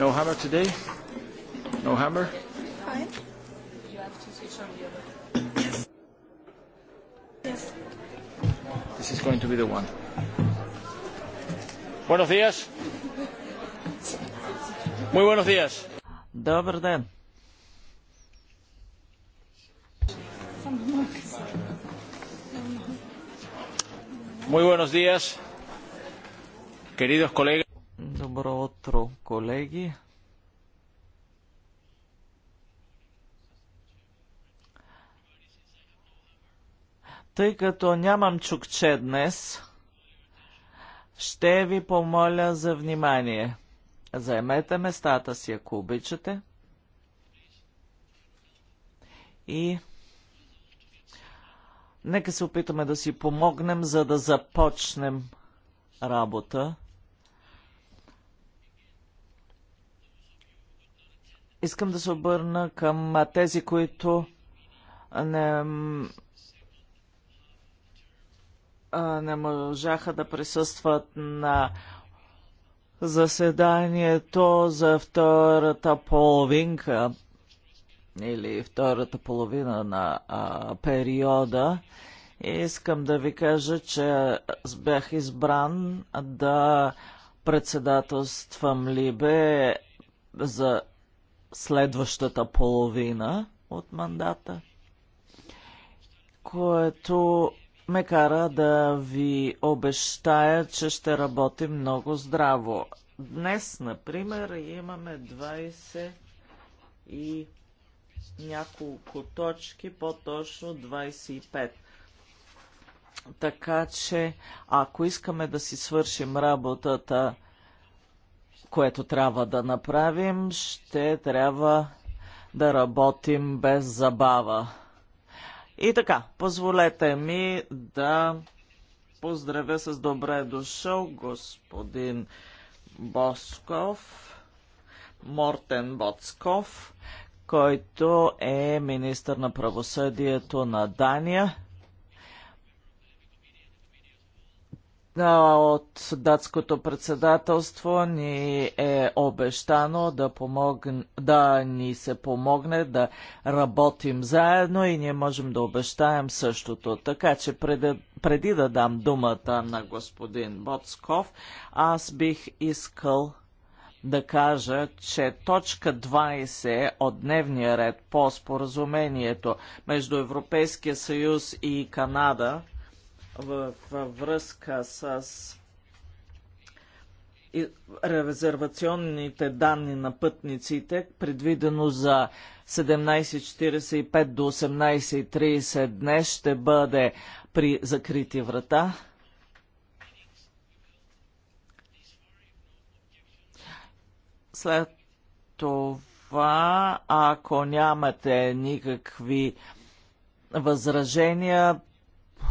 No hammer today? No hammer? Fine. You have to switch on the other. Yes. Yes. This is going to be the one. Buenos días. Muy buenos días. Добър ден. Muy buenos días, queridos colegas колеги. Тъй като нямам чукче днес, ще ви помоля за внимание. Заемете местата си, ако обичате. И нека се опитаме да си помогнем, за да започнем работа. Искам да се обърна към тези, които не, не можаха да присъстват на заседанието за втората половинка или втората половина на а, периода. И искам да ви кажа, че бях избран да председателствам Либе за следващата половина от мандата, което ме кара да ви обещая, че ще работи много здраво. Днес, например, имаме 20 и няколко точки, по-точно 25. Така че, ако искаме да си свършим работата което трябва да направим, ще трябва да работим без забава. И така, позволете ми да поздравя с добре дошъл господин Босков, Мортен Боцков, който е министър на правосъдието на Дания. от датското председателство ни е обещано да, помогне, да ни се помогне да работим заедно и ние можем да обещаем същото. Така че преди, преди да дам думата на господин Боцков, аз бих искал да кажа, че точка 20 от дневния ред по споразумението между Европейския съюз и Канада – във връзка с резервационните данни на пътниците, предвидено за 17.45 до 18.30 днес, ще бъде при закрити врата. След това, ако нямате никакви възражения,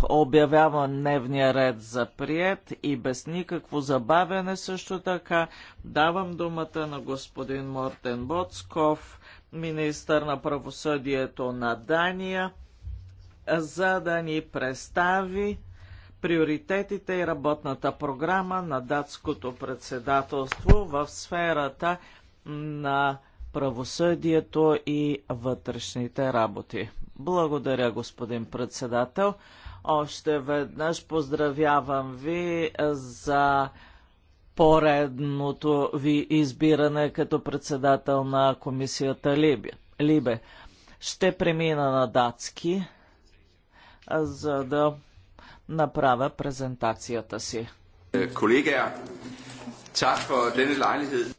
обявявам дневния ред за прият и без никакво забавяне също така давам думата на господин Мортен Боцков, министър на правосъдието на Дания, за да ни представи приоритетите и работната програма на датското председателство в сферата на правосъдието и вътрешните работи. Благодаря, господин председател. Още веднъж поздравявам ви за поредното ви избиране като председател на комисията Либе. Либе. Ще премина на датски, за да направя презентацията си. Е, колега, так for denne lejlighed.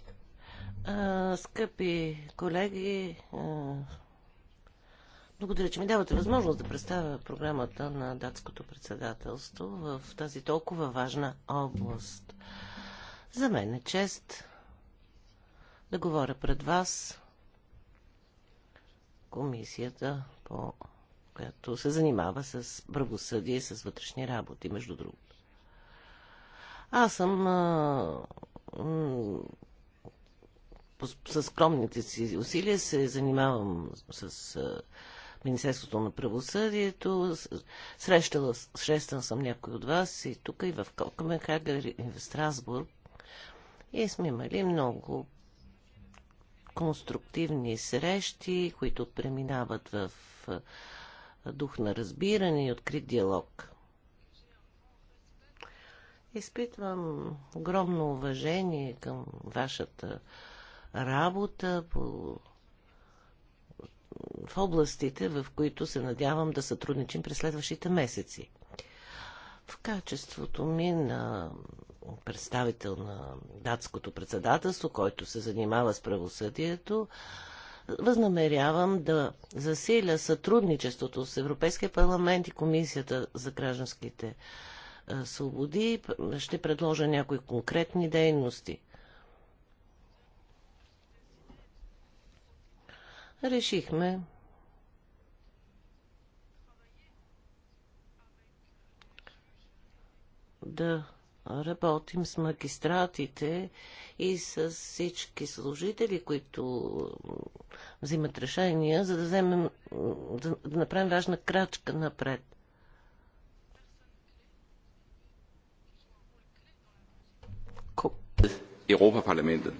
Е, скъпи колеги, е, благодаря, че ми давате възможност да представя програмата на датското председателство в тази толкова важна област. За мен е чест да говоря пред вас комисията, по... която се занимава с правосъдие и с вътрешни работи, между другото. Аз съм а... с скромните си усилия се занимавам с а Министерството на правосъдието. Срещала, срещан съм някой от вас и тук, и в Копенхагер, и в Страсбург. И сме имали много конструктивни срещи, които преминават в дух на разбиране и открит диалог. Изпитвам огромно уважение към вашата работа по в областите, в които се надявам да сътрудничим през следващите месеци. В качеството ми на представител на датското председателство, който се занимава с правосъдието, възнамерявам да засиля сътрудничеството с Европейския парламент и Комисията за гражданските свободи. Ще предложа някои конкретни дейности. решихме да работим с магистратите и с всички служители, които взимат решения, за да, вземем, да, направим важна крачка напред. Европа парламентът.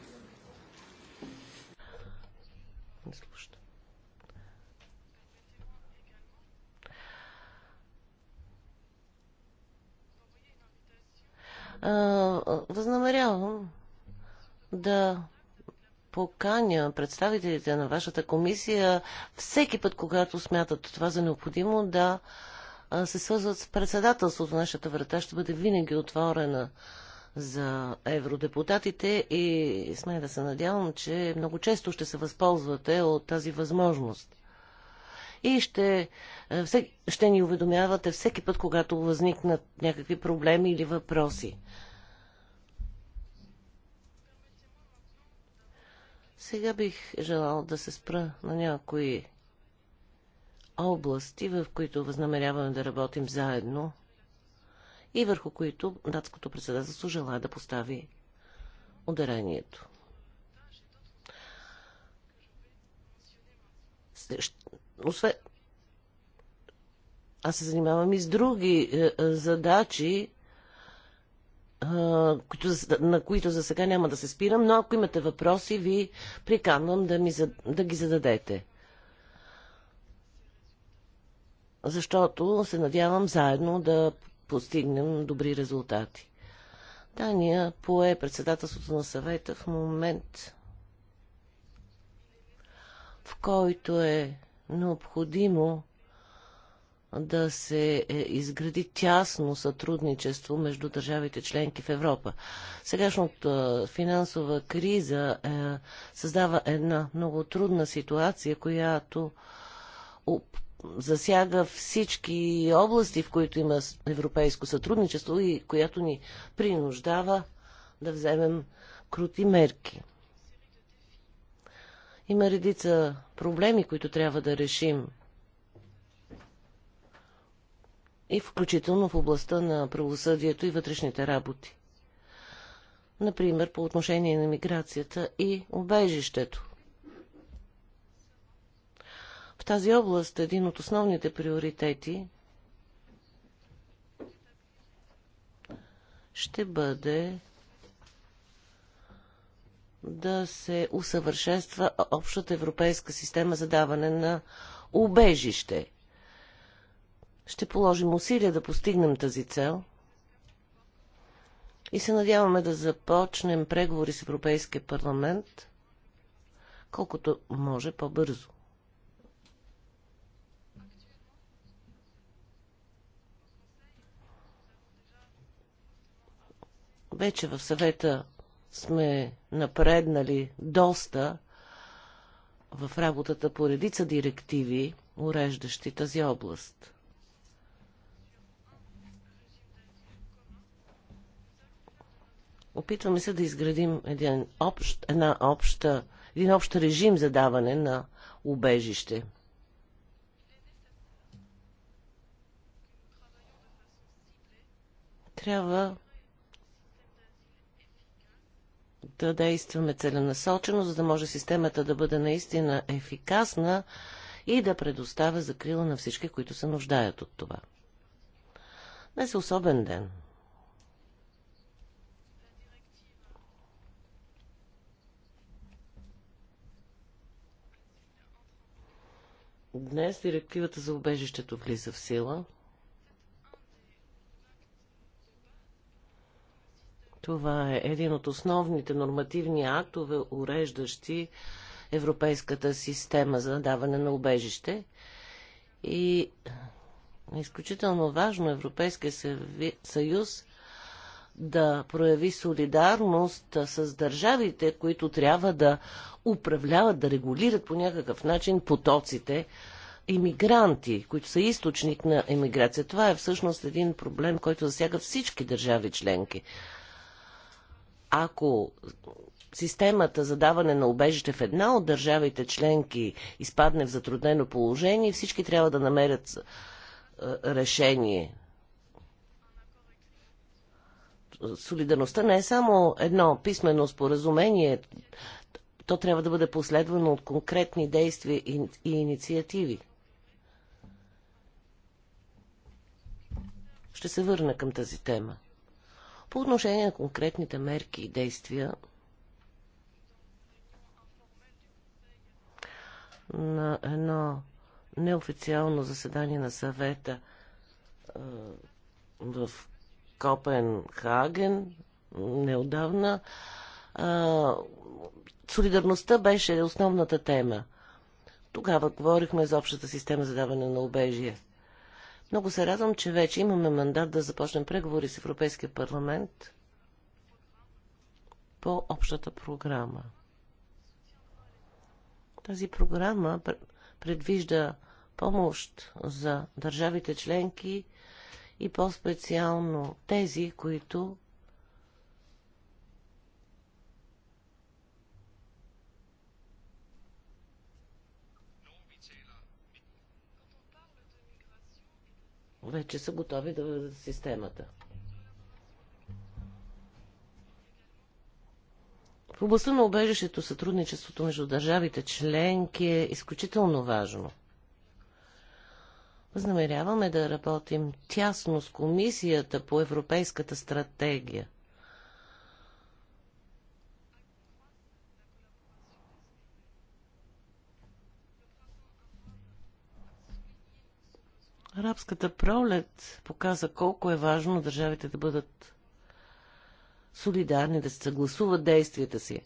Възнамерявам да поканя представителите на вашата комисия всеки път, когато смятат това за необходимо, да се свързват с председателството. Нашата врата ще бъде винаги отворена за евродепутатите и смея да се надявам, че много често ще се възползвате от тази възможност и ще, е, ще ни уведомявате всеки път, когато възникнат някакви проблеми или въпроси. Сега бих желал да се спра на някои области, в които възнамеряваме да работим заедно и върху които датското председателство желая да постави ударението. Освен... Аз се занимавам и с други е, е задачи, е, които, на които за сега няма да се спирам, но ако имате въпроси, ви приканвам да, ми, да ги зададете. Защото се надявам заедно да постигнем добри резултати. Дания пое председателството на съвета в момент, в който е необходимо да се е, изгради тясно сътрудничество между държавите членки в Европа. Сегашната е, финансова криза е, създава една много трудна ситуация, която засяга всички области, в които има европейско сътрудничество и която ни принуждава да вземем крути мерки. Има редица проблеми, които трябва да решим. И включително в областта на правосъдието и вътрешните работи. Например, по отношение на миграцията и убежището. В тази област един от основните приоритети ще бъде да се усъвършенства общата европейска система за даване на убежище. Ще положим усилия да постигнем тази цел и се надяваме да започнем преговори с Европейския парламент колкото може по-бързо. Вече в съвета сме напреднали доста в работата по редица директиви, уреждащи тази област. Опитваме се да изградим един общ, една обща, един общ режим за даване на убежище. Трябва да действаме целенасочено, за да може системата да бъде наистина ефикасна и да предоставя закрила на всички, които се нуждаят от това. Днес е особен ден. Днес директивата за убежището влиза в сила – Това е един от основните нормативни актове, уреждащи европейската система за даване на убежище. И изключително важно е Европейския съюз да прояви солидарност с държавите, които трябва да управляват, да регулират по някакъв начин потоците иммигранти, които са източник на емиграция. Това е всъщност един проблем, който засяга всички държави членки ако системата за даване на убежище в една от държавите членки изпадне в затруднено положение, всички трябва да намерят е, решение. Солидарността не е само едно писмено споразумение. То трябва да бъде последвано от конкретни действия и, и инициативи. Ще се върна към тази тема. По отношение на конкретните мерки и действия на едно неофициално заседание на съвета е, в Копенхаген неодавна. Е, солидарността беше основната тема. Тогава говорихме за общата система за даване на убежие. Много се радвам, че вече имаме мандат да започнем преговори с Европейския парламент по общата програма. Тази програма предвижда помощ за държавите членки и по-специално тези, които вече са готови да въведат системата. В областта на убежището сътрудничеството между държавите членки е изключително важно. Възнамеряваме да работим тясно с Комисията по Европейската стратегия – Арабската пролет показа колко е важно държавите да бъдат солидарни, да се съгласуват действията си.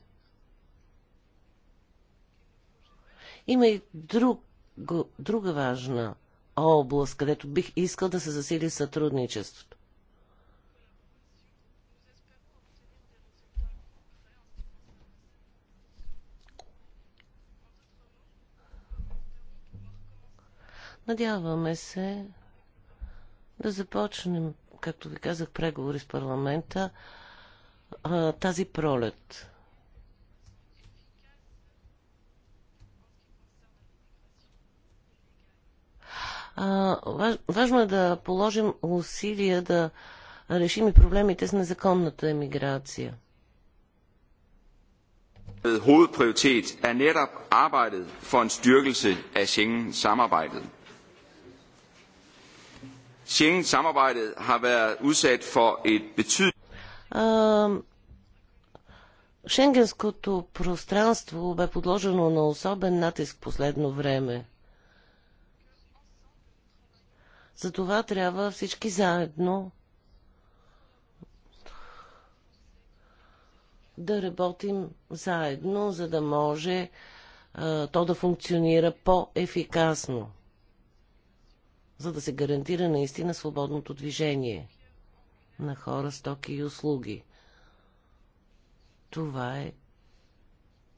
Има и друг, друга важна област, където бих искал да се засили сътрудничеството. Надяваме се да започнем, както ви казах, преговори с парламента тази пролет. А, важ, важно е да положим усилия да решим и проблемите с незаконната емиграция. Hovedprioritet er netop arbejdet for en styrkelse af Schengen-samarbejdet. Schengen-samarbejdet har været udsat for et betydeligt... Шенгенското пространство бе подложено на особен натиск последно време. Затова трябва всички заедно да работим заедно, за да може а, то да функционира по-ефикасно за да се гарантира наистина свободното движение на хора, стоки и услуги. Това е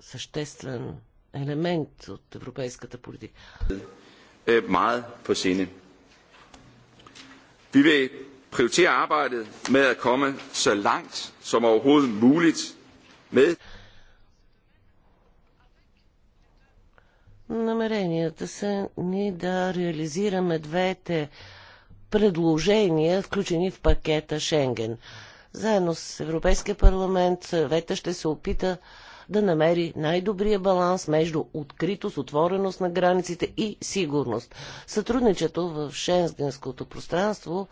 съществен елемент от европейската политика. Е, på по сине. Ви ви arbejdet med at komme så langt som overhovedet muligt Намеренията са ни да реализираме двете предложения, включени в пакета Шенген. Заедно с Европейския парламент съвета ще се опита да намери най-добрия баланс между откритост, отвореност на границите и сигурност. Сътрудничето в шенгенското пространство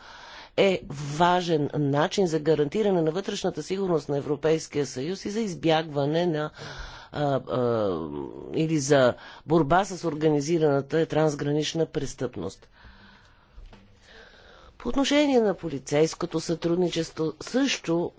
е важен начин за гарантиране на вътрешната сигурност на Европейския съюз и за избягване на а, а, или за борба с организираната трансгранична престъпност. По отношение на полицейското сътрудничество също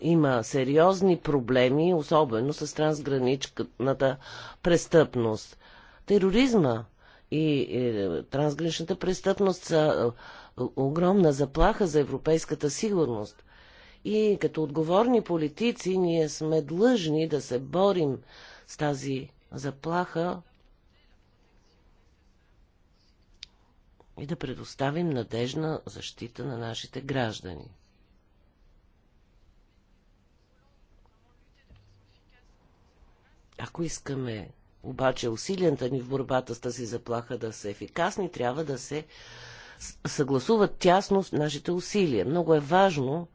има сериозни проблеми, особено с трансграничната престъпност. Тероризма и е, трансграничната престъпност са е, огромна заплаха за европейската сигурност. И като отговорни политици ние сме длъжни да се борим с тази заплаха и да предоставим надежна защита на нашите граждани. Ако искаме обаче усилията ни в борбата с тази заплаха да са ефикасни, трябва да се съгласуват тясно с нашите усилия. Много е важно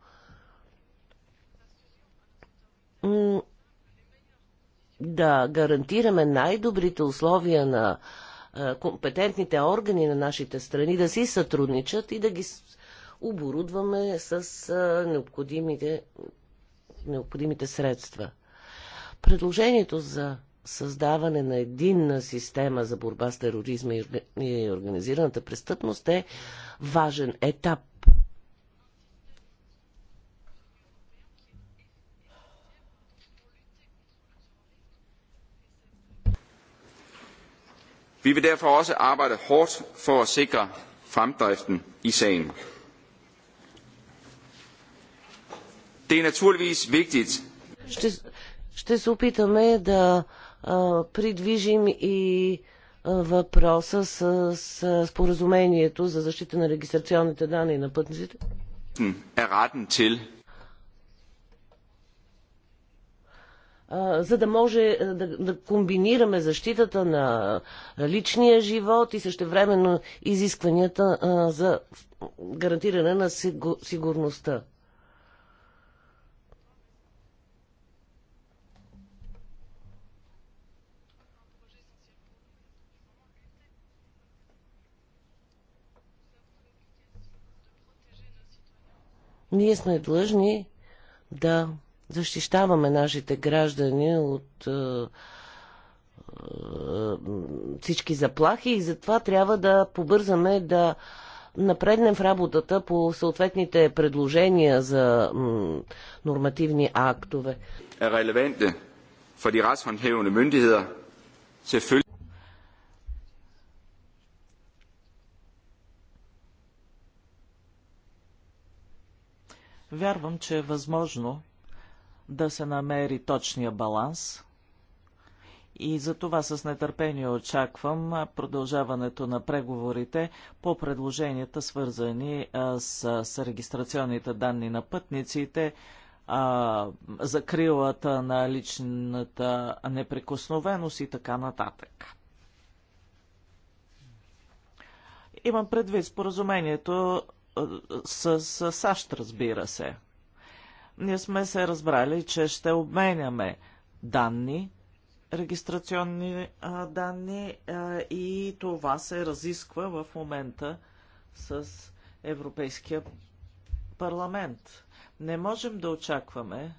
да гарантираме най-добрите условия на компетентните органи на нашите страни да си сътрудничат и да ги оборудваме с необходимите, необходимите средства. Предложението за създаване на единна система за борба с тероризма и организираната престъпност е важен етап vi vil derfor også arbejde hårdt for at sikre fremdriften i sagen det er naturligvis vigtigt ще, ще се опитаме да а, придвижим и а, въпроса с, с споразумението за защита на регистрационните данни на пътниците. Er retten til за да може е, да, да комбинираме защитата на личния живот и същевременно изискванията за гарантиране на сигурността. Ние сме длъжни да защищаваме нашите граждани от е, е, всички заплахи и затова трябва да побързаме да напреднем в работата по съответните предложения за нормативни актове. Е релевантни for de Вярвам, че е възможно да се намери точния баланс. И за това с нетърпение очаквам продължаването на преговорите по предложенията, свързани с, с регистрационните данни на пътниците, а, закрилата на личната неприкосновеност и така нататък. Имам предвид споразумението с, с САЩ, разбира се ние сме се разбрали, че ще обменяме данни, регистрационни а, данни а, и това се разисква в момента с Европейския парламент. Не можем да очакваме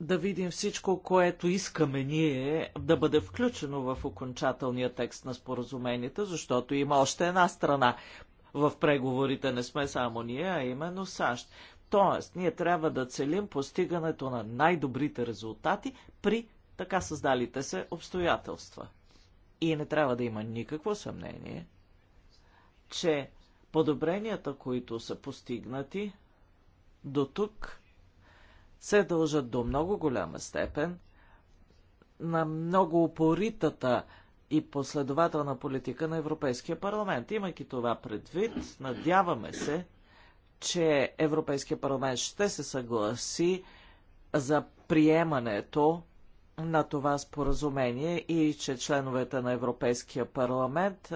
да видим всичко, което искаме ние да бъде включено в окончателния текст на споразумението, защото има още една страна в преговорите не сме само ние, а именно САЩ. Тоест, ние трябва да целим постигането на най-добрите резултати при така създалите се обстоятелства. И не трябва да има никакво съмнение, че подобренията, които са постигнати до тук, се дължат до много голяма степен на много упоритата и последователна политика на Европейския парламент. Имайки това предвид, надяваме се, че Европейския парламент ще се съгласи за приемането на това споразумение и че членовете на Европейския парламент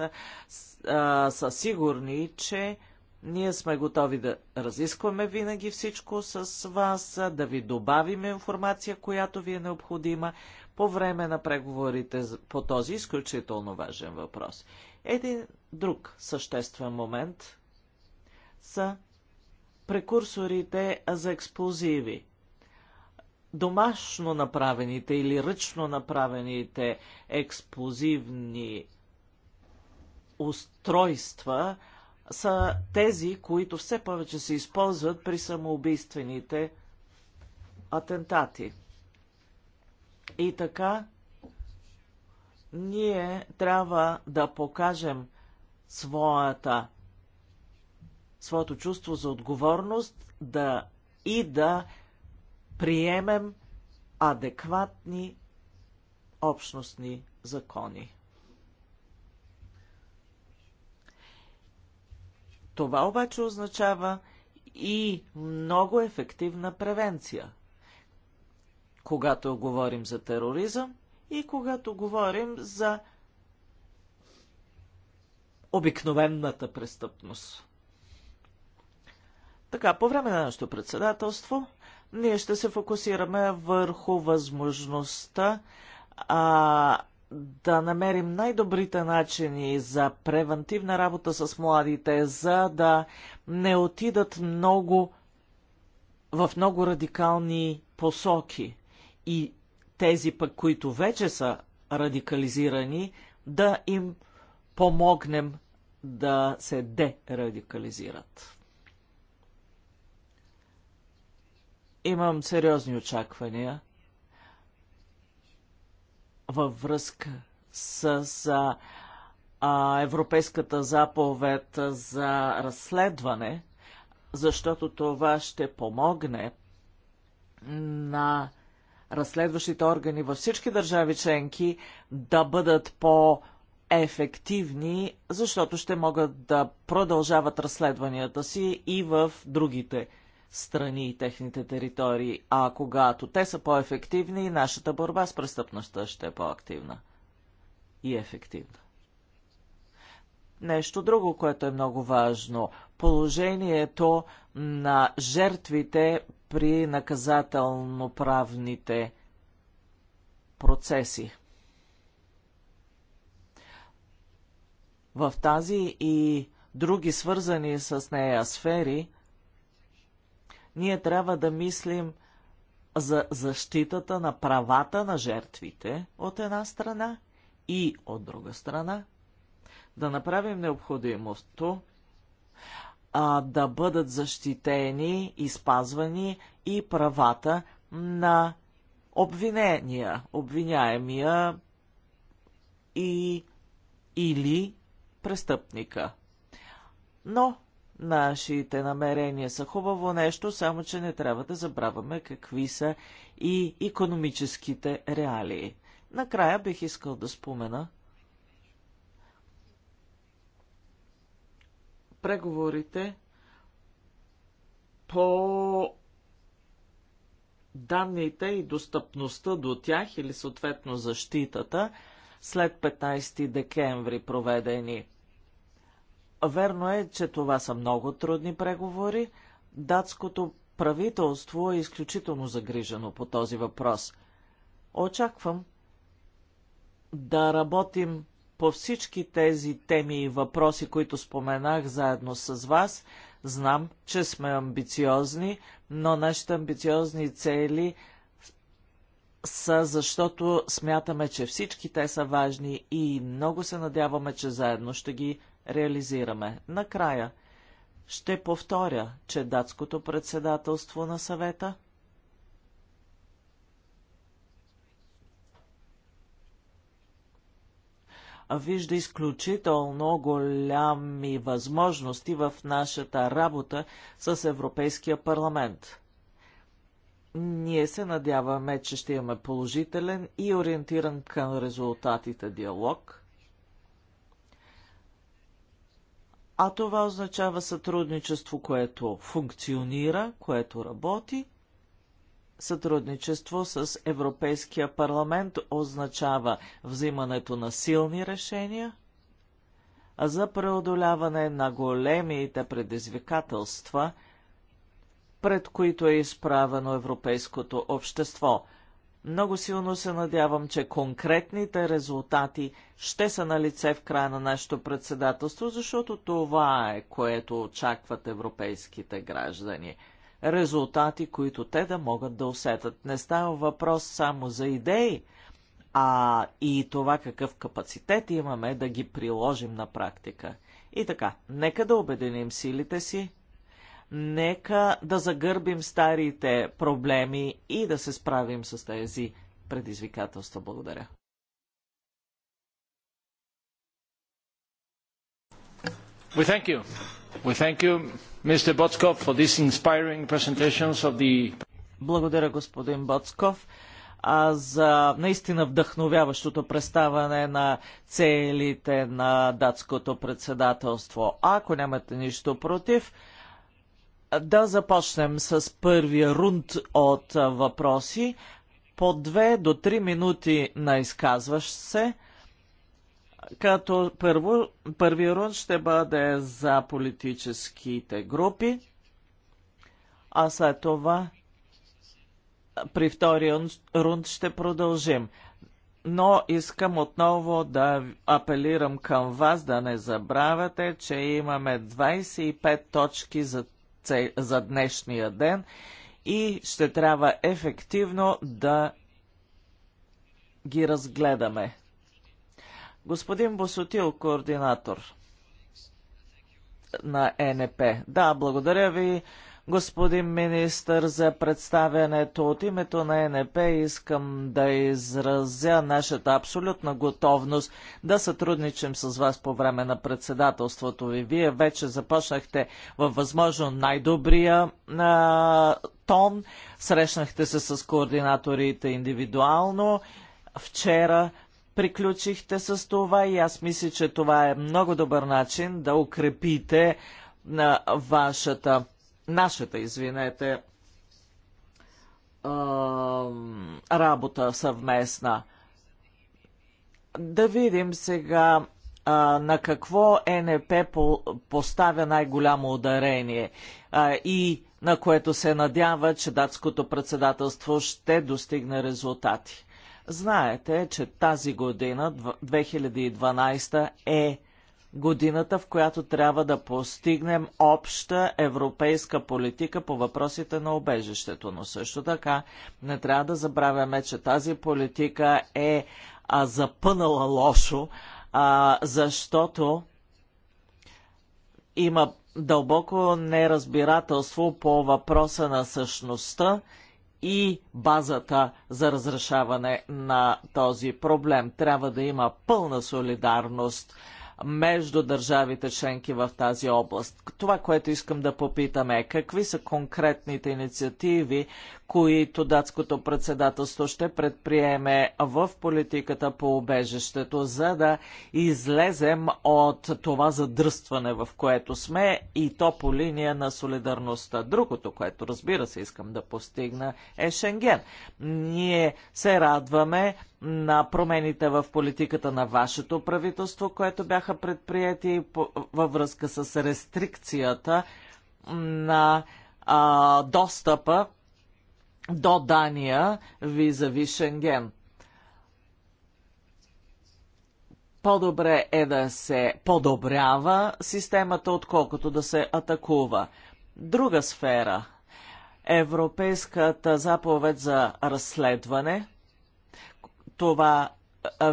а, са сигурни, че ние сме готови да разискваме винаги всичко с вас, да ви добавим информация, която ви е необходима, по време на преговорите по този изключително важен въпрос. Един друг съществен момент са прекурсорите за експлозиви. Домашно направените или ръчно направените експлозивни устройства са тези, които все повече се използват при самоубийствените атентати. И така, ние трябва да покажем своята, своето чувство за отговорност да, и да приемем адекватни общностни закони. Това обаче означава и много ефективна превенция – когато говорим за тероризъм и когато говорим за обикновенната престъпност. Така, по време на нашето председателство ние ще се фокусираме върху възможността а, да намерим най-добрите начини за превентивна работа с младите, за да не отидат много в много радикални посоки и тези пък, които вече са радикализирани, да им помогнем да се дерадикализират. Имам сериозни очаквания във връзка с а, Европейската заповед за разследване, защото това ще помогне на разследващите органи във всички държави членки да бъдат по- ефективни, защото ще могат да продължават разследванията си и в другите страни и техните територии. А когато те са по-ефективни, нашата борба с престъпността ще е по-активна и ефективна. Нещо друго, което е много важно. Положението на жертвите при наказателно-правните процеси. В тази и други свързани с нея сфери, ние трябва да мислим за защитата на правата на жертвите от една страна и от друга страна, да направим необходимото а, да бъдат защитени и спазвани и правата на обвинения, обвиняемия и или престъпника. Но нашите намерения са хубаво нещо, само че не трябва да забравяме какви са и економическите реалии. Накрая бих искал да спомена, преговорите по данните и достъпността до тях или съответно защитата след 15 декември проведени. Верно е, че това са много трудни преговори. Датското правителство е изключително загрижено по този въпрос. Очаквам да работим по всички тези теми и въпроси, които споменах заедно с вас. Знам, че сме амбициозни, но нашите амбициозни цели са, защото смятаме, че всички те са важни и много се надяваме, че заедно ще ги реализираме. Накрая ще повторя, че датското председателство на съвета – вижда изключително голями възможности в нашата работа с Европейския парламент. Ние се надяваме, че ще имаме положителен и ориентиран към резултатите диалог. А това означава сътрудничество, което функционира, което работи – сътрудничество с Европейския парламент означава взимането на силни решения за преодоляване на големите предизвикателства, пред които е изправено европейското общество. Много силно се надявам, че конкретните резултати ще са на лице в края на нашето председателство, защото това е, което очакват европейските граждани – резултати, които те да могат да усетат. Не става въпрос само за идеи, а и това какъв капацитет имаме да ги приложим на практика. И така, нека да обединим силите си, нека да загърбим старите проблеми и да се справим с тези предизвикателства. Благодаря. We thank you. Благодаря, господин Боцков, за наистина вдъхновяващото представане на целите на датското председателство. Ако нямате нищо против, да започнем с първия рунд от въпроси. По две до три минути на изказващ се – като първо, първи рунд ще бъде за политическите групи, а след това при втория рунд ще продължим. Но искам отново да апелирам към вас да не забравяте, че имаме 25 точки за, за днешния ден и ще трябва ефективно да ги разгледаме. Господин Босотил, координатор на ЕНП. Да, благодаря ви, господин министър, за представянето. От името на ЕНП искам да изразя нашата абсолютна готовност да сътрудничим с вас по време на председателството ви. Вие вече започнахте във възможно най-добрия тон. Срещнахте се с координаторите индивидуално вчера приключихте с това и аз мисля, че това е много добър начин да укрепите на вашата, нашата, извинете, работа съвместна. Да видим сега на какво НП поставя най-голямо ударение и на което се надява, че датското председателство ще достигне резултати. Знаете, че тази година, 2012, е годината, в която трябва да постигнем обща европейска политика по въпросите на обежището. Но също така не трябва да забравяме, че тази политика е а, запънала лошо, а, защото има дълбоко неразбирателство по въпроса на същността и базата за разрешаване на този проблем. Трябва да има пълна солидарност между държавите членки в тази област. Това, което искам да попитаме е какви са конкретните инициативи, които датското председателство ще предприеме в политиката по убежището, за да излезем от това задръстване, в което сме и то по линия на солидарността. Другото, което разбира се искам да постигна е Шенген. Ние се радваме на промените в политиката на вашето правителство, което бяха предприяти във връзка с рестрикцията на а, достъпа до Дания визави Шенген. По-добре е да се подобрява системата, отколкото да се атакува. Друга сфера. Европейската заповед за разследване. Това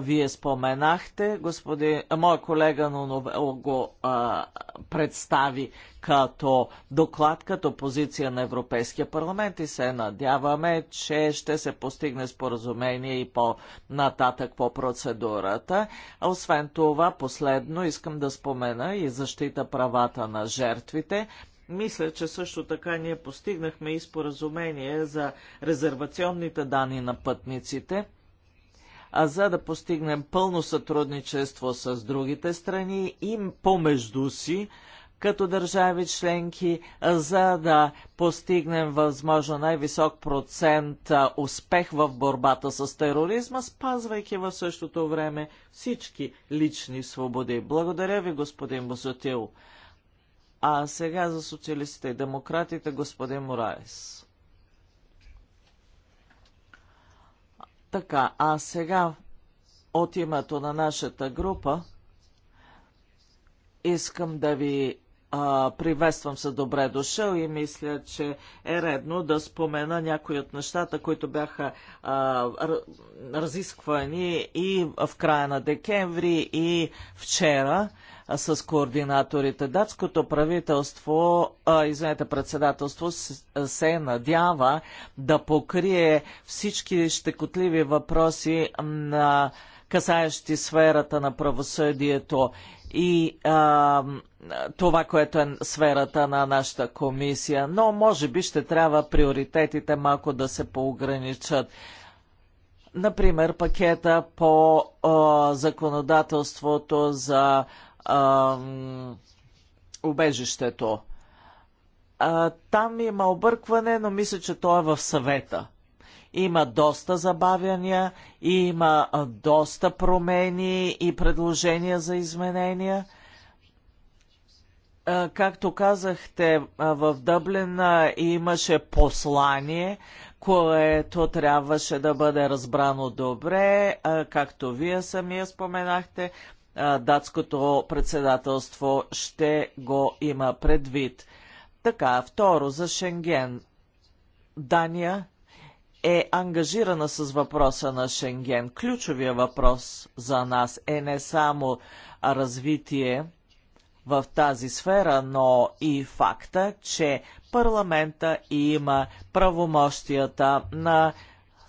вие споменахте, господин, моя колега Нунов го а, представи като доклад, като позиция на Европейския парламент и се надяваме, че ще се постигне споразумение и по-нататък по процедурата. А освен това, последно искам да спомена и защита правата на жертвите. Мисля, че също така ние постигнахме и споразумение за резервационните данни на пътниците – а за да постигнем пълно сътрудничество с другите страни и помежду си, като държави членки, за да постигнем възможно най-висок процент успех в борбата с тероризма, спазвайки в същото време всички лични свободи. Благодаря ви, господин Босотил. А сега за социалистите и демократите, господин Мораес. Така, а сега от името на нашата група искам да ви а, приветствам се добре дошъл и мисля, че е редно да спомена някои от нещата, които бяха а, разисквани и в края на декември и вчера с координаторите. Датското правителство, а, извинете, председателство се надява да покрие всички щекотливи въпроси на касаещи сферата на правосъдието и а, това, което е сферата на нашата комисия. Но може би ще трябва приоритетите малко да се поограничат. Например, пакета по а, законодателството за убежището. А, там има объркване, но мисля, че то е в съвета. Има доста забавяния, има доста промени и предложения за изменения. както казахте, в Дъблин имаше послание, което трябваше да бъде разбрано добре, както вие самия споменахте датското председателство ще го има предвид. Така, второ, за Шенген. Дания е ангажирана с въпроса на Шенген. Ключовия въпрос за нас е не само развитие в тази сфера, но и факта, че парламента има правомощията на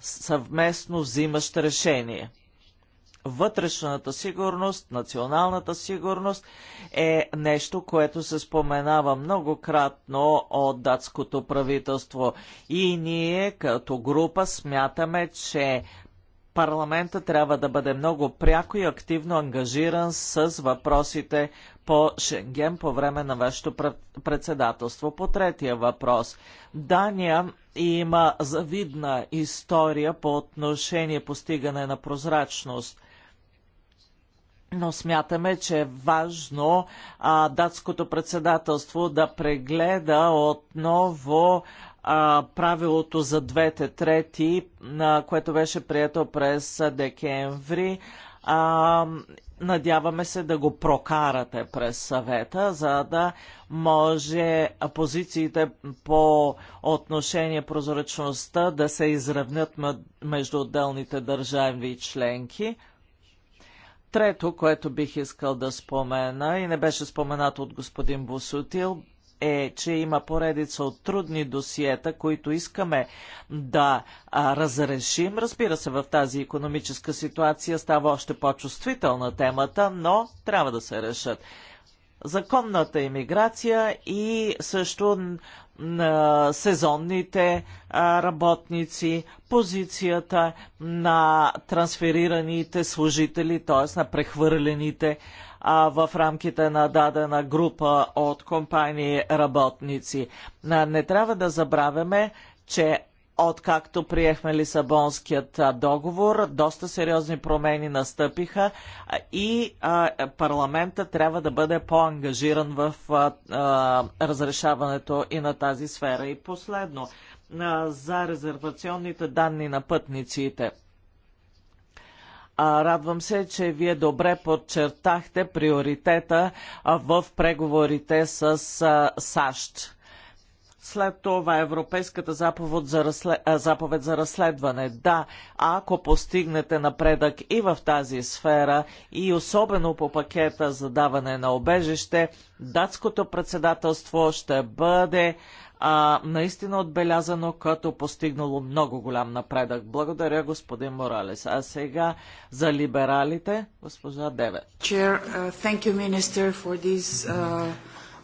съвместно взимащ решение вътрешната сигурност, националната сигурност е нещо, което се споменава многократно от датското правителство. И ние като група смятаме, че парламента трябва да бъде много пряко и активно ангажиран с въпросите по Шенген по време на вашето председателство. По третия въпрос. Дания има завидна история по отношение постигане на прозрачност но смятаме, че е важно а, датското председателство да прегледа отново а, правилото за двете трети, което беше прието през декември. А, надяваме се да го прокарате през съвета, за да може позициите по отношение прозрачността да се изравнят между отделните държави и членки. Трето, което бих искал да спомена и не беше споменато от господин Босутил, е, че има поредица от трудни досиета, които искаме да а, разрешим. Разбира се, в тази економическа ситуация става още по-чувствителна темата, но трябва да се решат законната иммиграция и също на сезонните работници, позицията на трансферираните служители, т.е. на прехвърлените в рамките на дадена група от компании работници. Не трябва да забравяме, че Откакто приехме Лисабонският договор, доста сериозни промени настъпиха и парламента трябва да бъде по-ангажиран в разрешаването и на тази сфера. И последно, за резервационните данни на пътниците. Радвам се, че вие добре подчертахте приоритета в преговорите с САЩ след това Европейската заповед за, разслед... заповед за разследване. Да, ако постигнете напредък и в тази сфера, и особено по пакета за даване на обежище, датското председателство ще бъде а, наистина отбелязано като постигнало много голям напредък. Благодаря, господин Моралес. А сега за либералите, госпожа Деве. Chair, uh, thank you, Minister, for this, uh,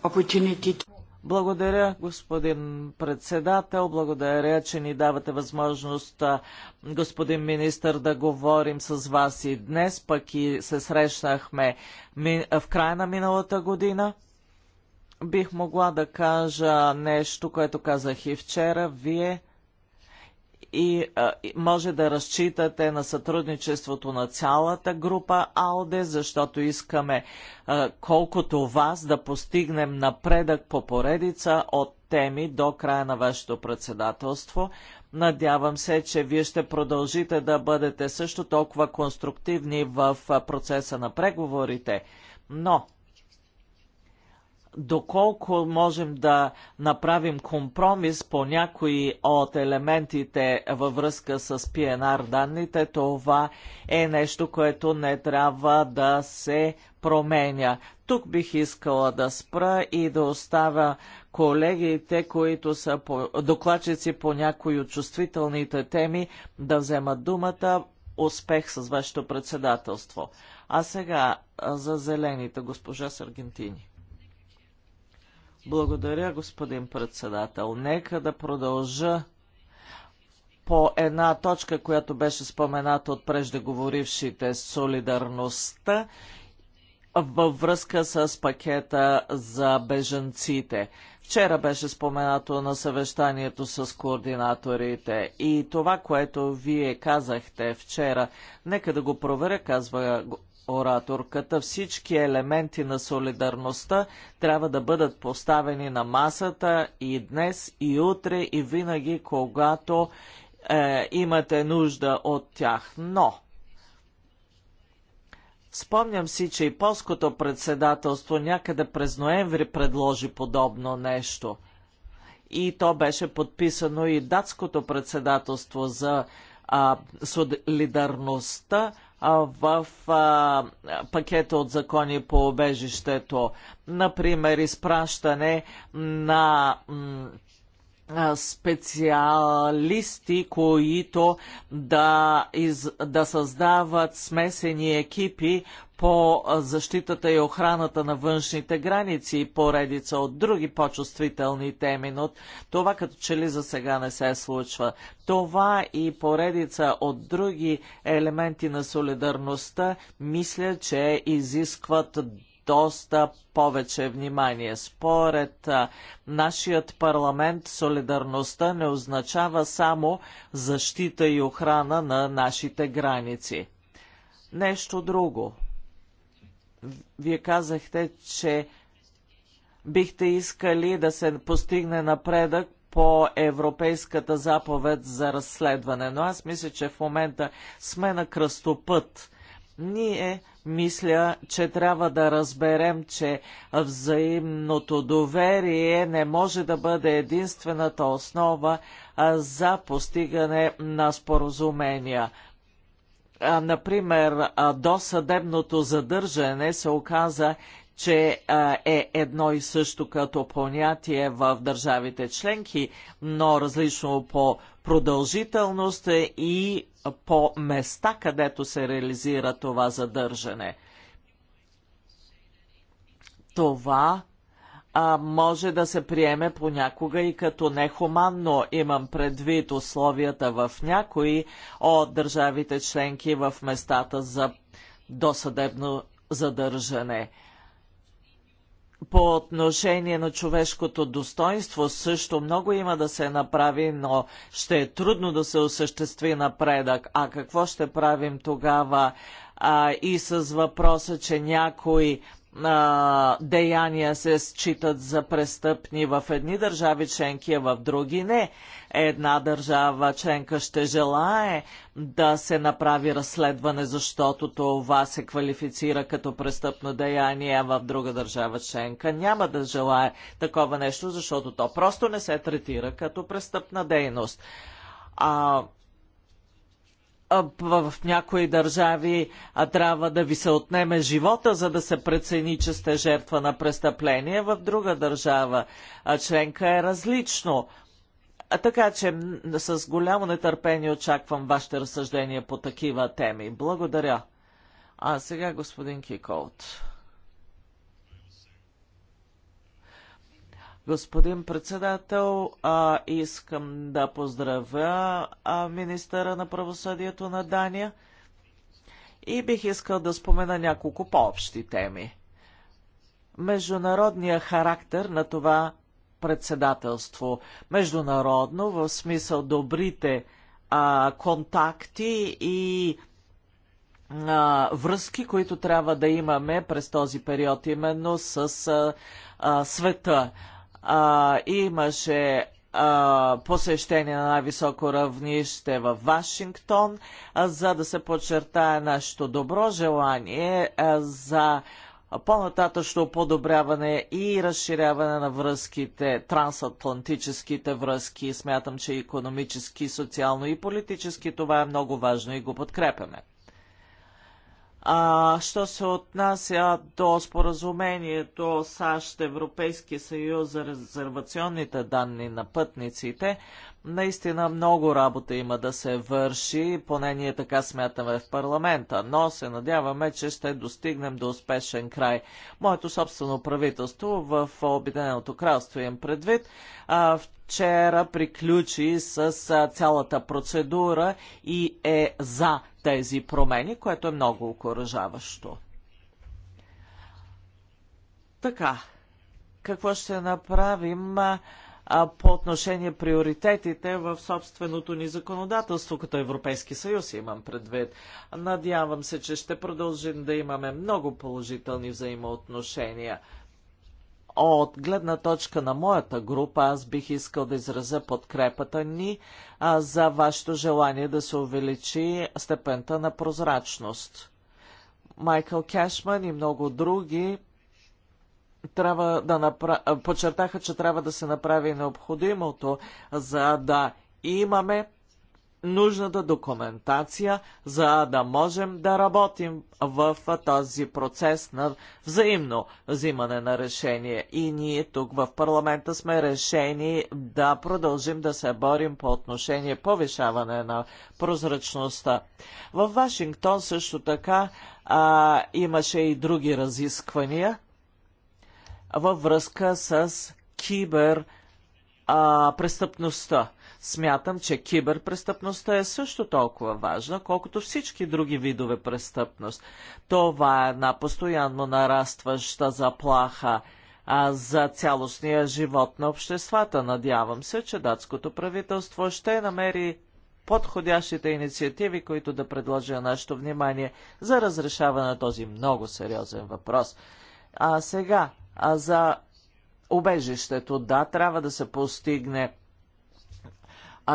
opportunity to... Благодаря, господин председател. Благодаря, че ни давате възможност, господин министр, да говорим с вас и днес, пък и се срещнахме в края на миналата година. Бих могла да кажа нещо, което казах и вчера. Вие и може да разчитате на сътрудничеството на цялата група АЛДЕ, защото искаме колкото вас да постигнем напредък по поредица от теми до края на вашето председателство. Надявам се, че вие ще продължите да бъдете също толкова конструктивни в процеса на преговорите. Но доколко можем да направим компромис по някои от елементите във връзка с ПНР данните, това е нещо, което не трябва да се променя. Тук бих искала да спра и да оставя колегите, които са по, докладчици по някои от чувствителните теми, да вземат думата. Успех с вашето председателство. А сега за зелените, госпожа Саргентини. Благодаря, господин председател. Нека да продължа по една точка, която беше спомената от преждеговорившите солидарността във връзка с пакета за бежанците. Вчера беше споменато на съвещанието с координаторите и това, което вие казахте вчера, нека да го проверя, казва ораторката. Всички елементи на солидарността трябва да бъдат поставени на масата и днес, и утре, и винаги, когато е, имате нужда от тях. Но Спомням си, че и полското председателство някъде през ноември предложи подобно нещо. И то беше подписано и датското председателство за а, солидарността в а, пакета от закони по обежището. Например, изпращане на специалисти, които да, из, да създават смесени екипи по защитата и охраната на външните граници и поредица от други по-чувствителни теми, но това като че ли за сега не се случва. Това и поредица от други елементи на солидарността мисля, че изискват доста повече внимание. Според нашият парламент солидарността не означава само защита и охрана на нашите граници. Нещо друго. Вие казахте, че бихте искали да се постигне напредък по Европейската заповед за разследване. Но аз мисля, че в момента сме на кръстопът. Ние мисля, че трябва да разберем, че взаимното доверие не може да бъде единствената основа за постигане на споразумения. Например, досъдебното задържане се оказа че е едно и също като понятие в държавите членки, но различно по продължителност и по места, където се реализира това задържане. Това а, може да се приеме понякога и като нехуманно. Имам предвид условията в някои от държавите членки в местата за досъдебно задържане по отношение на човешкото достоинство също много има да се направи, но ще е трудно да се осъществи напредък. А какво ще правим тогава а, и с въпроса, че някои а, деяния се считат за престъпни в едни държави членки, а в други не. Една държава членка ще желае да се направи разследване, защото това се квалифицира като престъпно деяние, а в друга държава членка няма да желае такова нещо, защото то просто не се третира като престъпна дейност. А, в някои държави трябва да ви се отнеме живота, за да се прецени, че сте жертва на престъпление. В друга държава членка е различно. Така че с голямо нетърпение очаквам вашите разсъждения по такива теми. Благодаря. А сега господин Киколт. Господин председател, а, искам да поздравя а, министъра на правосъдието на Дания и бих искал да спомена няколко по-общи теми. Международния характер на това председателство. Международно, в смисъл добрите а, контакти и а, връзки, които трябва да имаме през този период, именно с а, а, света а, имаше а, посещение на най-високо равнище в Вашингтон, а, за да се подчертае нашето добро желание а, за по-нататъчно подобряване и разширяване на връзките, трансатлантическите връзки. Смятам, че економически, социално и политически това е много важно и го подкрепяме. А, що се отнася до споразумението САЩ-Европейски съюз за резервационните данни на пътниците, наистина много работа има да се върши, поне ние така смятаме в парламента, но се надяваме, че ще достигнем до успешен край. Моето собствено правителство в Обединеното кралство им предвид, а, вчера приключи с цялата процедура и е за тези промени, което е много окоръжаващо. Така, какво ще направим а, по отношение приоритетите в собственото ни законодателство като Европейски съюз, имам предвид. Надявам се, че ще продължим да имаме много положителни взаимоотношения – от гледна точка на моята група, аз бих искал да изразя подкрепата ни а, за вашето желание да се увеличи степента на прозрачност. Майкъл Кешман и много други трябва да напра... подчертаха, че трябва да се направи необходимото, за да имаме нужната документация, за да можем да работим в този процес на взаимно взимане на решение. И ние тук в парламента сме решени да продължим да се борим по отношение повишаване на прозрачността. В Вашингтон също така а, имаше и други разисквания във връзка с кибер а, престъпността Смятам, че киберпрестъпността е също толкова важна, колкото всички други видове престъпност. Това е една постоянно нарастваща заплаха а за цялостния живот на обществата. Надявам се, че датското правителство ще намери подходящите инициативи, които да предложа нашето внимание за разрешаване на този много сериозен въпрос. А сега, а за убежището, да, трябва да се постигне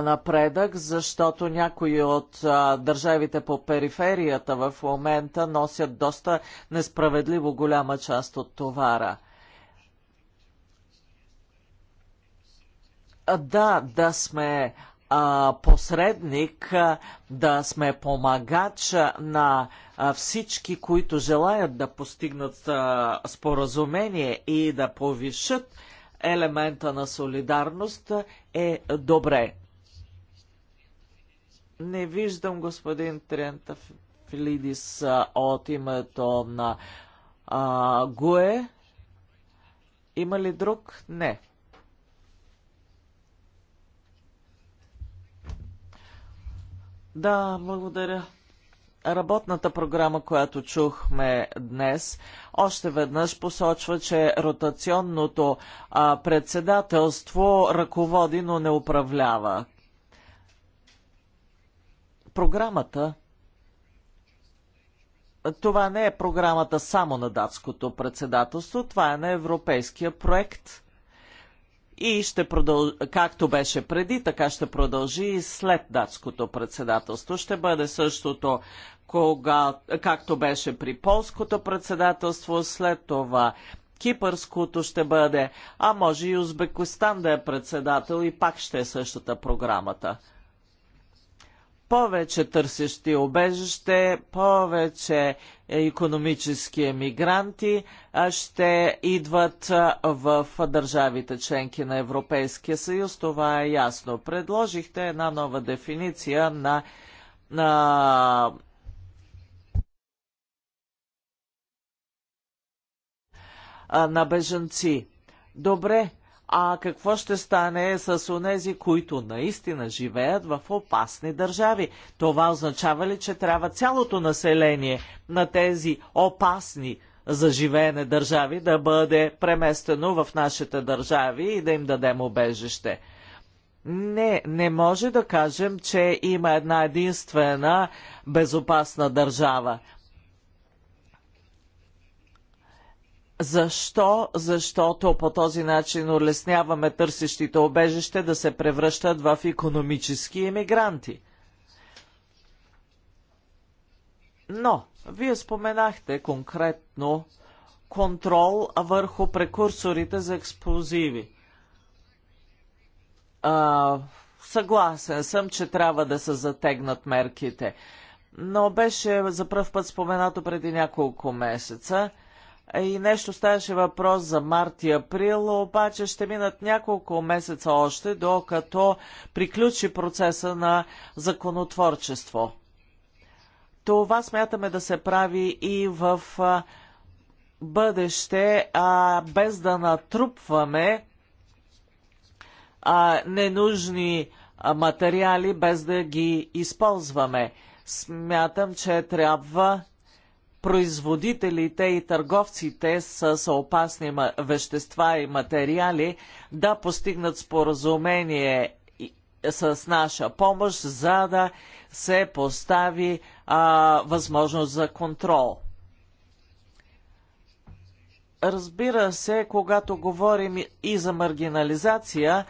напредък, защото някои от а, държавите по периферията в момента носят доста несправедливо голяма част от товара. да, да сме а, посредник, а, да сме помагач на а, всички, които желаят да постигнат а, споразумение и да повишат елемента на солидарност е добре. Не виждам господин Трента Филидис от името на а, ГУЕ. Има ли друг? Не. Да, благодаря. Работната програма, която чухме днес, още веднъж посочва, че ротационното а, председателство ръководи, но не управлява. Програмата това не е програмата само на датското председателство, това е на европейския проект и ще продължи, както беше преди, така ще продължи и след датското председателство. Ще бъде същото, кога, както беше при полското председателство, след това кипърското ще бъде, а може и Узбекистан да е председател и пак ще е същата програмата повече търсещи обежище, повече економически емигранти ще идват в държавите членки на Европейския съюз. Това е ясно. Предложихте една нова дефиниция на, на на бежанци. Добре, а какво ще стане с онези, които наистина живеят в опасни държави? Това означава ли, че трябва цялото население на тези опасни за живеене държави да бъде преместено в нашите държави и да им дадем обежище? Не, не може да кажем, че има една единствена безопасна държава. Защо? Защото по този начин улесняваме търсещите обежище да се превръщат в економически емигранти. Но, вие споменахте конкретно контрол върху прекурсорите за експлозиви. А, съгласен съм, че трябва да се затегнат мерките. Но беше за пръв път споменато преди няколко месеца – и нещо ставаше въпрос за март и април, обаче ще минат няколко месеца още, докато приключи процеса на законотворчество. Това смятаме да се прави и в бъдеще, а, без да натрупваме а, ненужни материали, без да ги използваме. Смятам, че трябва производителите и търговците с опасни вещества и материали да постигнат споразумение с наша помощ, за да се постави а, възможност за контрол. Разбира се, когато говорим и за маргинализация,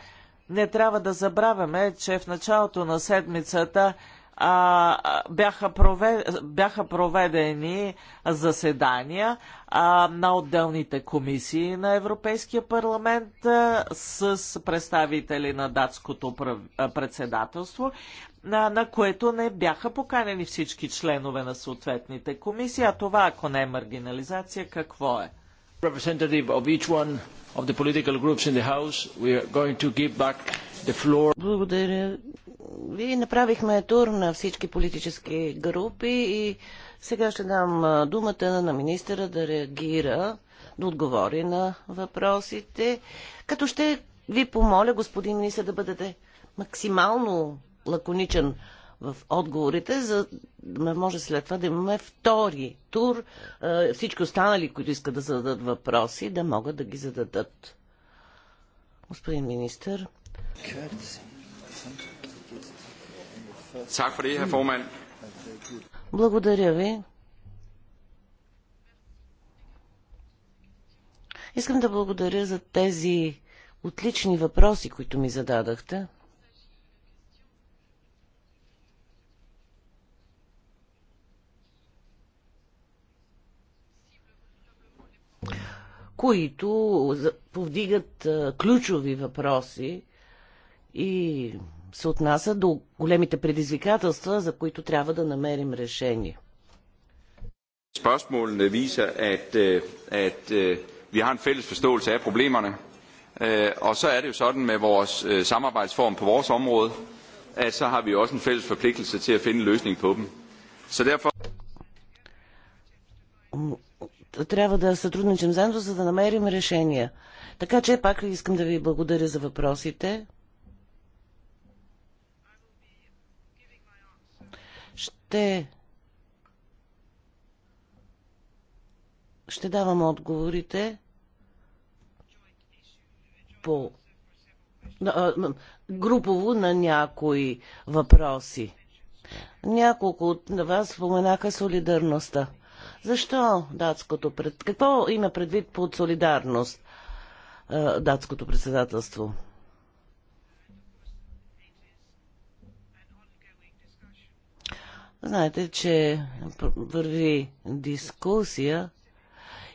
не трябва да забравяме, че в началото на седмицата бяха, проведени заседания на отделните комисии на Европейския парламент с представители на датското председателство, на, което не бяха поканени всички членове на съответните комисии. А това, ако не е маргинализация, какво е? Representative of each one of the political groups in the House, we are going to give back благодаря. Ви направихме тур на всички политически групи и сега ще дам думата на министъра да реагира, да отговори на въпросите. Като ще ви помоля, господин министър, да бъдете максимално лаконичен в отговорите, за да може след това да имаме втори тур. Всички останали, които искат да зададат въпроси, да могат да ги зададат. Господин министър, благодаря ви. Искам да благодаря за тези отлични въпроси, които ми зададахте. които повдигат ключови въпроси, и се отнася до големите предизвикателства, за които трябва да намерим решение. Spørgsmålene viser, at, at vi har en fælles forståelse af problemerne. Og så er det jo sådan med vores samarbejdsform på vores område, at så har vi også en fælles forpligtelse til at finde en løsning på dem. Så derfor... Трябва да сътрудничим заедно, за да намерим решения. Така че пак искам да ви благодаря за въпросите. Ще ще давам отговорите по групово на някои въпроси. Няколко от вас споменаха солидарността. Защо датското пред... Какво има предвид под солидарност датското председателство? Знаете, че върви дискусия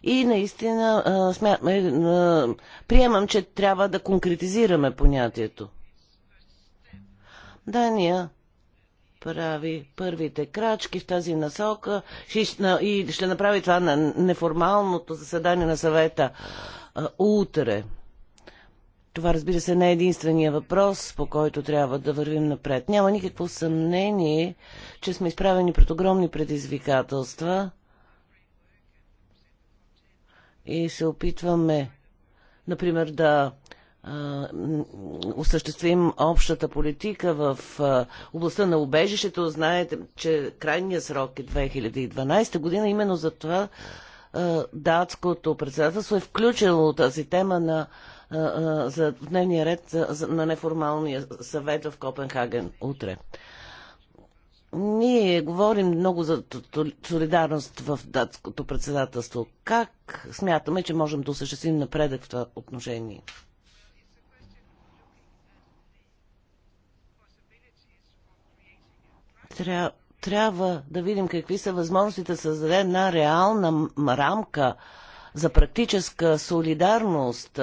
и наистина а, смя... Е, а, приемам, че трябва да конкретизираме понятието. Дания прави първите крачки в тази насока и ще направи това на неформалното заседание на съвета а, утре. Това, разбира се, не е единствения въпрос, по който трябва да вървим напред. Няма никакво съмнение, че сме изправени пред огромни предизвикателства и се опитваме, например, да осъществим общата политика в областта на убежището. Знаете, че крайният срок е 2012 година. Именно за това датското председателство е включило тази тема на за дневния ред на неформалния съвет в Копенхаген утре. Ние говорим много за солидарност в датското председателство. Как смятаме, че можем да осъществим напредък в това отношение? Трябва да видим какви са възможностите да създаде една реална рамка за практическа солидарност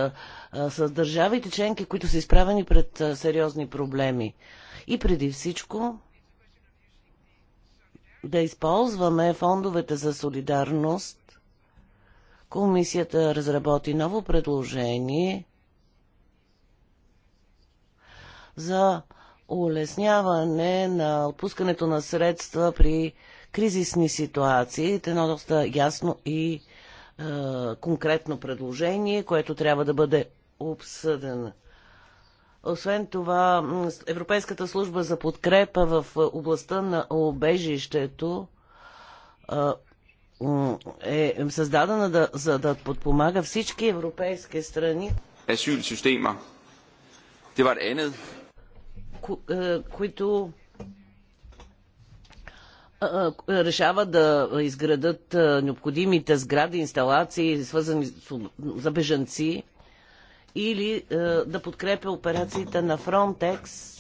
с държавите членки, които са изправени пред сериозни проблеми. И преди всичко да използваме фондовете за солидарност. Комисията разработи ново предложение за улесняване на отпускането на средства при кризисни ситуации. Едно доста ясно и е, конкретно предложение, което трябва да бъде обсъдено. Освен това, Европейската служба за подкрепа в областта на обежището е, е създадена да, за да подпомага всички европейски страни. Асилсистема. Това е andet. които решават да изградат необходимите сгради, инсталации, свързани с, за бежанци, или да подкрепя операциите на Frontex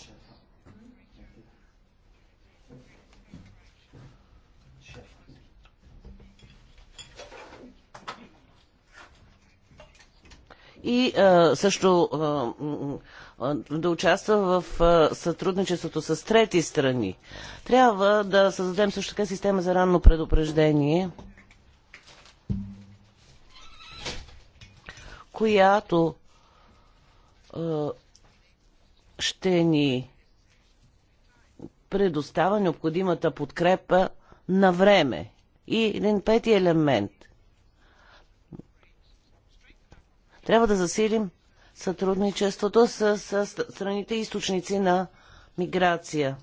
и а, също а, да участва в сътрудничеството с трети страни. Трябва да създадем също така система за ранно предупреждение, която ще ни предостава необходимата подкрепа на време. И един пети елемент. Трябва да засилим сътрудничеството с, с страните източници на миграция.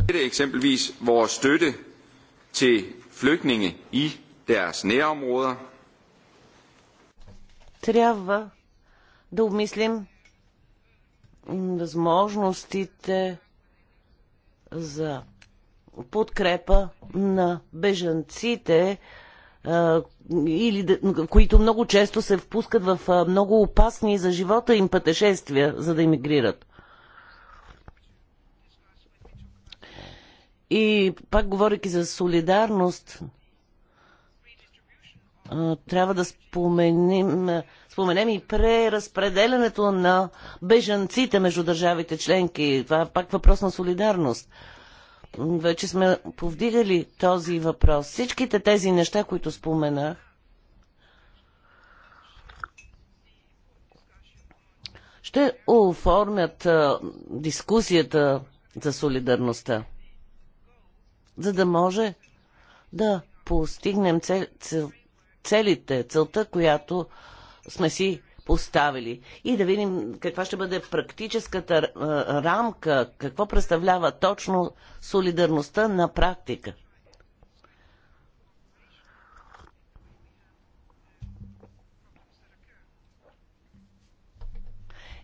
Е det er Eksempelvis vores støtte til flygtninge i deres nærområder. Трябва да обмислим възможностите за подкрепа на бежанците, или, които много често се впускат в много опасни за живота им пътешествия, за да иммигрират. И пак говоряки за солидарност, трябва да споменим, споменем и преразпределянето на бежанците между държавите членки. Това е пак въпрос на солидарност. Вече сме повдигали този въпрос. Всичките тези неща, които споменах, ще оформят дискусията за солидарността, за да може да постигнем целите, целта, която сме си поставили и да видим каква ще бъде практическата рамка, какво представлява точно солидарността на практика.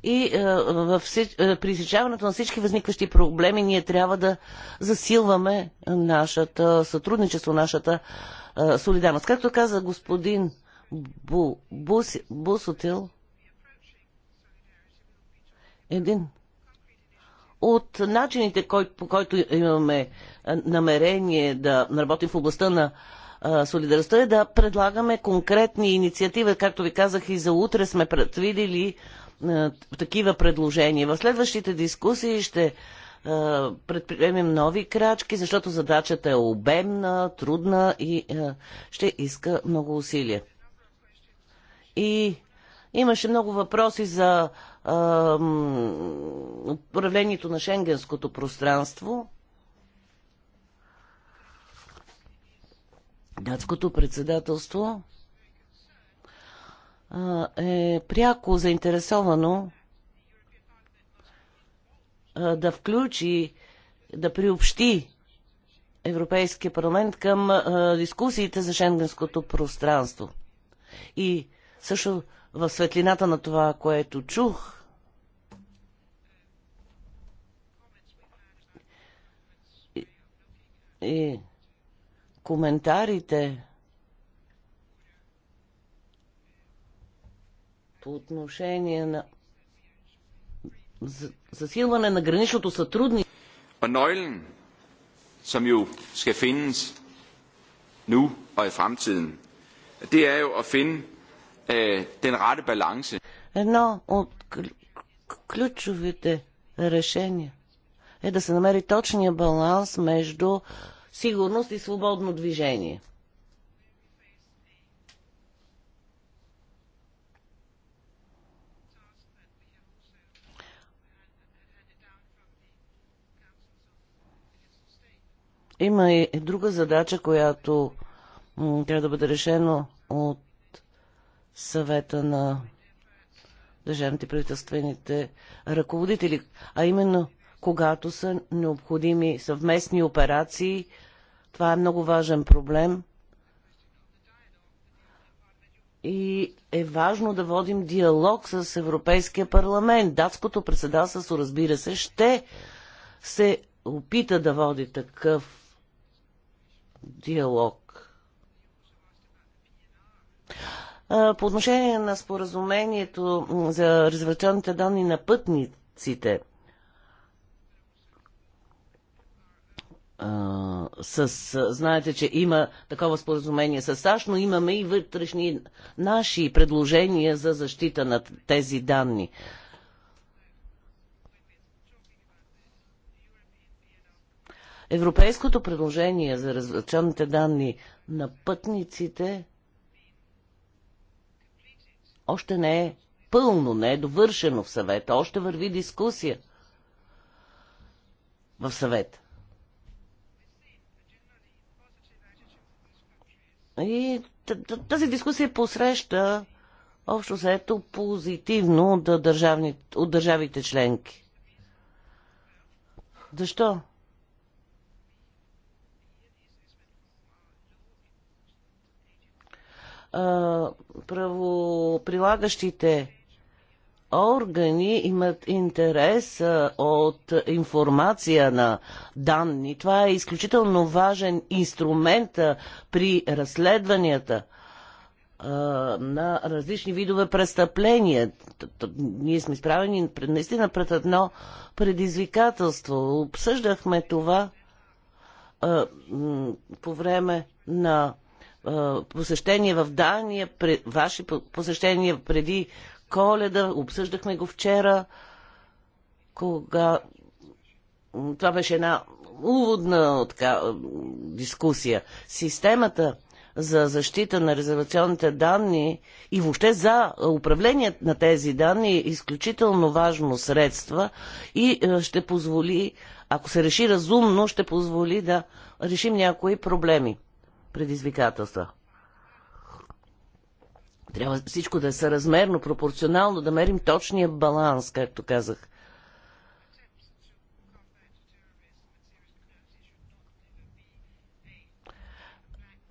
и в всич... при изречаването на всички възникващи проблеми ние трябва да засилваме нашата сътрудничество, нашата солидарност. Както каза господин Бу, Бусотил, един от начините, кой, по който имаме намерение да работим в областта на солидарността е да предлагаме конкретни инициативи. Както ви казах и за утре сме предвидели а, такива предложения. В следващите дискусии ще а, предприемем нови крачки, защото задачата е обемна, трудна и ще иска много усилия. И имаше много въпроси за е, управлението на шенгенското пространство. Датското председателство е пряко заинтересовано да включи, да приобщи Европейския парламент към дискусиите за шенгенското пространство. И също в светлината на това, което чух, и, коментарите по отношение на засилване на граничното сътрудничество. Og nøglen, som jo skal findes nu og i fremtiden, det er jo at finde Øh, den rette balance. Едно от ключовите решения е да се намери точния баланс между сигурност и свободно движение. Има и друга задача, която трябва да бъде решено от съвета на държавните правителствените ръководители, а именно когато са необходими съвместни операции. Това е много важен проблем. И е важно да водим диалог с Европейския парламент. Датското председателство, разбира се, ще се опита да води такъв диалог. По отношение на споразумението за резервационните данни на пътниците с... Знаете, че има такова споразумение с САЩ, но имаме и вътрешни наши предложения за защита на тези данни. Европейското предложение за резервационните данни на пътниците – още не е пълно, не е довършено в съвета. Още върви дискусия в съвета. И тази дискусия посреща общо заето позитивно от, от държавите членки. Защо? правоприлагащите органи имат интерес от информация на данни. Това е изключително важен инструмент при разследванията на различни видове престъпления. Ние сме изправени наистина пред едно предизвикателство. Обсъждахме това по време на посещение в Дания, ваше посещение преди коледа, обсъждахме го вчера, кога това беше една уводна така, дискусия. Системата за защита на резервационните данни и въобще за управление на тези данни е изключително важно средство и е, ще позволи, ако се реши разумно, ще позволи да решим някои проблеми предизвикателства. Трябва всичко да е съразмерно, пропорционално, да мерим точния баланс, както казах.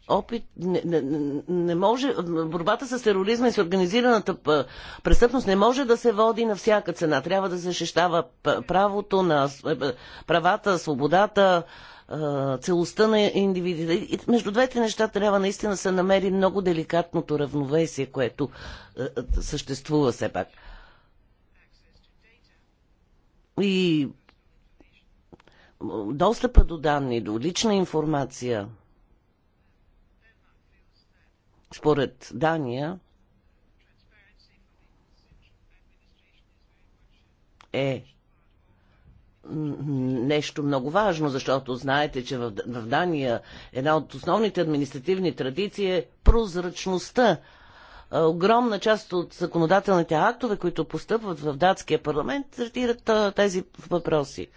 опит не, не, не може, борбата с тероризма и с организираната престъпност не може да се води на всяка цена. Трябва да защищава правото на правата, свободата, целостта на индивидите. И между двете неща трябва наистина да се намери много деликатното равновесие, което съществува все пак. И достъпа до данни, до лична информация – според Дания е нещо много важно, защото знаете, че в, Дания една от основните административни традиции е прозрачността. Огромна част от законодателните актове, които постъпват в датския парламент, третират тези въпроси.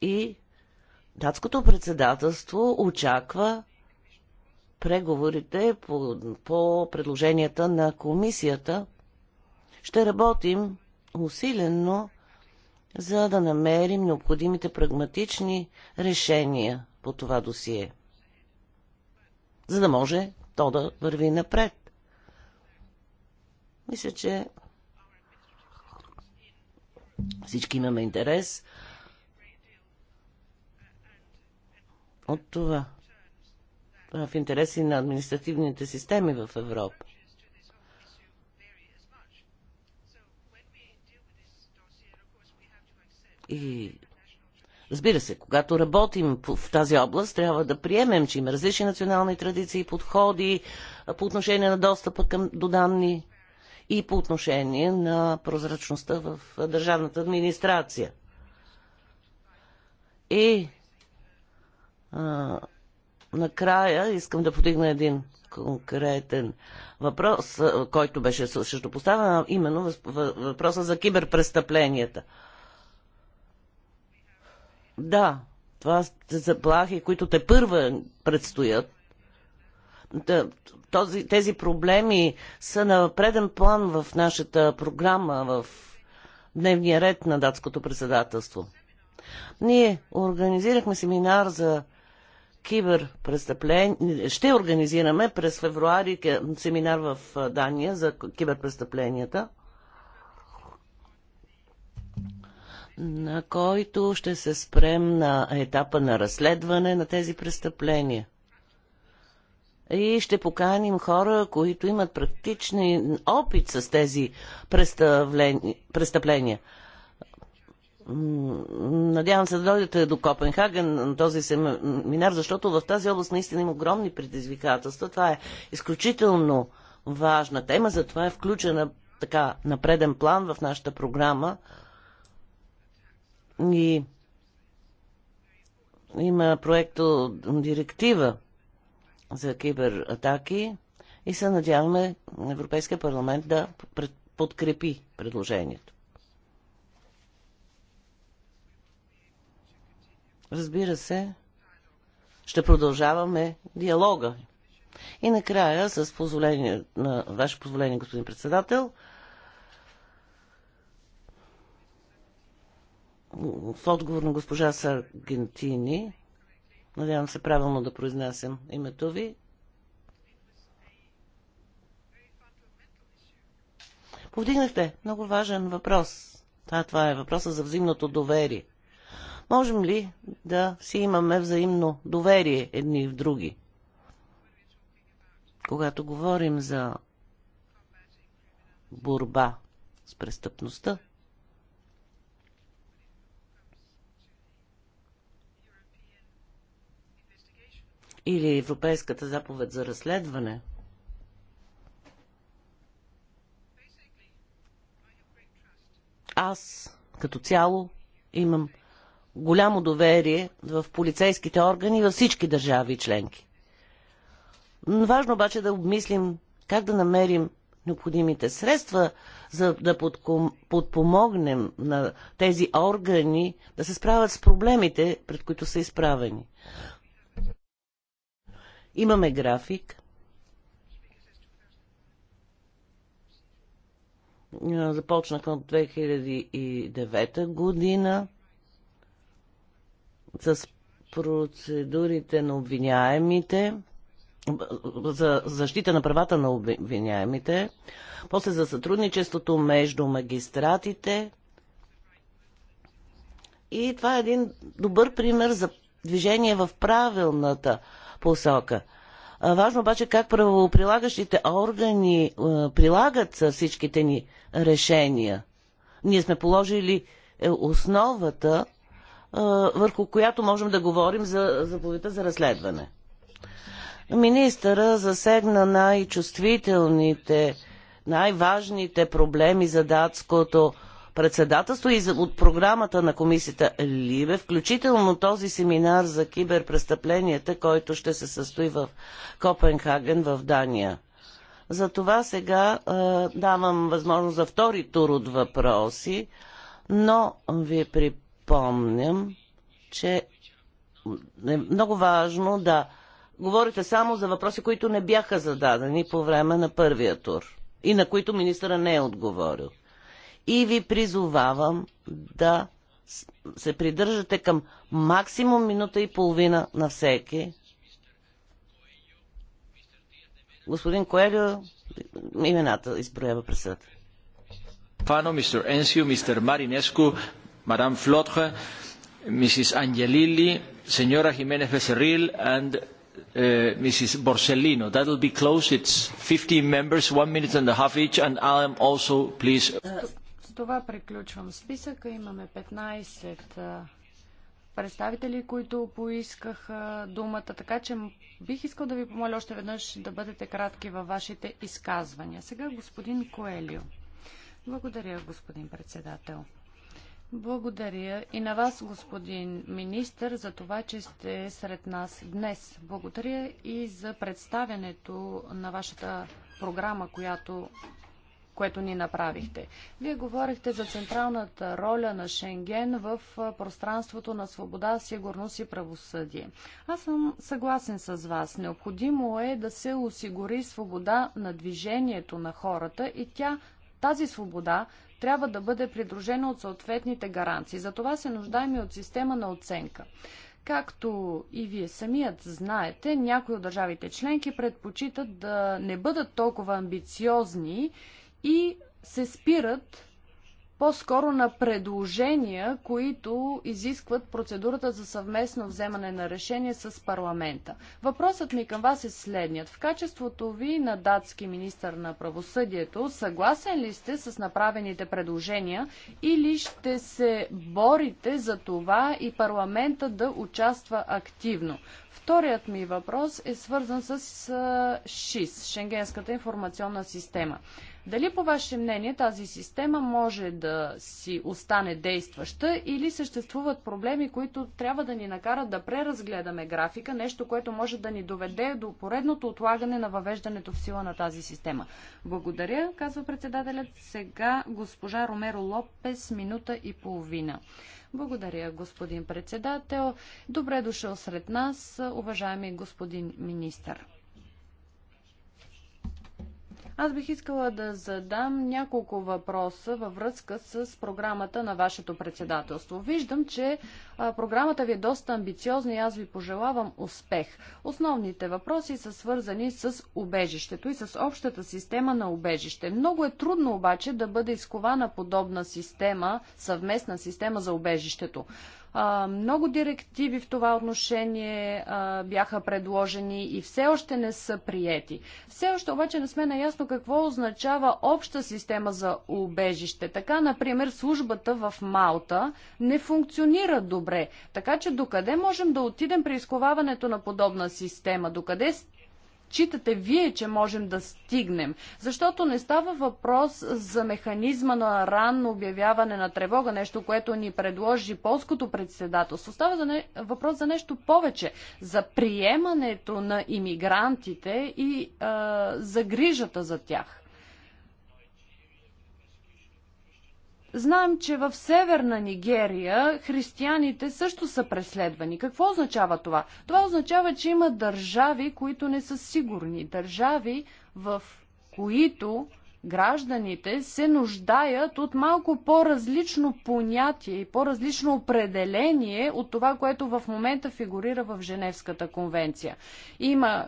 И датското председателство очаква преговорите по, по предложенията на комисията. Ще работим усилено, за да намерим необходимите прагматични решения по това досие, за да може то да върви напред. Мисля, че всички имаме интерес от това в интереси на административните системи в Европа. И разбира се, когато работим в тази област, трябва да приемем, че има различни национални традиции подходи по отношение на достъпа към, до данни и по отношение на прозрачността в държавната администрация. И а, Накрая искам да подигна един конкретен въпрос, който беше също поставен, именно въпроса за киберпрестъпленията. Да, това са заплахи, които те първа предстоят. Този, тези проблеми са на преден план в нашата програма, в дневния ред на датското председателство. Ние организирахме семинар за киберпрестъпления. Ще организираме през февруари семинар в Дания за киберпрестъпленията, на който ще се спрем на етапа на разследване на тези престъпления. И ще поканим хора, които имат практични опит с тези престъпления Надявам се да дойдете до Копенхаген на този семинар, защото в тази област наистина има огромни предизвикателства. Това е изключително важна тема, затова е включена така на преден план в нашата програма. И има проекто директива за кибератаки и се надяваме Европейския парламент да подкрепи предложението. Разбира се, ще продължаваме диалога. И накрая, с позволение, на ваше позволение, господин председател, в отговор на госпожа Саргентини, надявам се правилно да произнасям името ви, повдигнахте много важен въпрос. А, това е въпроса за взаимното доверие. Можем ли да си имаме взаимно доверие едни в други? Когато говорим за борба с престъпността, или Европейската заповед за разследване. Аз като цяло имам голямо доверие в полицейските органи във всички държави членки. Важно обаче да обмислим как да намерим необходимите средства, за да подпомогнем на тези органи да се справят с проблемите, пред които са изправени. Имаме график. Започнахме от 2009 година с процедурите на обвиняемите, за защита на правата на обвиняемите, после за сътрудничеството между магистратите. И това е един добър пример за движение в правилната посока. Важно обаче как правоприлагащите органи прилагат всичките ни решения. Ние сме положили е, основата върху която можем да говорим за заповедта за разследване. Министъра засегна най-чувствителните, най-важните проблеми за датското председателство и от програмата на комисията Либе, включително този семинар за киберпрестъпленията, който ще се състои в Копенхаген в Дания. За това сега е, давам възможност за втори тур от въпроси, но ви припомням, припомням, че е много важно да говорите само за въпроси, които не бяха зададени по време на първия тур и на които министъра не е отговорил. И ви призовавам да се придържате към максимум минута и половина на всеки. Господин Коелио, имената изброява председател. Фано, мистер Енсио, мистер Маринеско, Madame Flotre, Mrs. Angelilli, Senora Jimenez Becerril, and uh, Mrs. Borsellino. That will be close. It's 15 members, one minute and a half each, and I am also, please. С това приключвам списъка. Имаме петнадесет представители, които поискаха думата, така че бих искал да ви помоля още веднъж да бъдете кратки във вашите изказвания. Сега господин Коелио. Благодаря, господин председател. Благодаря и на вас, господин министр, за това, че сте сред нас днес. Благодаря и за представянето на вашата програма, която което ни направихте. Вие говорихте за централната роля на Шенген в пространството на свобода, сигурност и правосъдие. Аз съм съгласен с вас. Необходимо е да се осигури свобода на движението на хората и тя тази свобода трябва да бъде придружено от съответните гаранции. За това се нуждаем и от система на оценка. Както и вие самият знаете, някои от държавите членки предпочитат да не бъдат толкова амбициозни и се спират по-скоро на предложения, които изискват процедурата за съвместно вземане на решение с парламента. Въпросът ми към вас е следният. В качеството ви на датски министр на правосъдието, съгласен ли сте с направените предложения или ще се борите за това и парламента да участва активно? Вторият ми въпрос е свързан с ШИС, Шенгенската информационна система. Дали по ваше мнение тази система може да си остане действаща или съществуват проблеми, които трябва да ни накарат да преразгледаме графика, нещо, което може да ни доведе до поредното отлагане на въвеждането в сила на тази система? Благодаря, казва председателят. Сега госпожа Ромеро Лопес, минута и половина. Благодаря, господин председател. Добре дошъл сред нас, уважаеми господин министър. Аз бих искала да задам няколко въпроса във връзка с програмата на вашето председателство. Виждам, че програмата ви е доста амбициозна и аз ви пожелавам успех. Основните въпроси са свързани с убежището и с общата система на убежище. Много е трудно обаче да бъде изкована подобна система, съвместна система за убежището. Много директиви в това отношение бяха предложени и все още не са приети. Все още обаче не сме наясно какво означава обща система за убежище. Така, например, службата в Малта не функционира добре. Така че докъде можем да отидем при изковаването на подобна система? Докъде считате вие, че можем да стигнем? Защото не става въпрос за механизма на ранно обявяване на тревога, нещо, което ни предложи полското председателство. Става за не... въпрос за нещо повече, за приемането на иммигрантите и а, за грижата за тях. Знаем, че в северна Нигерия християните също са преследвани. Какво означава това? Това означава, че има държави, които не са сигурни. Държави, в които гражданите се нуждаят от малко по-различно понятие и по-различно определение от това, което в момента фигурира в Женевската конвенция. Има е,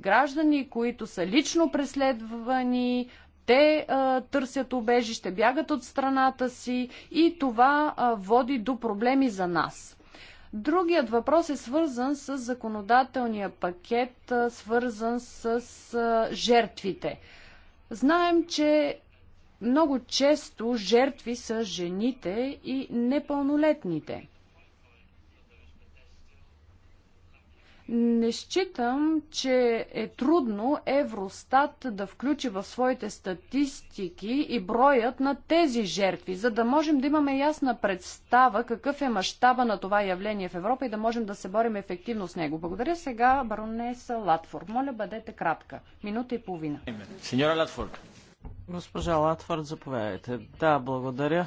граждани, които са лично преследвани, те а, търсят убежище, бягат от страната си и това а, води до проблеми за нас. Другият въпрос е свързан с законодателния пакет, а, свързан с а, жертвите. Знаем, че много често жертви са жените и непълнолетните. Не считам, че е трудно Евростат да включи в своите статистики и броят на тези жертви, за да можем да имаме ясна представа какъв е мащаба на това явление в Европа и да можем да се борим ефективно с него. Благодаря сега, баронеса Латфорд. Моля, бъдете кратка. Минута и половина. Сеньора Латфорд. Госпожа Латфорд, заповядайте. Да, благодаря.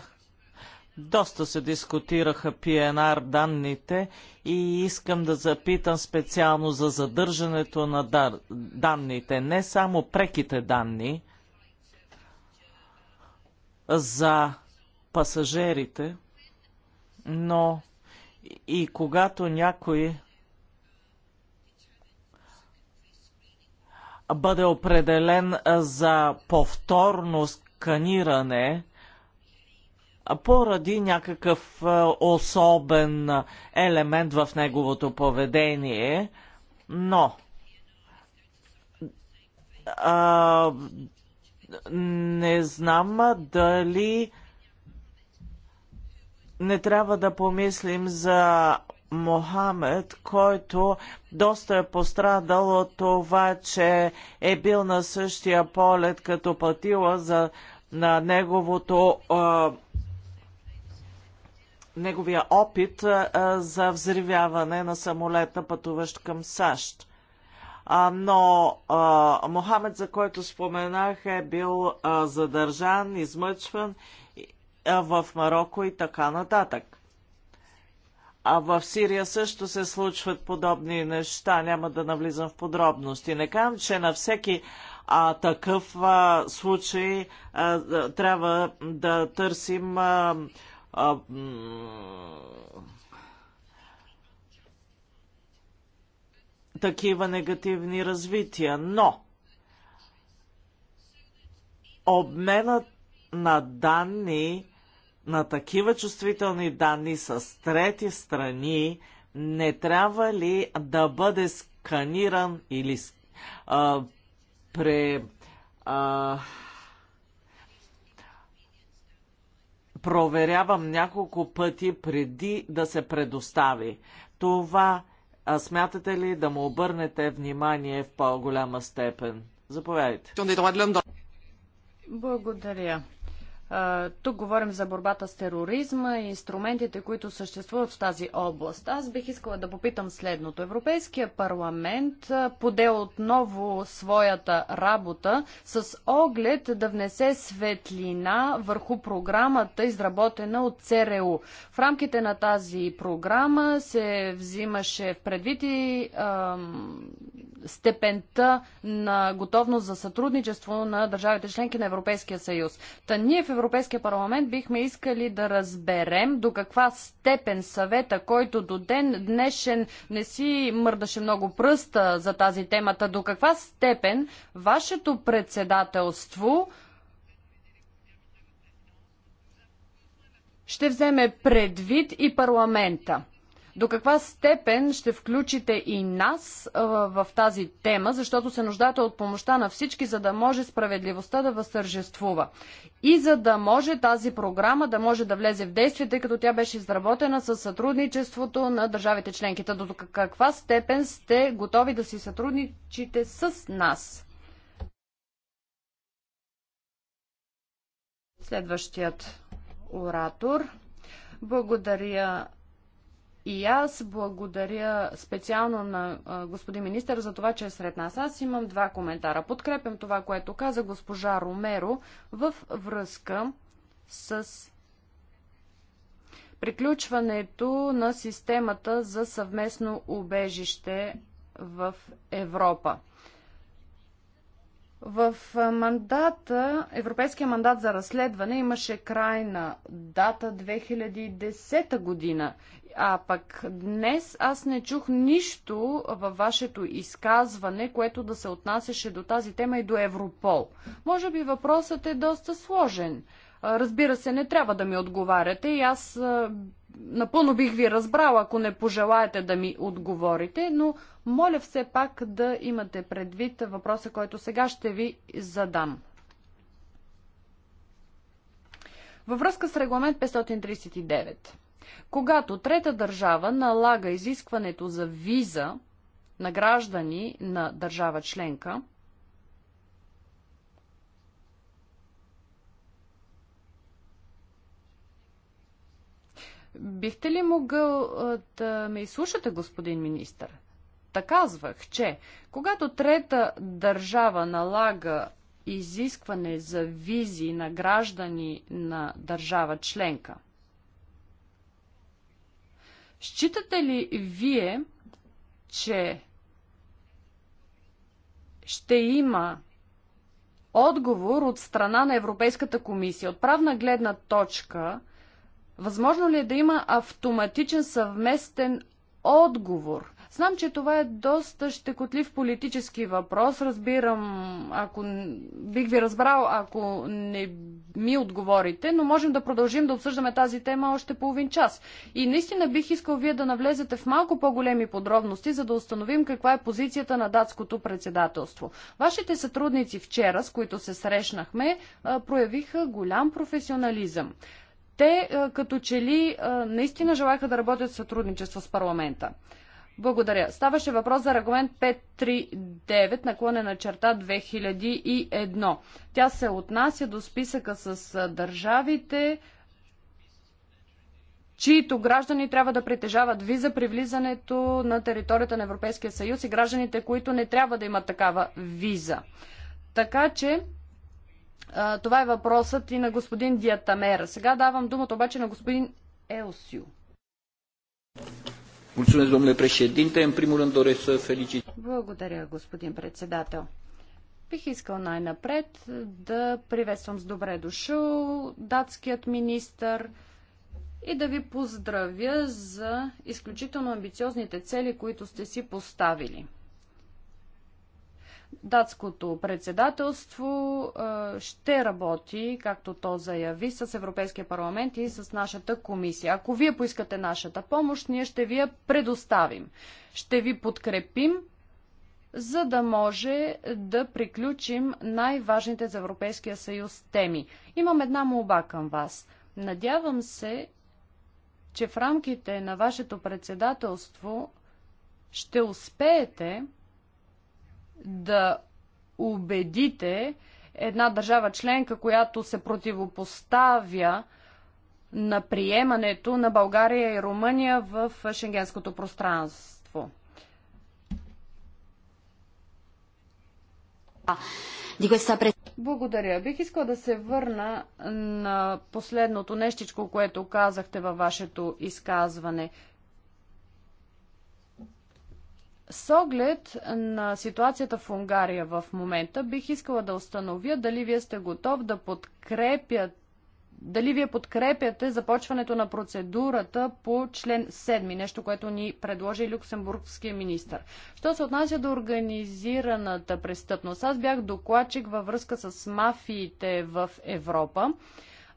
Доста се дискутираха PNR данните и искам да запитам специално за задържането на дар... данните, не само преките данни за пасажирите, но и когато някой бъде определен за повторно сканиране поради някакъв особен елемент в неговото поведение, но а, не знам дали не трябва да помислим за Мохамед, който доста е пострадал от това, че е бил на същия полет като пътила за на неговото а, неговия опит за взривяване на самолета, пътуващ към САЩ. но Мохамед, за който споменах, е бил задържан, измъчван в Марокко и така нататък. А в Сирия също се случват подобни неща, няма да навлизам в подробности. Не казвам, че на всеки а, такъв а, случай а, трябва да търсим а, а, такива негативни развития, но обменът на данни, на такива чувствителни данни с трети страни, не трябва ли да бъде сканиран или а, пре, а, проверявам няколко пъти преди да се предостави. Това а смятате ли да му обърнете внимание в по-голяма степен? Заповядайте. Благодаря. Тук говорим за борбата с тероризма и инструментите, които съществуват в тази област. Аз бих искала да попитам следното. Европейския парламент поде отново своята работа с оглед да внесе светлина върху програмата, изработена от ЦРУ. В рамките на тази програма се взимаше в предвид и ам, степента на готовност за сътрудничество на държавите членки на Европейския съюз. Та ние в Европейския парламент бихме искали да разберем до каква степен съвета, който до ден днешен не си мърдаше много пръста за тази темата, до каква степен вашето председателство ще вземе предвид и парламента. До каква степен ще включите и нас в тази тема, защото се нуждате от помощта на всички, за да може справедливостта да възтържествува. И за да може тази програма да може да влезе в действие, тъй като тя беше изработена с сътрудничеството на държавите членките. До каква степен сте готови да си сътрудничите с нас? Следващият оратор. Благодаря и аз благодаря специално на господин министър за това, че е сред нас. Аз имам два коментара. Подкрепям това, което каза госпожа Ромеро в връзка с приключването на системата за съвместно убежище в Европа. В мандата, европейския мандат за разследване имаше крайна дата 2010 година а пък днес аз не чух нищо във вашето изказване, което да се отнасяше до тази тема и до Европол. Може би въпросът е доста сложен. Разбира се, не трябва да ми отговаряте и аз напълно бих ви разбрал, ако не пожелаете да ми отговорите, но моля все пак да имате предвид въпроса, който сега ще ви задам. Във връзка с регламент 539. Когато трета държава налага изискването за виза на граждани на държава членка, Бихте ли могъл да ме изслушате, господин министр? Та казвах, че когато трета държава налага изискване за визи на граждани на държава членка – Считате ли вие, че ще има отговор от страна на Европейската комисия? От правна гледна точка, възможно ли е да има автоматичен съвместен отговор Знам, че това е доста щекотлив политически въпрос. Разбирам, ако бих ви разбрал, ако не ми отговорите, но можем да продължим да обсъждаме тази тема още половин час. И наистина бих искал вие да навлезете в малко по-големи подробности, за да установим каква е позицията на датското председателство. Вашите сътрудници вчера, с които се срещнахме, проявиха голям професионализъм те като че ли наистина желаха да работят в сътрудничество с парламента. Благодаря. Ставаше въпрос за регламент 539 наклоне на черта 2001. Тя се отнася до списъка с държавите, чието граждани трябва да притежават виза при влизането на територията на Европейския съюз и гражданите, които не трябва да имат такава виза. Така че това е въпросът и на господин Диатамера. Сега давам думата обаче на господин Елсио. Mulțumesc, domnule președinte. În primul rând doresc să felicit. Благодаря, господин председател. Бих искал най-напред да приветствам с добре дошъл датският министър и да ви поздравя за изключително амбициозните цели, които сте си поставили – Датското председателство ще работи, както то заяви, с Европейския парламент и с нашата комисия. Ако вие поискате нашата помощ, ние ще ви я предоставим. Ще ви подкрепим, за да може да приключим най-важните за Европейския съюз теми. Имам една молба към вас. Надявам се, че в рамките на вашето председателство ще успеете да убедите една държава членка, която се противопоставя на приемането на България и Румъния в шенгенското пространство? Благодаря. Бих искал да се върна на последното нещичко, което казахте във вашето изказване. С оглед на ситуацията в Унгария в момента, бих искала да установя дали вие сте готов да подкрепят дали вие подкрепяте започването на процедурата по член 7, нещо, което ни предложи люксембургския министр. Що се отнася до организираната престъпност? Аз бях докладчик във връзка с мафиите в Европа.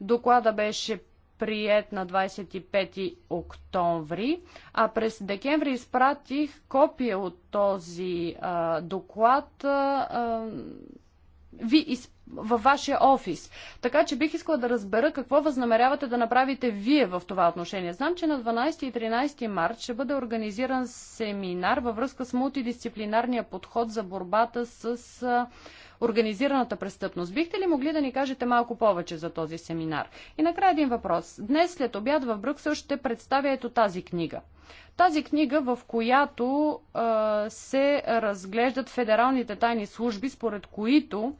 Доклада беше прият на 25 октомври, а през декември изпратих копие от този а, доклад а, а, ви из, във вашия офис. Така че бих искала да разбера какво възнамерявате да направите вие в това отношение. Знам, че на 12 и 13 март ще бъде организиран семинар във връзка с мултидисциплинарния подход за борбата с организираната престъпност. Бихте ли могли да ни кажете малко повече за този семинар? И накрая един въпрос. Днес след обяд в Брюксел ще представя ето тази книга. Тази книга, в която а, се разглеждат федералните тайни служби, според които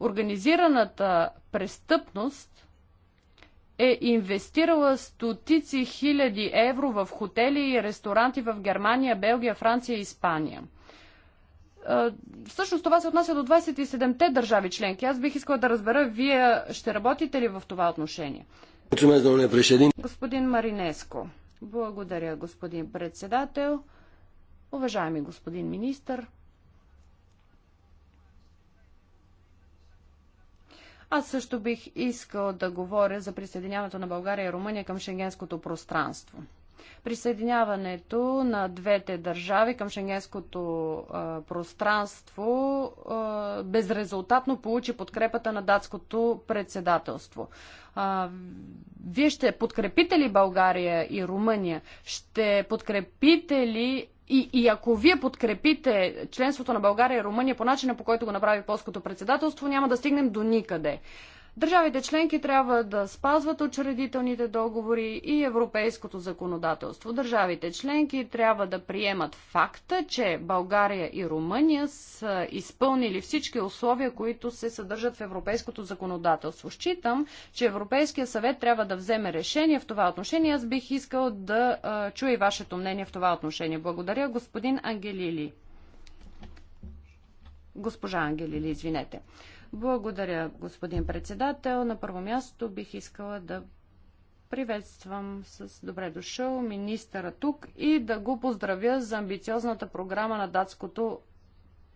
организираната престъпност е инвестирала стотици хиляди евро в хотели и ресторанти в Германия, Белгия, Франция и Испания – Всъщност това се отнася до 27-те държави членки. Аз бих искала да разбера, вие ще работите ли в това отношение? Господин Маринеско. Благодаря, господин председател. Уважаеми господин министър, Аз също бих искал да говоря за присъединяването на България и Румъния към шенгенското пространство. Присъединяването на двете държави към шенгенското а, пространство а, безрезултатно получи подкрепата на датското председателство. А, вие ще подкрепите ли България и Румъния? Ще подкрепите ли и, и ако вие подкрепите членството на България и Румъния по начина по който го направи полското председателство, няма да стигнем до никъде. Държавите членки трябва да спазват учредителните договори и европейското законодателство. Държавите членки трябва да приемат факта, че България и Румъния са изпълнили всички условия, които се съдържат в европейското законодателство. Считам, че Европейския съвет трябва да вземе решение в това отношение. Аз бих искал да а, чуя и вашето мнение в това отношение. Благодаря, господин Ангелили. Госпожа Ангелили, извинете. Благодаря, господин председател. На първо място бих искала да приветствам с добре дошъл министъра тук и да го поздравя за амбициозната програма на датското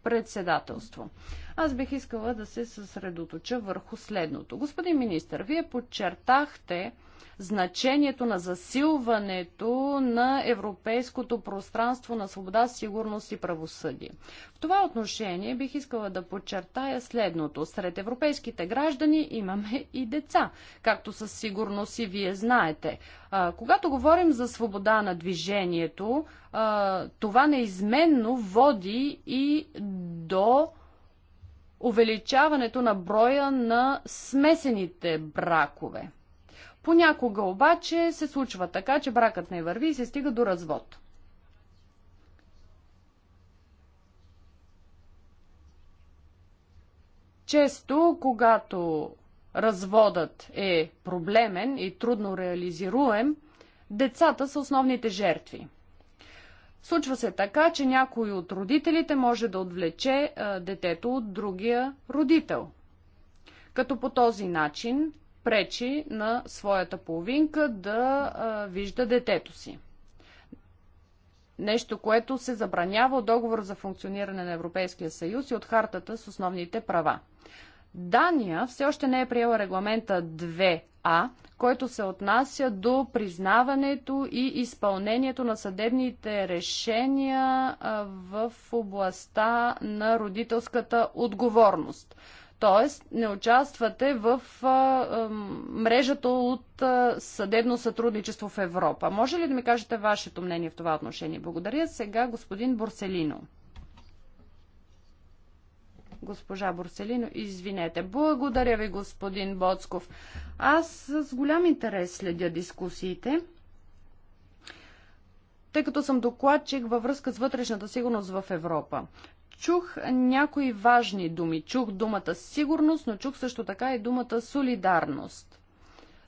председателство. Аз бих искала да се съсредоточа върху следното. Господин министър, вие подчертахте, значението на засилването на европейското пространство на свобода, сигурност и правосъдие. В това отношение бих искала да подчертая следното. Сред европейските граждани имаме и деца, както със сигурност и вие знаете. когато говорим за свобода на движението, това неизменно води и до увеличаването на броя на смесените бракове. Понякога обаче се случва така, че бракът не върви и се стига до развод. Често, когато разводът е проблемен и трудно реализируем, децата са основните жертви. Случва се така, че някой от родителите може да отвлече детето от другия родител. Като по този начин пречи на своята половинка да а, вижда детето си. Нещо, което се забранява от договор за функциониране на Европейския съюз и от хартата с основните права. Дания все още не е приела регламента 2А, който се отнася до признаването и изпълнението на съдебните решения в областта на родителската отговорност т.е. не участвате в мрежата от съдебно сътрудничество в Европа. Може ли да ми кажете вашето мнение в това отношение? Благодаря. Сега господин Борселино. Госпожа Борселино, извинете. Благодаря ви, господин Боцков. Аз с голям интерес следя дискусиите тъй като съм докладчик във връзка с вътрешната сигурност в Европа чух някои важни думи. Чух думата сигурност, но чух също така и думата солидарност.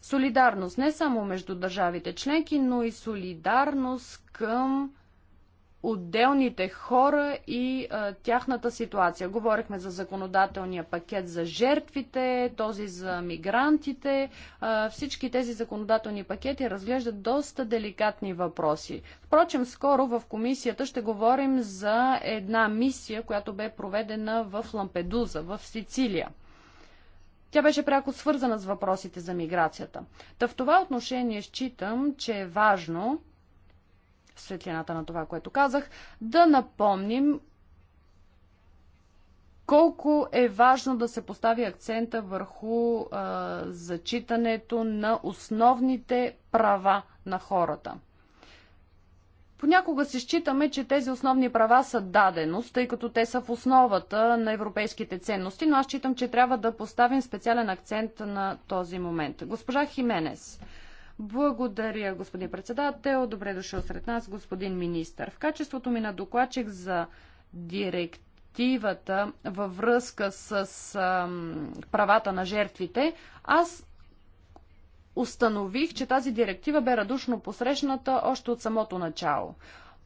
Солидарност не само между държавите членки, но и солидарност към отделните хора и а, тяхната ситуация. Говорихме за законодателния пакет за жертвите, този за мигрантите. А, всички тези законодателни пакети разглеждат доста деликатни въпроси. Впрочем, скоро в комисията ще говорим за една мисия, която бе проведена в Лампедуза, в Сицилия. Тя беше пряко свързана с въпросите за миграцията. Та в това отношение считам, че е важно светлината на това, което казах, да напомним колко е важно да се постави акцента върху а, зачитането на основните права на хората. Понякога се считаме, че тези основни права са даденост, тъй като те са в основата на европейските ценности, но аз считам, че трябва да поставим специален акцент на този момент. Госпожа Хименес, благодаря, господин председател. Добре дошъл сред нас, господин министър. В качеството ми на докладчик за директ директивата във връзка с а, правата на жертвите, аз установих, че тази директива бе радушно посрещната още от самото начало.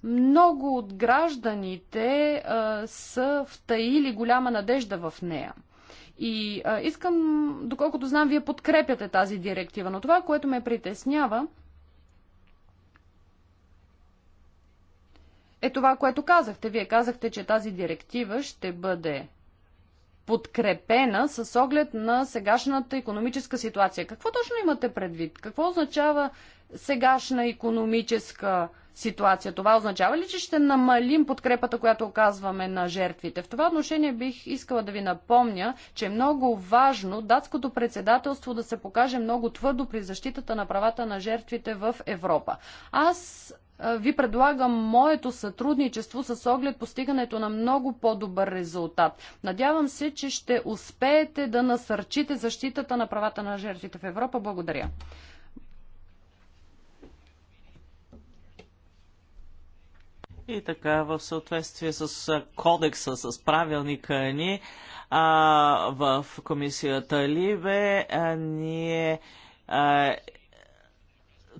Много от гражданите а, са втаили голяма надежда в нея. И а, искам, доколкото знам, вие подкрепяте тази директива, но това, което ме притеснява, е това, което казахте. Вие казахте, че тази директива ще бъде подкрепена с оглед на сегашната економическа ситуация. Какво точно имате предвид? Какво означава сегашна економическа ситуация? ситуация. Това означава ли, че ще намалим подкрепата, която оказваме на жертвите? В това отношение бих искала да ви напомня, че е много важно датското председателство да се покаже много твърдо при защитата на правата на жертвите в Европа. Аз ви предлагам моето сътрудничество с оглед постигането на много по-добър резултат. Надявам се, че ще успеете да насърчите защитата на правата на жертвите в Европа. Благодаря. И така, в съответствие с кодекса, с правилника ни, а, в комисията Либе, а, ние а,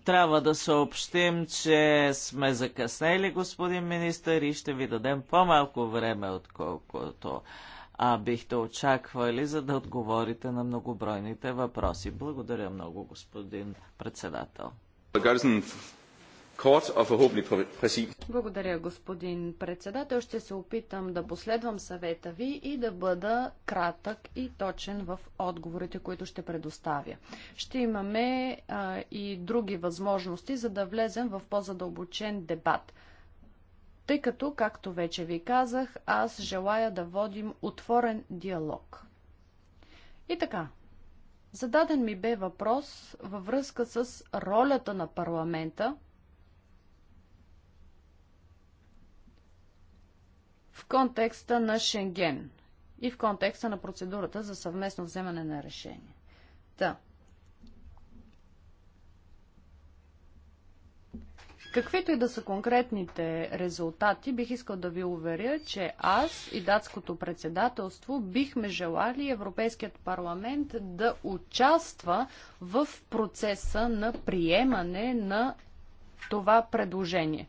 трябва да съобщим, че сме закъснели, господин министър, и ще ви дадем по-малко време, отколкото а бихте очаквали, за да отговорите на многобройните въпроси. Благодаря много, господин председател. Благодаря, господин председател. Ще се опитам да последвам съвета ви и да бъда кратък и точен в отговорите, които ще предоставя. Ще имаме а, и други възможности, за да влезем в по-задълбочен дебат. Тъй като, както вече ви казах, аз желая да водим отворен диалог. И така, зададен ми бе въпрос във връзка с ролята на парламента – в контекста на Шенген и в контекста на процедурата за съвместно вземане на решение. Та. Да. Каквито и да са конкретните резултати, бих искал да ви уверя, че аз и датското председателство бихме желали Европейският парламент да участва в процеса на приемане на това предложение.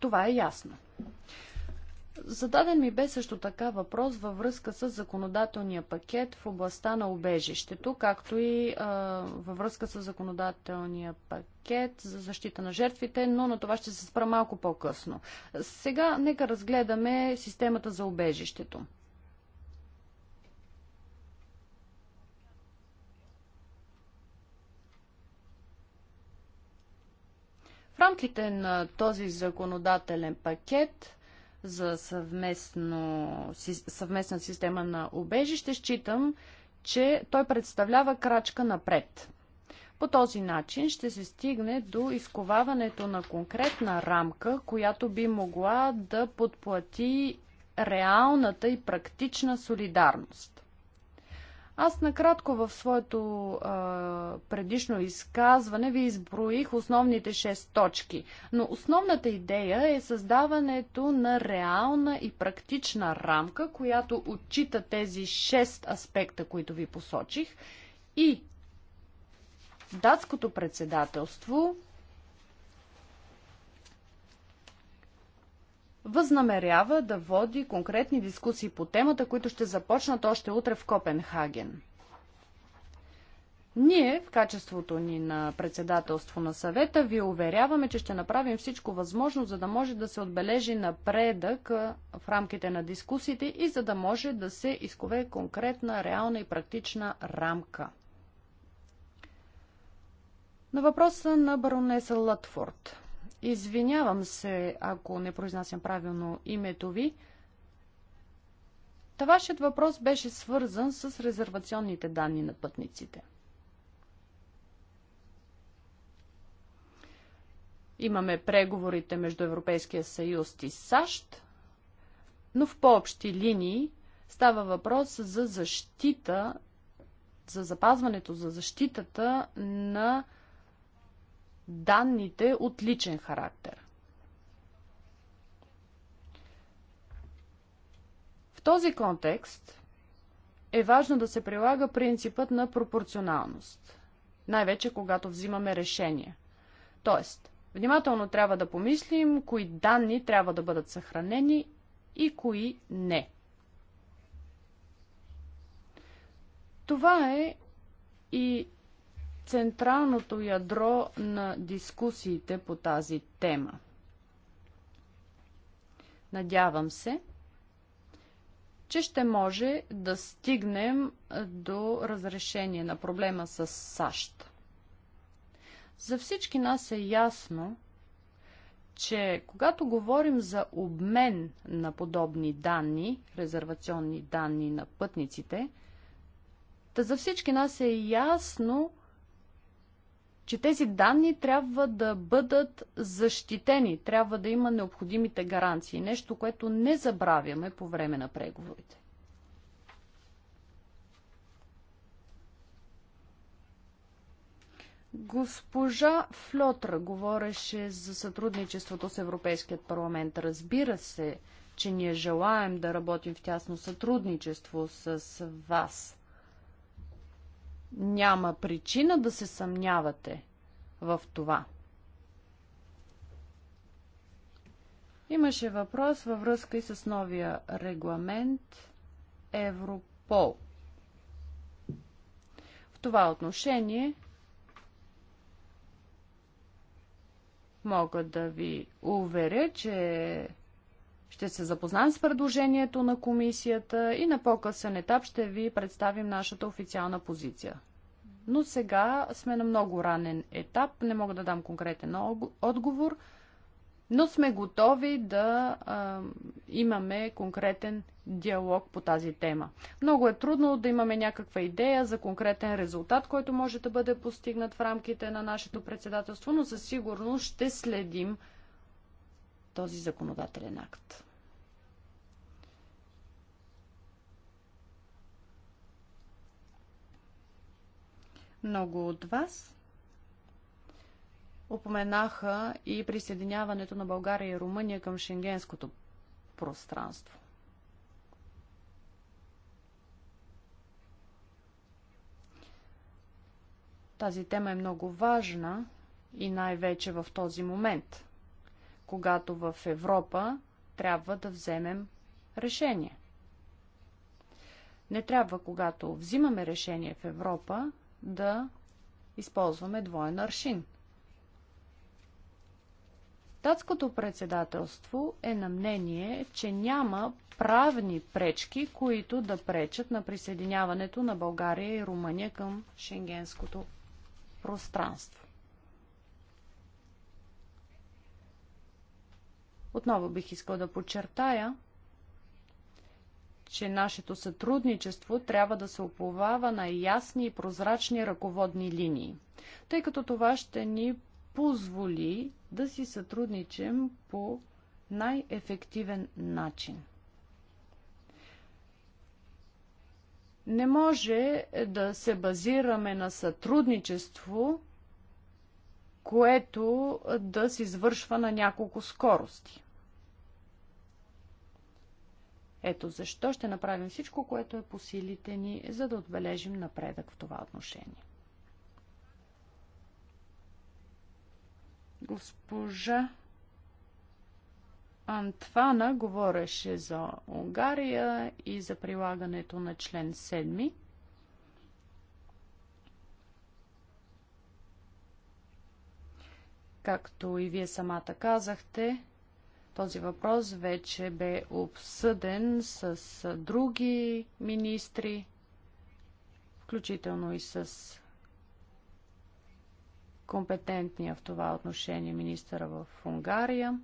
Това е ясно. Зададен ми бе също така въпрос във връзка с законодателния пакет в областта на убежището, както и а, във връзка с законодателния пакет за защита на жертвите, но на това ще се спра малко по-късно. Сега нека разгледаме системата за убежището. В рамките на този законодателен пакет за съвместно, съвместна система на убежище, считам, че той представлява крачка напред. По този начин ще се стигне до изковаването на конкретна рамка, която би могла да подплати реалната и практична солидарност. Аз накратко в своето а, предишно изказване ви изброих основните 6 точки, но основната идея е създаването на реална и практична рамка, която отчита тези 6 аспекта, които ви посочих и датското председателство възнамерява да води конкретни дискусии по темата, които ще започнат още утре в Копенхаген. Ние, в качеството ни на председателство на съвета, ви уверяваме, че ще направим всичко възможно, за да може да се отбележи напредък в рамките на дискусиите и за да може да се изкове конкретна, реална и практична рамка. На въпроса на баронеса Лътфорд. Извинявам се, ако не произнасям правилно името ви. Та вашият въпрос беше свързан с резервационните данни на пътниците. Имаме преговорите между Европейския съюз и САЩ, но в по-общи линии става въпрос за защита, за запазването, за защитата на данните от личен характер. В този контекст е важно да се прилага принципът на пропорционалност, най-вече когато взимаме решение. Тоест, внимателно трябва да помислим кои данни трябва да бъдат съхранени и кои не. Това е и централното ядро на дискусиите по тази тема. Надявам се, че ще може да стигнем до разрешение на проблема с САЩ. За всички нас е ясно, че когато говорим за обмен на подобни данни, резервационни данни на пътниците, да за всички нас е ясно, че тези данни трябва да бъдат защитени, трябва да има необходимите гаранции, нещо, което не забравяме по време на преговорите. Госпожа Флотра говореше за сътрудничеството с Европейският парламент. Разбира се, че ние желаем да работим в тясно сътрудничество с вас. Няма причина да се съмнявате в това. Имаше въпрос във връзка и с новия регламент Европол. В това отношение мога да ви уверя, че ще се запознаем с предложението на комисията и на по-късен етап ще ви представим нашата официална позиция. Но сега сме на много ранен етап, не мога да дам конкретен отговор, но сме готови да а, имаме конкретен диалог по тази тема. Много е трудно да имаме някаква идея за конкретен резултат, който може да бъде постигнат в рамките на нашето председателство, но със сигурност ще следим този законодателен акт. Много от вас упоменаха и присъединяването на България и Румъния към шенгенското пространство. Тази тема е много важна и най-вече в този момент – когато в Европа трябва да вземем решение. Не трябва, когато взимаме решение в Европа, да използваме двоен аршин. Датското председателство е на мнение, че няма правни пречки, които да пречат на присъединяването на България и Румъния към шенгенското пространство. Отново бих искал да подчертая, че нашето сътрудничество трябва да се оплувава на ясни и прозрачни ръководни линии, тъй като това ще ни позволи да си сътрудничим по най-ефективен начин. Не може да се базираме на сътрудничество, което да се извършва на няколко скорости. Ето защо ще направим всичко, което е по силите ни, за да отбележим напредък в това отношение. Госпожа Антвана говореше за Унгария и за прилагането на член 7. Както и вие самата казахте, този въпрос вече бе обсъден с други министри, включително и с компетентния в това отношение министъра в Унгария.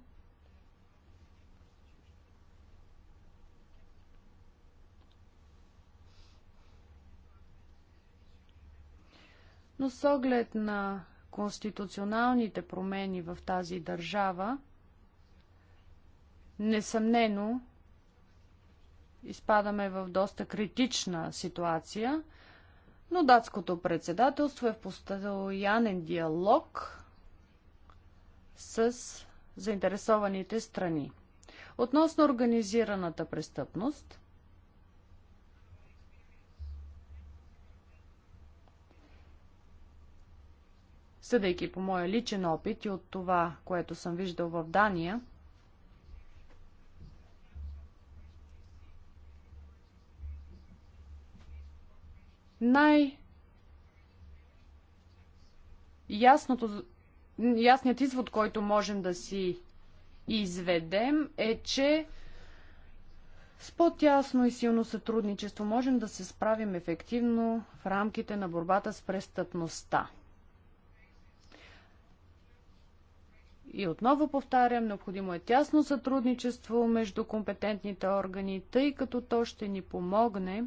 Но с оглед на конституционалните промени в тази държава, Несъмнено, изпадаме в доста критична ситуация, но датското председателство е в постоянен диалог с заинтересованите страни. Относно организираната престъпност, съдейки по моя личен опит и от това, което съм виждал в Дания, Най- Ясното, ясният извод, който можем да си изведем е, че с по-тясно и силно сътрудничество можем да се справим ефективно в рамките на борбата с престъпността. И отново повтарям, необходимо е тясно сътрудничество между компетентните органи, тъй като то ще ни помогне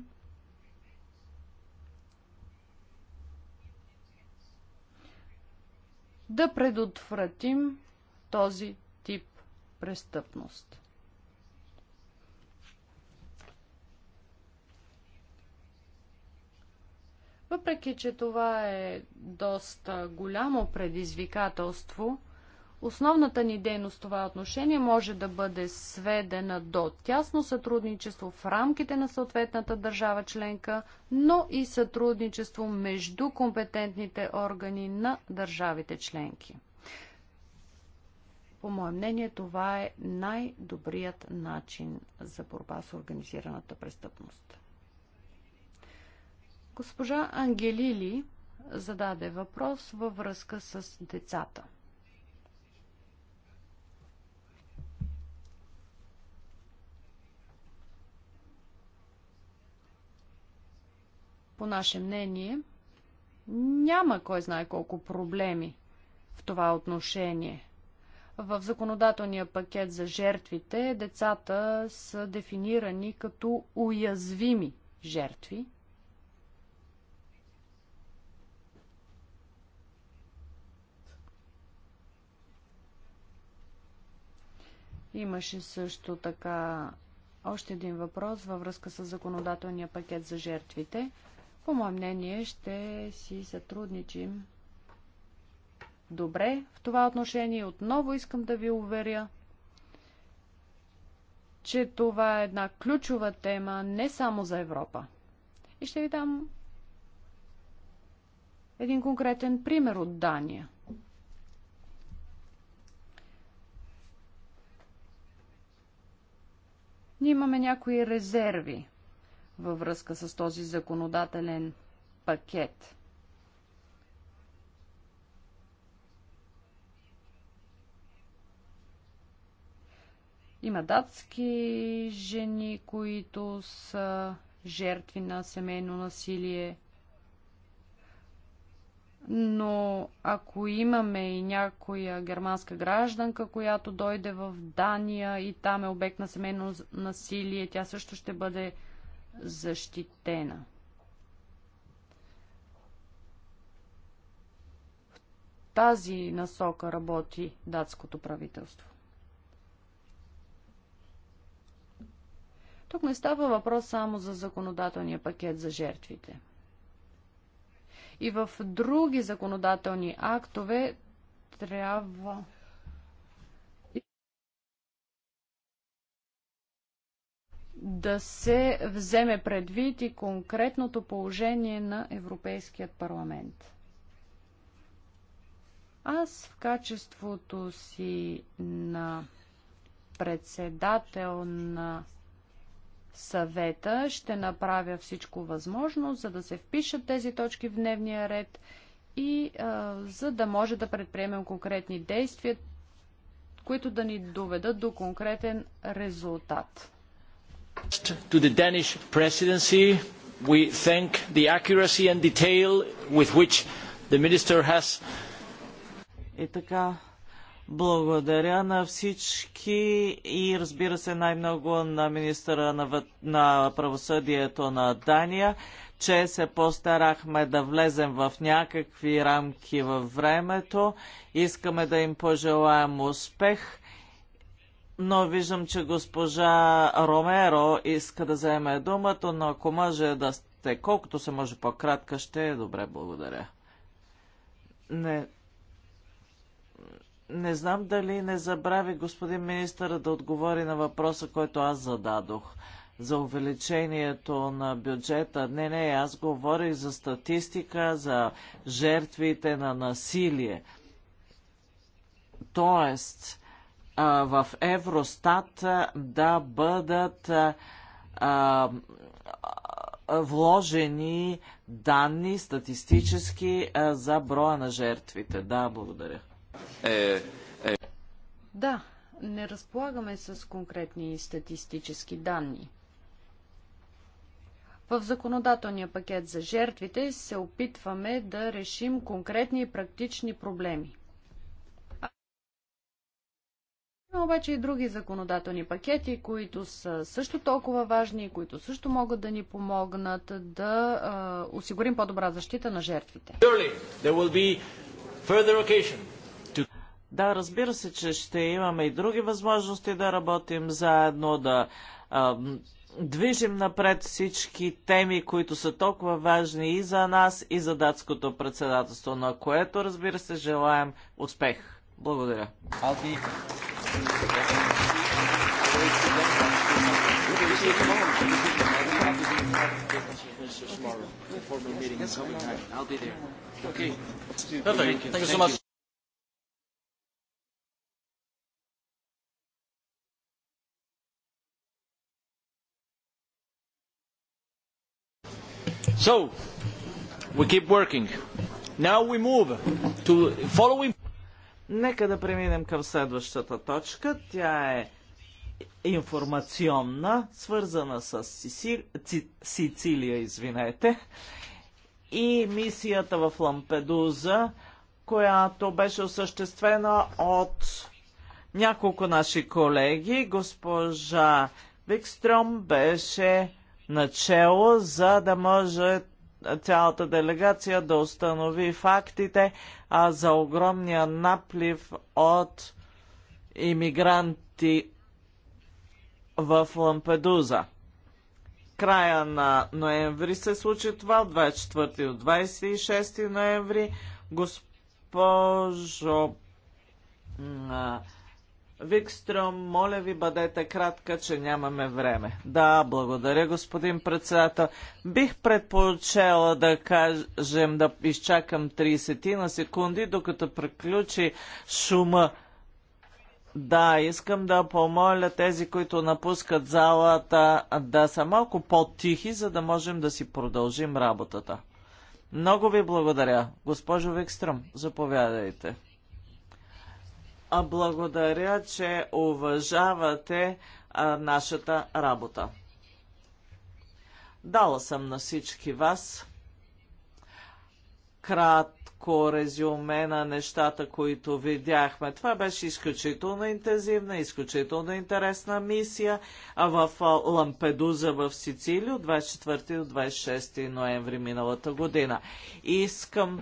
да предотвратим този тип престъпност. Въпреки, че това е доста голямо предизвикателство, Основната ни дейност в това отношение може да бъде сведена до тясно сътрудничество в рамките на съответната държава членка, но и сътрудничество между компетентните органи на държавите членки. По мое мнение, това е най-добрият начин за борба с организираната престъпност. Госпожа Ангелили зададе въпрос във връзка с децата – по наше мнение, няма кой знае колко проблеми в това отношение. В законодателния пакет за жертвите децата са дефинирани като уязвими жертви. Имаше също така още един въпрос във връзка с законодателния пакет за жертвите. По мое мнение ще си сътрудничим добре в това отношение. Отново искам да ви уверя, че това е една ключова тема не само за Европа. И ще ви дам един конкретен пример от Дания. Ние имаме някои резерви във връзка с този законодателен пакет. Има датски жени, които са жертви на семейно насилие. Но ако имаме и някоя германска гражданка, която дойде в Дания и там е обект на семейно насилие, тя също ще бъде защитена. В тази насока работи датското правителство. Тук не става въпрос само за законодателния пакет за жертвите. И в други законодателни актове трябва да се вземе предвид и конкретното положение на Европейският парламент. Аз в качеството си на председател на съвета ще направя всичко възможно, за да се впишат тези точки в дневния ред и а, за да може да предприемем конкретни действия, които да ни доведат до конкретен резултат. To the Danish presidency, we thank the accuracy and detail with which the minister has... И така, благодаря на всички и разбира се най-много на министъра на, на правосъдието на Дания, че се постарахме да влезем в някакви рамки във времето. Искаме да им пожелаем успех но виждам, че госпожа Ромеро иска да вземе думата, но ако може да сте колкото се може по-кратка, ще е добре, благодаря. Не, не знам дали не забрави господин министър да отговори на въпроса, който аз зададох за увеличението на бюджета. Не, не, аз говорих за статистика, за жертвите на насилие. Тоест, в Евростат да бъдат вложени данни статистически за броя на жертвите. Да, благодаря. Е, е. Да, не разполагаме с конкретни статистически данни. В законодателния пакет за жертвите се опитваме да решим конкретни и практични проблеми. Има обаче и други законодателни пакети, които са също толкова важни, които също могат да ни помогнат да а, осигурим по-добра защита на жертвите. Да, разбира се, че ще имаме и други възможности да работим заедно, да а, движим напред всички теми, които са толкова важни и за нас, и за датското председателство, на което, разбира се, желаем успех. Благодаря. So, we keep working. Now we move to following. Нека да преминем към следващата точка. Тя е информационна, свързана с Сиси... Сицилия, извинете, и мисията в Лампедуза, която беше осъществена от няколко наши колеги. Госпожа Викстром беше начало, за да може цялата делегация да установи фактите а за огромния наплив от иммигранти в Лампедуза. Края на ноември се случи това, от 24 до 26 ноември. Госпожо Викстром, моля ви, бъдете кратка, че нямаме време. Да, благодаря, господин председател. Бих предпочела да кажем да изчакам 30 на секунди, докато приключи шума. Да, искам да помоля тези, които напускат залата, да са малко по-тихи, за да можем да си продължим работата. Много ви благодаря. Госпожо Викстром, заповядайте. Благодаря, че уважавате а, нашата работа. Дала съм на всички вас кратко резюме на нещата, които видяхме. Това беше изключително интензивна, изключително интересна мисия в Лампедуза в Сицилия от 24 до 26 ноември миналата година. Искам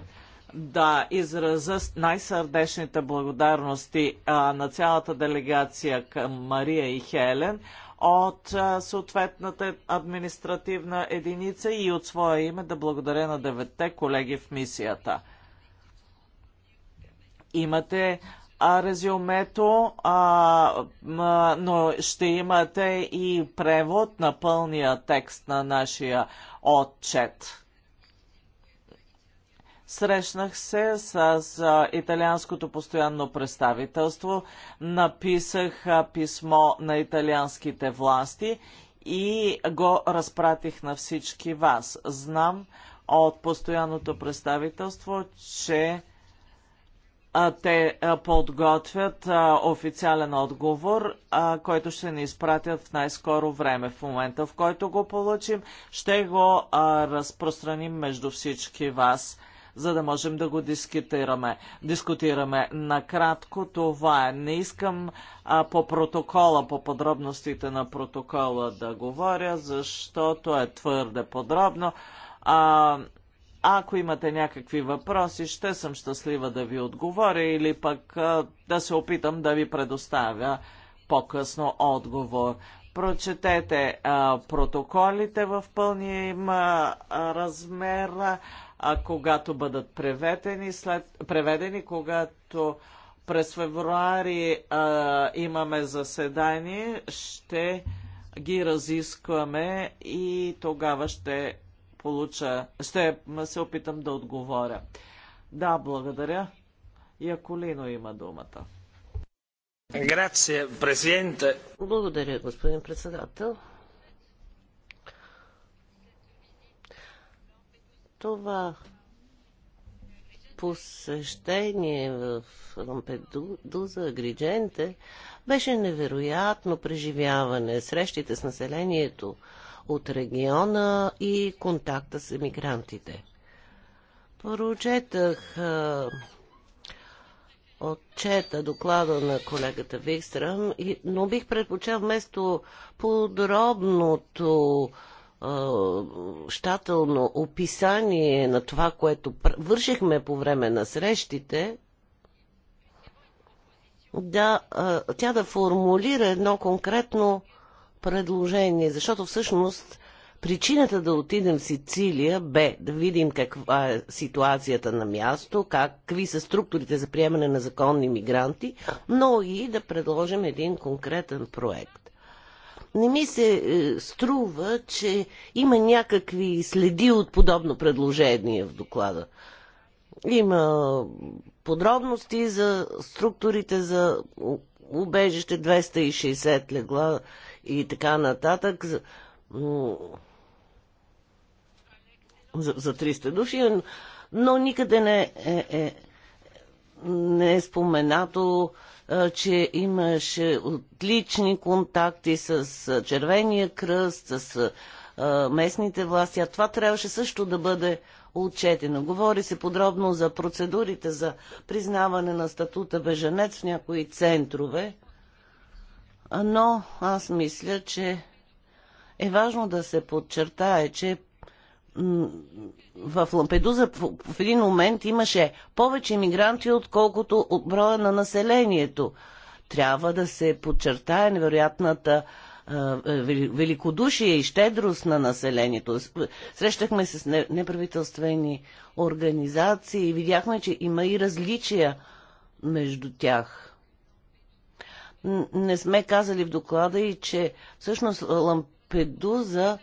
да изразя най-сърдечните благодарности а, на цялата делегация към Мария и Хелен от а, съответната административна единица и от своя име да благодаря на деветте колеги в мисията. Имате а, резюмето, а, а, но ще имате и превод на пълния текст на нашия отчет. Срещнах се с италианското постоянно представителство, написах писмо на италианските власти и го разпратих на всички вас. Знам от постоянното представителство, че те подготвят официален отговор, който ще ни изпратят в най-скоро време. В момента, в който го получим, ще го разпространим между всички вас за да можем да го дискутираме. дискутираме. Накратко това е. Не искам а, по протокола, по подробностите на протокола да говоря, защото е твърде подробно. А, ако имате някакви въпроси, ще съм щастлива да ви отговоря или пък а, да се опитам да ви предоставя по-късно отговор. Прочетете а, протоколите в пълния им а, размер а, когато бъдат преведени, след, преведени когато през февруари а, имаме заседание, ще ги разискваме и тогава ще получа, ще се опитам да отговоря. Да, благодаря. Яколино има думата. Благодаря, господин председател. Това посещение в Лампедуза, Гридженте, беше невероятно преживяване. Срещите с населението от региона и контакта с емигрантите. Прочетах а, отчета доклада на колегата Викстрам, но бих предпочел вместо подробното щателно описание на това, което вършихме по време на срещите, да, тя да формулира едно конкретно предложение, защото всъщност причината да отидем в Сицилия бе да видим каква е ситуацията на място, какви са структурите за приемане на законни мигранти, но и да предложим един конкретен проект. Не ми се е, струва, че има някакви следи от подобно предложение в доклада. Има подробности за структурите за убежище 260 легла и така нататък за, за, 300 души, но никъде не е, е, е не е споменато че имаше отлични контакти с Червения кръст, с местните власти, а това трябваше също да бъде отчетено. Говори се подробно за процедурите за признаване на статута беженец в някои центрове, но аз мисля, че е важно да се подчертае, че в Лампедуза в един момент имаше повече мигранти, отколкото от броя на населението. Трябва да се подчертае невероятната е, великодушие и щедрост на населението. Срещахме се с неправителствени организации и видяхме, че има и различия между тях. Не сме казали в доклада и, че всъщност Лампедуза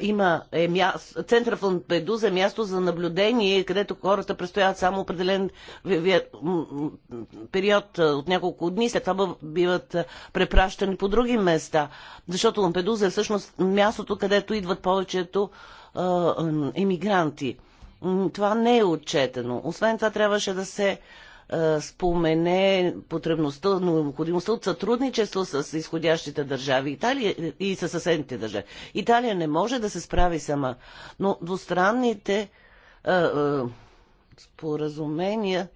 има е място, центъра в Лампедуза е място за наблюдение, където хората престояват само определен период от няколко дни, след това биват препращани по други места. Защото Лампедуза е всъщност мястото, където идват повечето емигранти. Това не е отчетено. Освен това трябваше да се е, спомене потребността, необходимостта от сътрудничество с изходящите държави Италия, и със съседните държави. Италия не може да се справи сама, но двустранните а, е, а, е, споразумения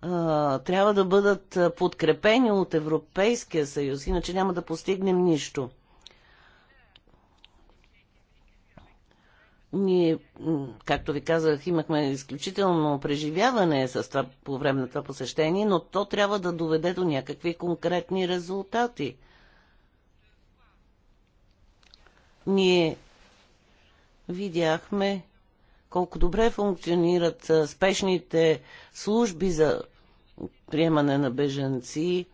а, трябва да бъдат подкрепени от Европейския съюз, иначе няма да постигнем нищо. Ние, както ви казах, имахме изключително преживяване с това, по време на това посещение, но то трябва да доведе до някакви конкретни резултати. Ние видяхме колко добре функционират спешните служби за приемане на бежанци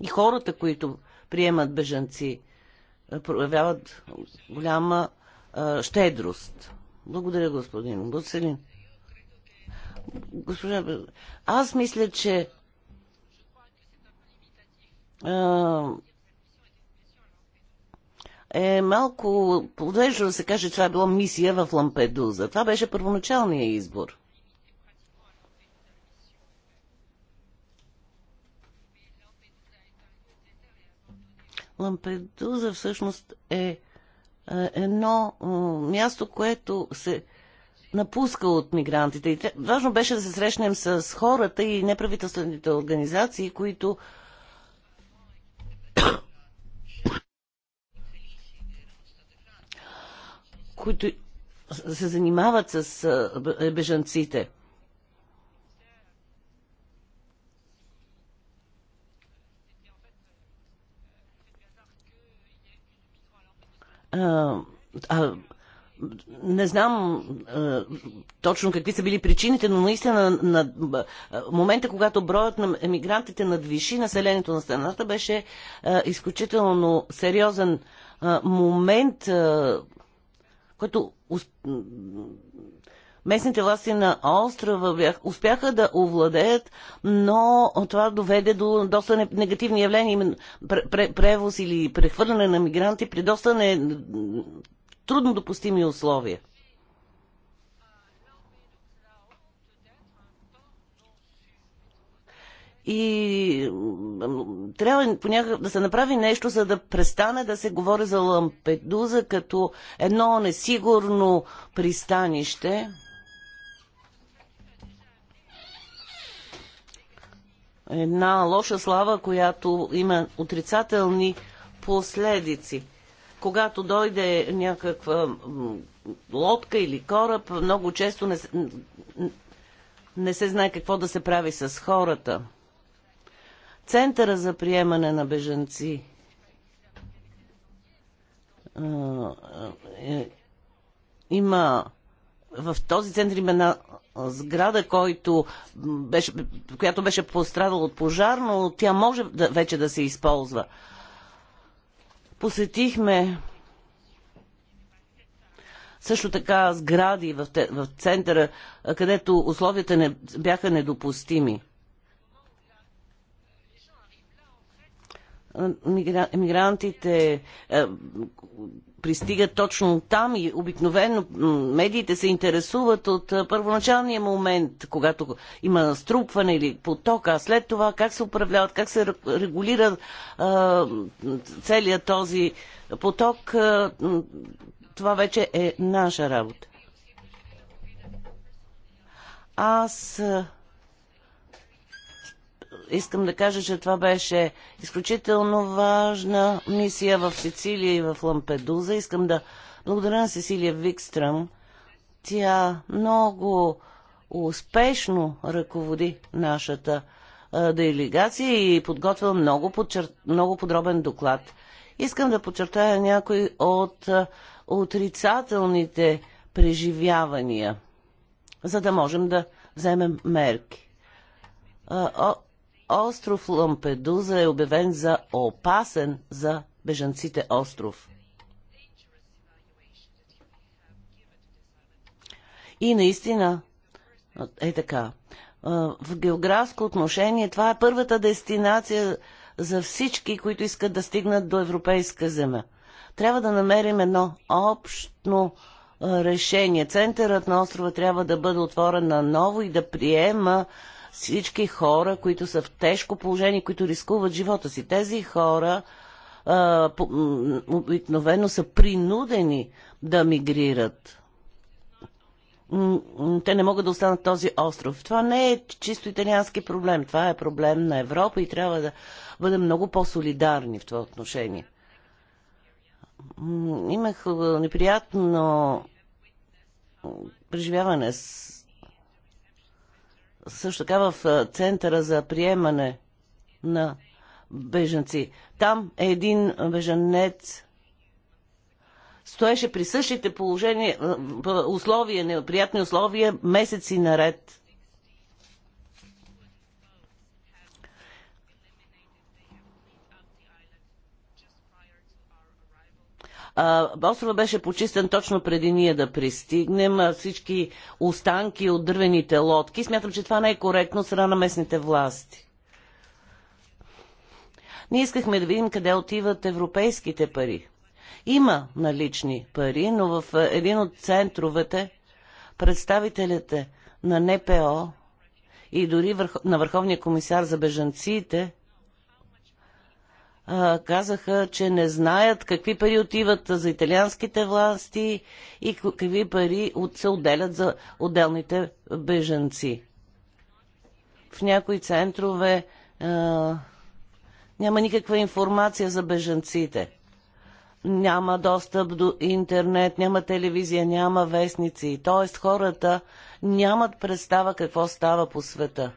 и хората, които приемат бежанци проявяват голяма щедрост. Благодаря, господин Гуцелин. Госпожа, аз мисля, че е малко подвежно да се каже, че това е било мисия в Лампедуза. Това беше първоначалният избор. Лампедуза всъщност е, е едно е, място, което се напуска от мигрантите. И важно беше да се срещнем с хората и неправителствените организации, които които се занимават с е, бежанците. а, не знам а, точно какви са били причините, но наистина на, на, момента, когато броят на емигрантите надвиши населението на страната, беше а, изключително сериозен а, момент, а, който местните власти на острова бях, успяха да овладеят, но това доведе до доста негативни явления, именно превоз или прехвърляне на мигранти при доста не, трудно допустими условия. и трябва по някакъв, да се направи нещо, за да престане да се говори за Лампедуза като едно несигурно пристанище. една лоша слава, която има отрицателни последици. Когато дойде някаква лодка или кораб, много често не, не се знае какво да се прави с хората. Центъра за приемане на бежанци е, има в този център има една сграда, който беше, която беше пострадала от пожар, но тя може да, вече да се използва. Посетихме също така сгради в, в центъра, където условията не, бяха недопустими. Мигрантите, е, Пристига точно там и обикновено медиите се интересуват от първоначалния момент, когато има струпване или поток, а след това как се управляват, как се регулира целият този поток, това вече е наша работа. Аз искам да кажа, че това беше изключително важна мисия в Сицилия и в Лампедуза. Искам да благодаря на Сесилия Викстрам. Тя много успешно ръководи нашата делегация и подготвя много, подчер... много подробен доклад. Искам да подчертая някои от отрицателните преживявания, за да можем да вземем мерки. Остров Лампедуза е обявен за опасен за бежанците остров. И наистина е така. В географско отношение това е първата дестинация за всички, които искат да стигнат до европейска земя. Трябва да намерим едно общно решение. Центърът на острова трябва да бъде отворен на ново и да приема всички хора, които са в тежко положение, които рискуват живота си. Тези хора а, по, обикновено са принудени да мигрират. Те не могат да останат този остров. Това не е чисто италиански проблем. Това е проблем на Европа и трябва да бъдем много по-солидарни в това отношение. Имах неприятно преживяване с също така в центъра за приемане на бежанци. Там един бежанец стоеше при същите положения, условия, неприятни условия, месеци наред. А, острова беше почистен точно преди ние да пристигнем. Всички останки от дървените лодки. Смятам, че това не е коректно от страна на местните власти. Ние искахме да видим къде отиват европейските пари. Има налични пари, но в един от центровете представителите на НПО и дори на Върховния комисар за бежанците – а, казаха, че не знаят какви пари отиват за италианските власти и какви пари от, се отделят за отделните беженци. В някои центрове а, няма никаква информация за беженците. Няма достъп до интернет, няма телевизия, няма вестници. Тоест хората нямат представа какво става по света.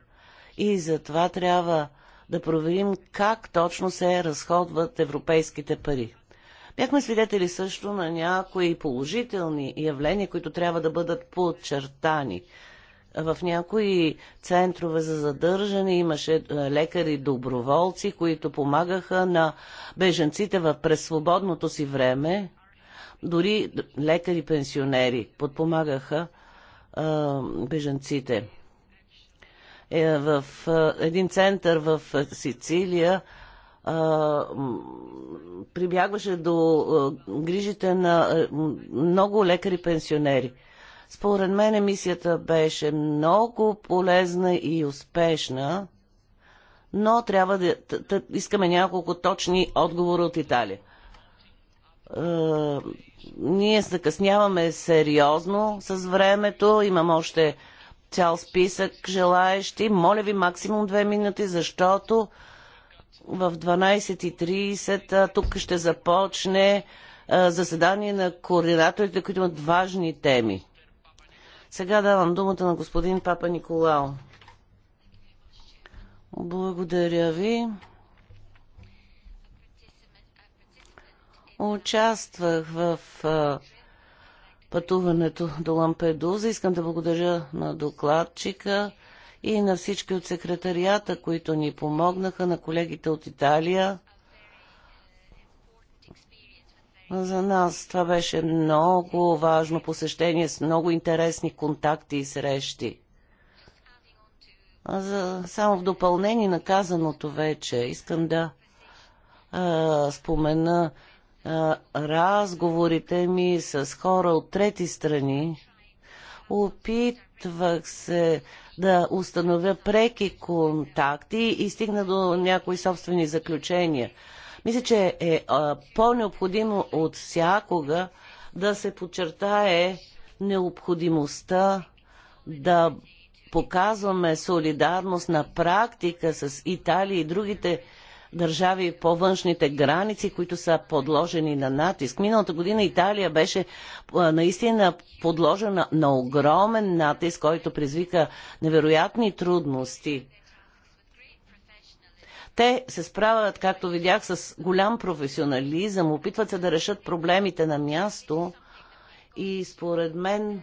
И затова трябва да проверим как точно се разходват европейските пари. Бяхме свидетели също на някои положителни явления, които трябва да бъдат подчертани. В някои центрове за задържане имаше е, лекари доброволци, които помагаха на беженците в през свободното си време. Дори лекари пенсионери подпомагаха а, е, беженците е, в е, един център в е, Сицилия е, прибягваше до е, грижите на е, много лекари-пенсионери. Според мен мисията беше много полезна и успешна, но трябва да искаме няколко точни отговора от Италия ние закъсняваме сериозно с времето. Имам още цял списък желаещи. Моля ви максимум две минути, защото в 12.30 тук ще започне заседание на координаторите, които имат важни теми. Сега давам думата на господин Папа Николао. Благодаря ви. Участвах в пътуването до Лампедуза. Искам да благодаря на докладчика и на всички от секретарията, които ни помогнаха, на колегите от Италия. За нас това беше много важно посещение с много интересни контакти и срещи. За, само в допълнение на казаното вече искам да а, спомена разговорите ми с хора от трети страни, опитвах се да установя преки контакти и стигна до някои собствени заключения. Мисля, че е по-необходимо от всякога да се подчертае необходимостта да показваме солидарност на практика с Италия и другите държави по външните граници, които са подложени на натиск. Миналата година Италия беше наистина подложена на огромен натиск, който призвика невероятни трудности. Те се справят, както видях, с голям професионализъм, опитват се да решат проблемите на място и според мен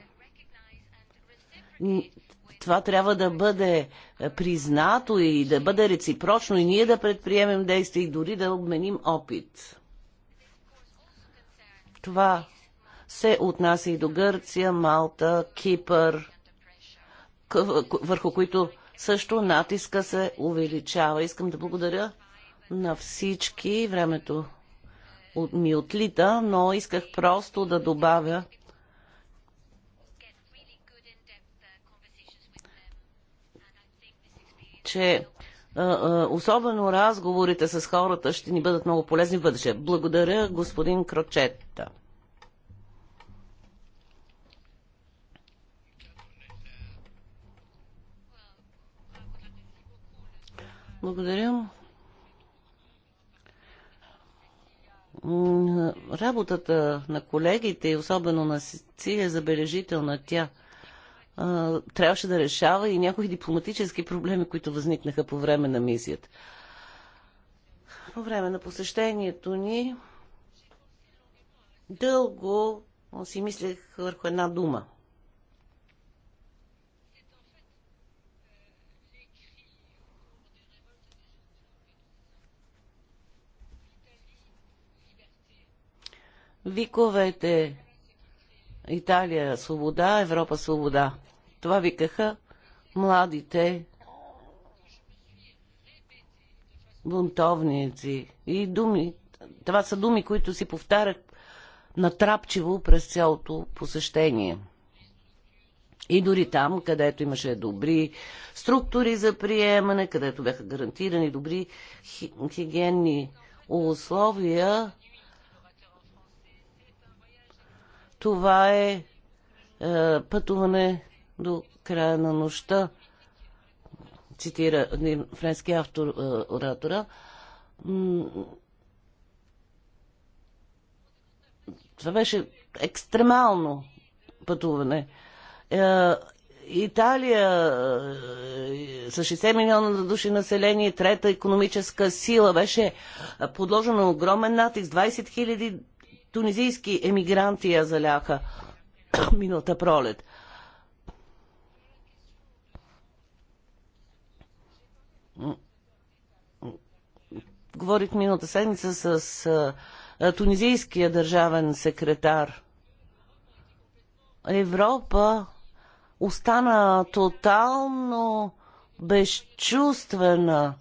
това трябва да бъде е, признато и да бъде реципрочно и ние да предприемем действия и дори да обменим опит. Това се отнася и до Гърция, Малта, Кипър, върху които също натиска се увеличава. Искам да благодаря на всички. Времето ми отлита, но исках просто да добавя че особено разговорите с хората ще ни бъдат много полезни в бъдеще. Благодаря, господин Крочетта. Благодаря. Работата на колегите и особено на Сицилия е забележителна. Тя трябваше да решава и някои дипломатически проблеми, които възникнаха по време на мисията. По време на посещението ни дълго си мислех върху една дума. Виковете Италия свобода, Европа свобода. Това викаха младите бунтовници и думи. Това са думи, които си повтарях натрапчиво през цялото посещение. И дори там, където имаше добри структури за приемане, където бяха гарантирани добри хигиенни условия, Това е, е пътуване до края на нощта, цитира един френски автор, е, оратора. Това беше екстремално пътуване. Е, Италия е, с 60 милиона на души население, трета економическа сила, беше подложена огромен натиск. 20 хиляди тунизийски емигранти я заляха миналата пролет. Говорих миналата седмица с тунизийския държавен секретар. Европа остана тотално безчувствена.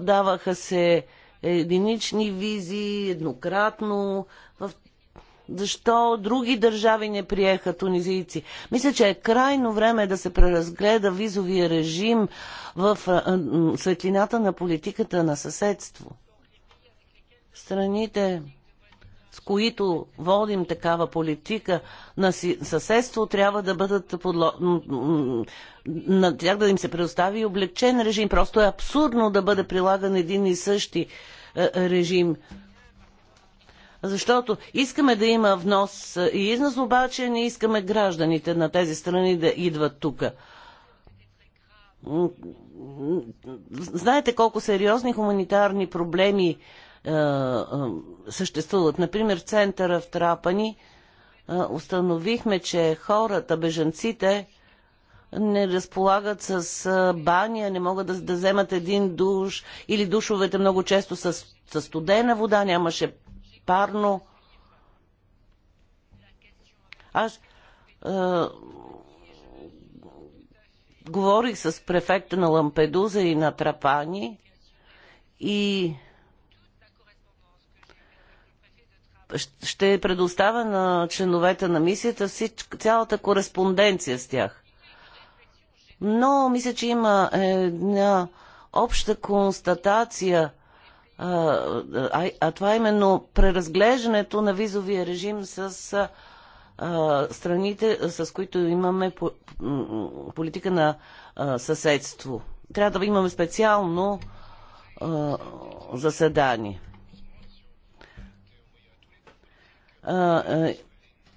Даваха се единични визи, еднократно. В... Защо други държави не приеха тунизийци? Мисля, че е крайно време да се преразгледа визовия режим в светлината на политиката на съседство. Страните, с които водим такава политика на съседство, трябва да бъдат подло... на тях да им се предостави облегчен режим. Просто е абсурдно да бъде прилаган един и същи е, режим. Защото искаме да има внос е, и износ, обаче не искаме гражданите на тези страни да идват тук. Знаете колко сериозни хуманитарни проблеми е, е, съществуват. Например, центъра в Трапани е, установихме, че хората, бежанците, не разполагат с баня, не могат да, да вземат един душ или душовете много често с, с студена вода, нямаше парно. Аз е, говорих с префекта на Лампедуза и на Трапани и ще предоставя на членовете на мисията цялата кореспонденция с тях. Но мисля, че има една обща констатация, а, а, а това е именно преразглеждането на визовия режим с а, страните, с които имаме по, политика на а, съседство. Трябва да имаме специално а, заседание.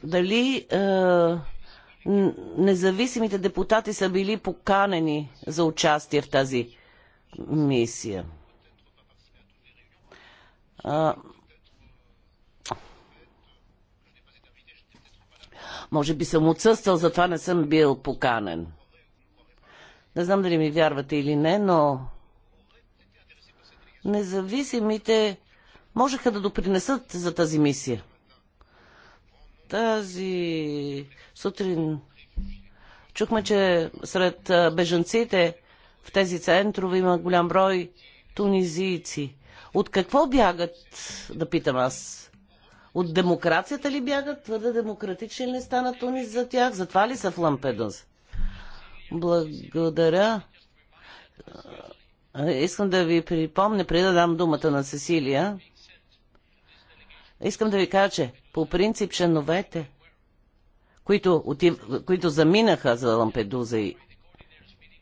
дали независимите депутати са били поканени за участие в тази мисия. А, може би съм отсъствал, затова не съм бил поканен. Не знам дали ми вярвате или не, но независимите можеха да допринесат за тази мисия. Тази сутрин чухме, че сред бежанците в тези центрове има голям брой тунизийци. От какво бягат, да питам аз? От демокрацията ли бягат? Твърде демократични ли стана Тунис за тях? Затова ли са в Лампедос? Благодаря. Искам да ви припомня, преди да дам думата на Сесилия, искам да ви кажа, че по принцип, членовете, които, отив... които заминаха за Лампедуза и...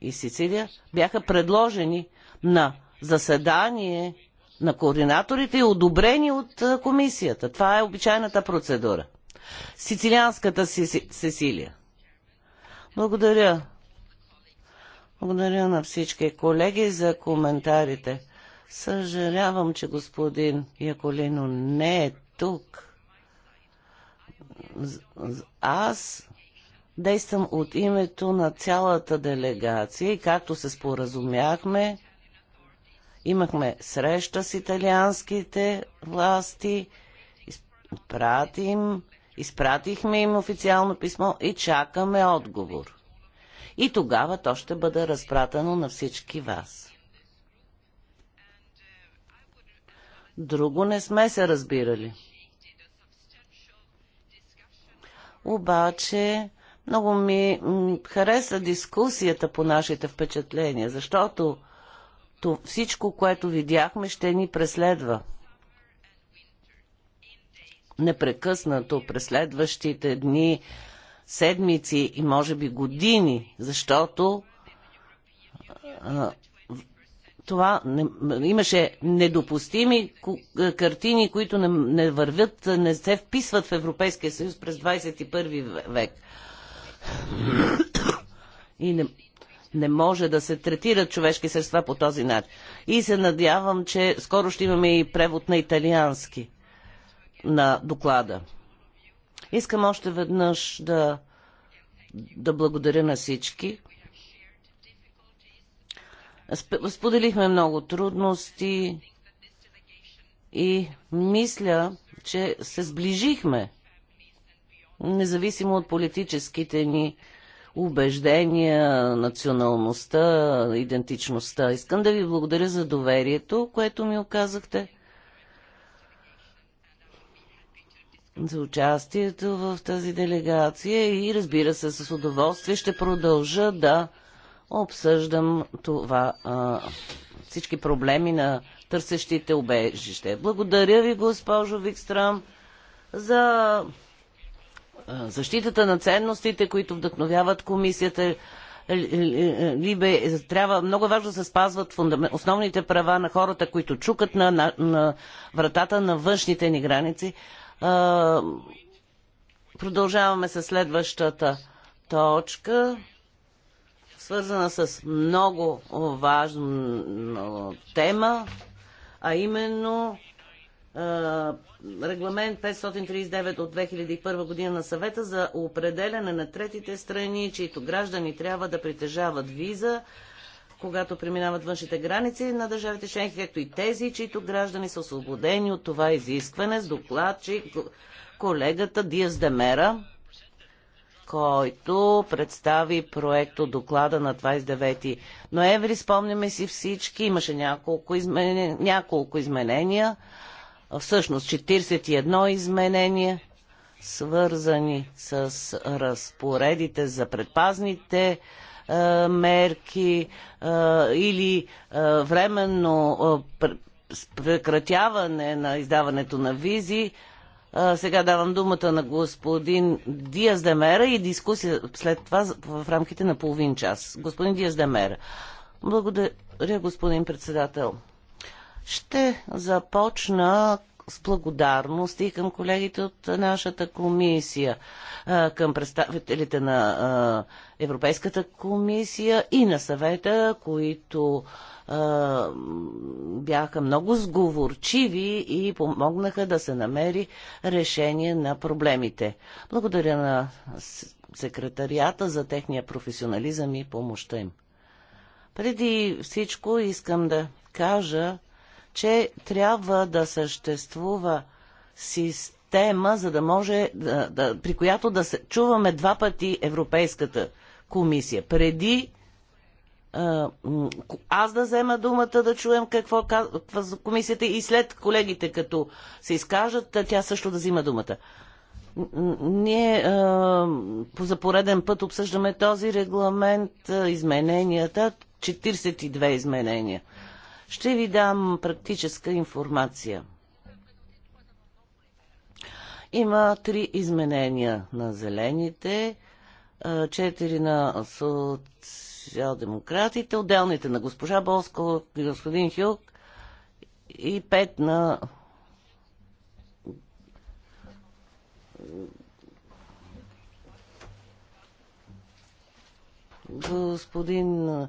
и Сицилия, бяха предложени на заседание на координаторите и одобрени от комисията. Това е обичайната процедура. Сицилианската Сиси... Сесилия. Благодаря. Благодаря на всички колеги за коментарите. Съжалявам, че господин Яколино не е тук аз действам от името на цялата делегация и както се споразумяхме, имахме среща с италианските власти, изпратим, изпратихме им официално писмо и чакаме отговор. И тогава то ще бъде разпратено на всички вас. Друго не сме се разбирали. Обаче много ми хареса дискусията по нашите впечатления, защото то всичко, което видяхме, ще ни преследва. Непрекъснато през следващите дни, седмици и може би години, защото това не, имаше недопустими е, картини, които не, не вървят, не се вписват в Европейския съюз през 21 век. И не, не може да се третират човешки средства по този начин. И се надявам, че скоро ще имаме и превод на италиански на доклада. Искам още веднъж да, да благодаря на всички Споделихме много трудности и мисля, че се сближихме, независимо от политическите ни убеждения, националността, идентичността. Искам да ви благодаря за доверието, което ми оказахте, за участието в тази делегация и разбира се, с удоволствие ще продължа да обсъждам това, а, всички проблеми на търсещите убежище. Благодаря ви, госпожо Викстрам, за защитата на ценностите, които вдъхновяват комисията. Либе, трябва много важно да се спазват основните права на хората, които чукат на, на, на вратата на външните ни граници. А, продължаваме с следващата точка свързана с много важна тема, а именно регламент 539 от 2001 година на съвета за определяне на третите страни, чието граждани трябва да притежават виза, когато преминават външните граници на държавите членки, както и тези, чието граждани са освободени от това изискване с докладчик колегата Диас Демера който представи проекто доклада на 29 ноември. Спомняме си всички, имаше няколко, изменения, няколко изменения всъщност 41 изменения, свързани с разпоредите за предпазните е, мерки е, или е, временно е, прекратяване на издаването на визи сега давам думата на господин Диас Демера и дискусия след това в рамките на половин час. Господин Диас Демера. Благодаря, господин председател. Ще започна с благодарност и към колегите от нашата комисия, към представителите на Европейската комисия и на съвета, които бяха много сговорчиви и помогнаха да се намери решение на проблемите. Благодаря на секретарията за техния професионализъм и помощта им. Преди всичко искам да кажа, че трябва да съществува система, за да може, да, да, при която да се чуваме два пъти Европейската комисия. Преди аз да взема думата, да чуем какво казва комисията и след колегите, като се изкажат, тя също да взима думата. Ние по за пореден път обсъждаме този регламент, измененията, 42 изменения. Ще ви дам практическа информация. Има три изменения на зелените, четири на соци социал-демократите, отделните на госпожа Болско и господин Хюк и пет на господин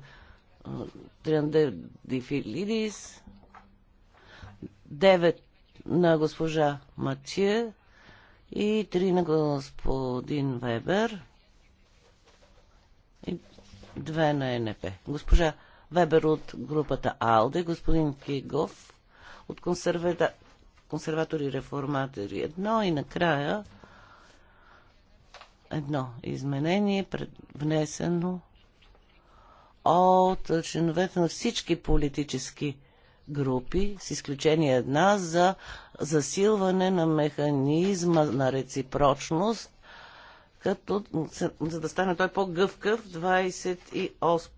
Триандер Дифилидис, девет на госпожа Матия и 3 на господин Вебер. Две на НП. Госпожа Вебер от групата АЛДЕ, господин Кигов от консервата... консерватори и реформатори едно и накрая едно изменение, пред... внесено от членовете на всички политически групи, с изключение една, за засилване на механизма на реципрочност като, за да стане той по-гъвкав, 28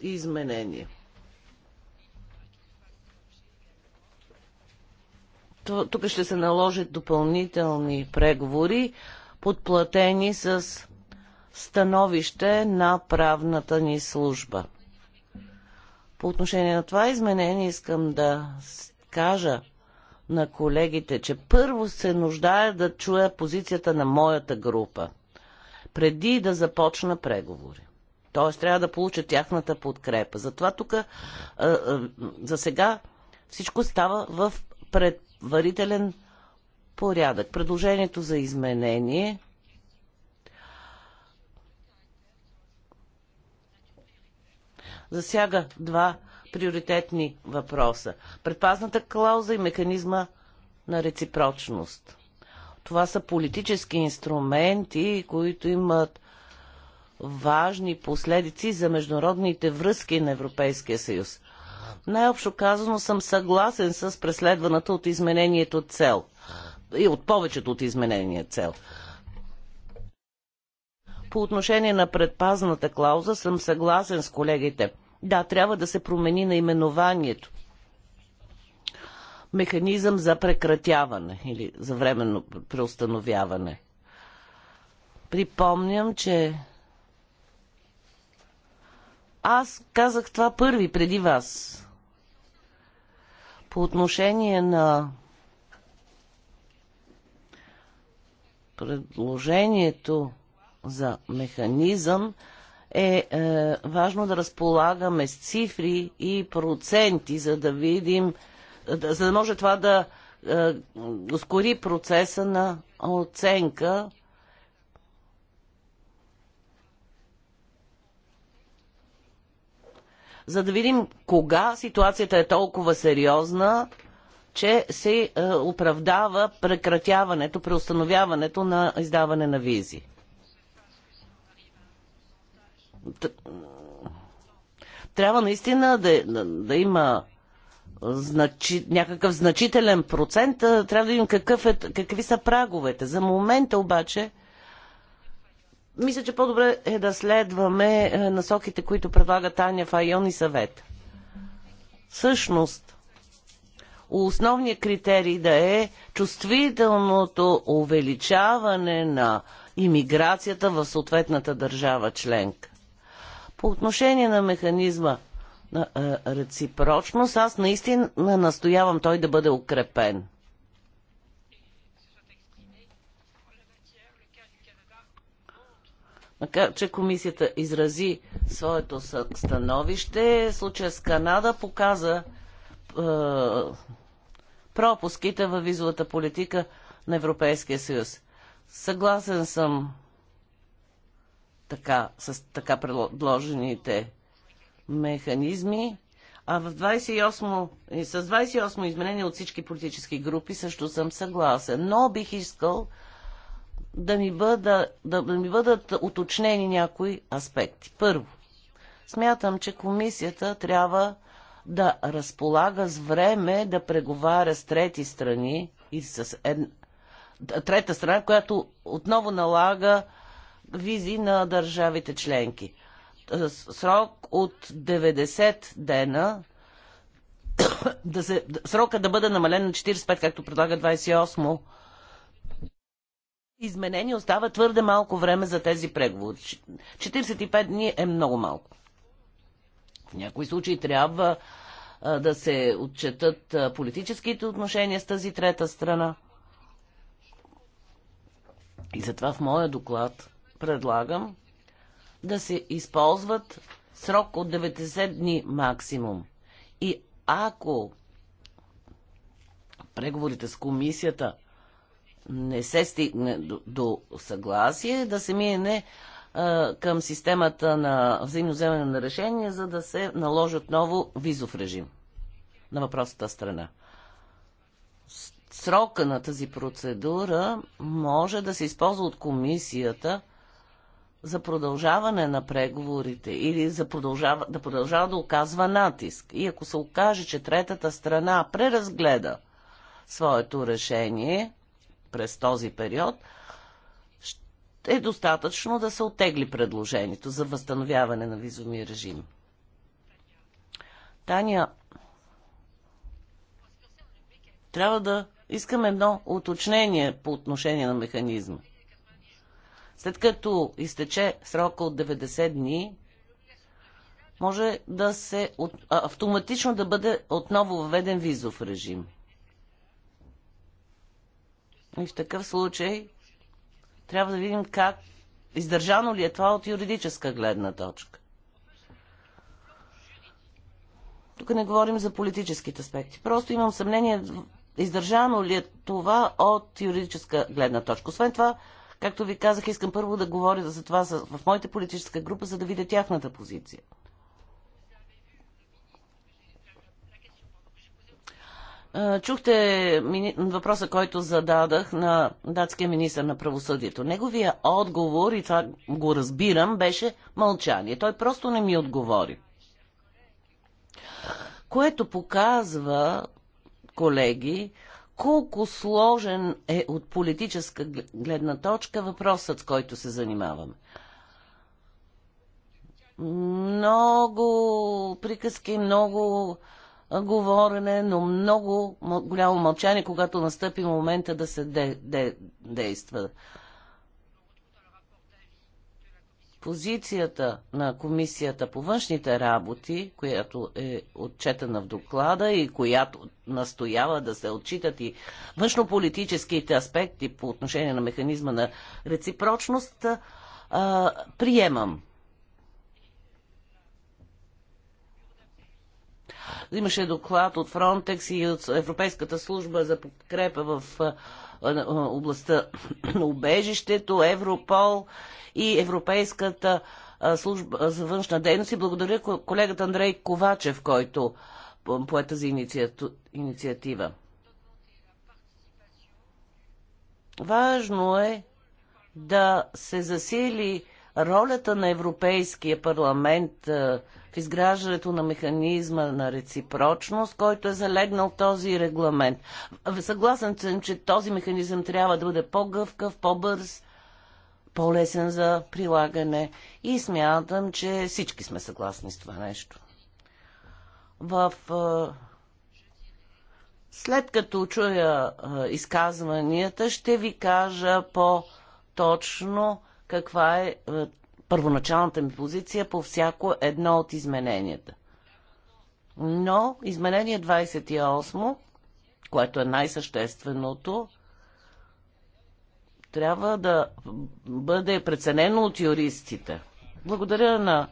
изменение. Тук ще се наложат допълнителни преговори, подплатени с становище на правната ни служба. По отношение на това изменение искам да кажа, на колегите, че първо се нуждая да чуя позицията на моята група, преди да започна преговори. Т.е. трябва да получа тяхната подкрепа. Затова тук за сега всичко става в предварителен порядък. Предложението за изменение засяга два приоритетни въпроса. Предпазната клауза и механизма на реципрочност. Това са политически инструменти, които имат важни последици за международните връзки на Европейския съюз. Най-общо казано съм съгласен с преследваната от изменението цел. И от повечето от изменения цел. По отношение на предпазната клауза съм съгласен с колегите – да, трябва да се промени наименованието. Механизъм за прекратяване или за временно преустановяване. Припомням, че аз казах това първи, преди вас. По отношение на предложението за механизъм, е, е важно да разполагаме с цифри и проценти, за да видим, за да може това да е, ускори процеса на оценка. За да видим кога ситуацията е толкова сериозна, че се е, оправдава прекратяването, преустановяването на издаване на визи трябва наистина да, да, да има значи, някакъв значителен процент, трябва да видим какъв е, какви са праговете. За момента обаче, мисля, че по-добре е да следваме е, насоките, които предлага Таня Файон и съвет. Всъщност, основният критерий да е чувствителното увеличаване на имиграцията в съответната държава членка. По отношение на механизма на е, реципрочност, аз наистина настоявам той да бъде укрепен. Макар, че комисията изрази своето становище, случая с Канада показа е, пропуските във визовата политика на Европейския съюз. Съгласен съм така, с така предложените механизми. А в 28, с 28 изменения от всички политически групи също съм съгласен. Но бих искал да ми, бъда, да ми бъдат уточнени някои аспекти. Първо, смятам, че комисията трябва да разполага с време да преговаря с трети страни и с една, трета страна, която отново налага визи на държавите членки. Е, срок от 90 дена да се, срока да бъде намален на 45, както предлага 28 изменение остава твърде малко време за тези преговори. 45 дни е много малко. В някои случаи трябва а, е, да се отчетат а, е, политическите отношения с тази трета страна. И затова в моя доклад предлагам да се използват срок от 90 дни максимум. И ако преговорите с комисията не се стигне до, до съгласие, да се мине а, към системата на взаимно вземане на решение, за да се наложи отново визов режим на въпросата страна. Срока на тази процедура може да се използва от комисията – за продължаване на преговорите или за продължава, да продължава да оказва натиск. И ако се окаже, че третата страна преразгледа своето решение през този период, е достатъчно да се отегли предложението за възстановяване на визовия режим. Таня, трябва да искам едно уточнение по отношение на механизма. След като изтече срока от 90 дни, може да се автоматично да бъде отново въведен визов режим. И в такъв случай трябва да видим как издържано ли е това от юридическа гледна точка. Тук не говорим за политическите аспекти. Просто имам съмнение, издържано ли е това от юридическа гледна точка. Освен това, Както ви казах, искам първо да говоря за това в моята политическа група, за да видя тяхната позиция. Чухте въпроса, който зададах на датския министр на правосъдието. Неговия отговор, и това го разбирам, беше мълчание. Той просто не ми отговори. Което показва, колеги, колко сложен е от политическа гледна точка въпросът, с който се занимаваме. Много приказки, много говорене, но много голямо мълчание, когато настъпи момента да се де, де, действа. Позицията на Комисията по външните работи, която е отчетена в доклада и която настоява да се отчитат и външнополитическите аспекти по отношение на механизма на реципрочност, а, приемам. Имаше доклад от Фронтекс и от Европейската служба за подкрепа в областта на убежището, Европол и Европейската служба за външна дейност. И благодаря колегата Андрей Ковачев, който пое тази инициатива. Важно е да се засили ролята на Европейския парламент е, в изграждането на механизма на реципрочност, който е залегнал този регламент. Съгласен съм, че този механизъм трябва да бъде по-гъвкав, по-бърз, по-лесен за прилагане и смятам, че всички сме съгласни с това нещо. В е, след като чуя е, изказванията, ще ви кажа по-точно каква е, е първоначалната ми позиция по всяко едно от измененията. Но изменение 28, което е най-същественото, трябва да бъде преценено от юристите. Благодаря на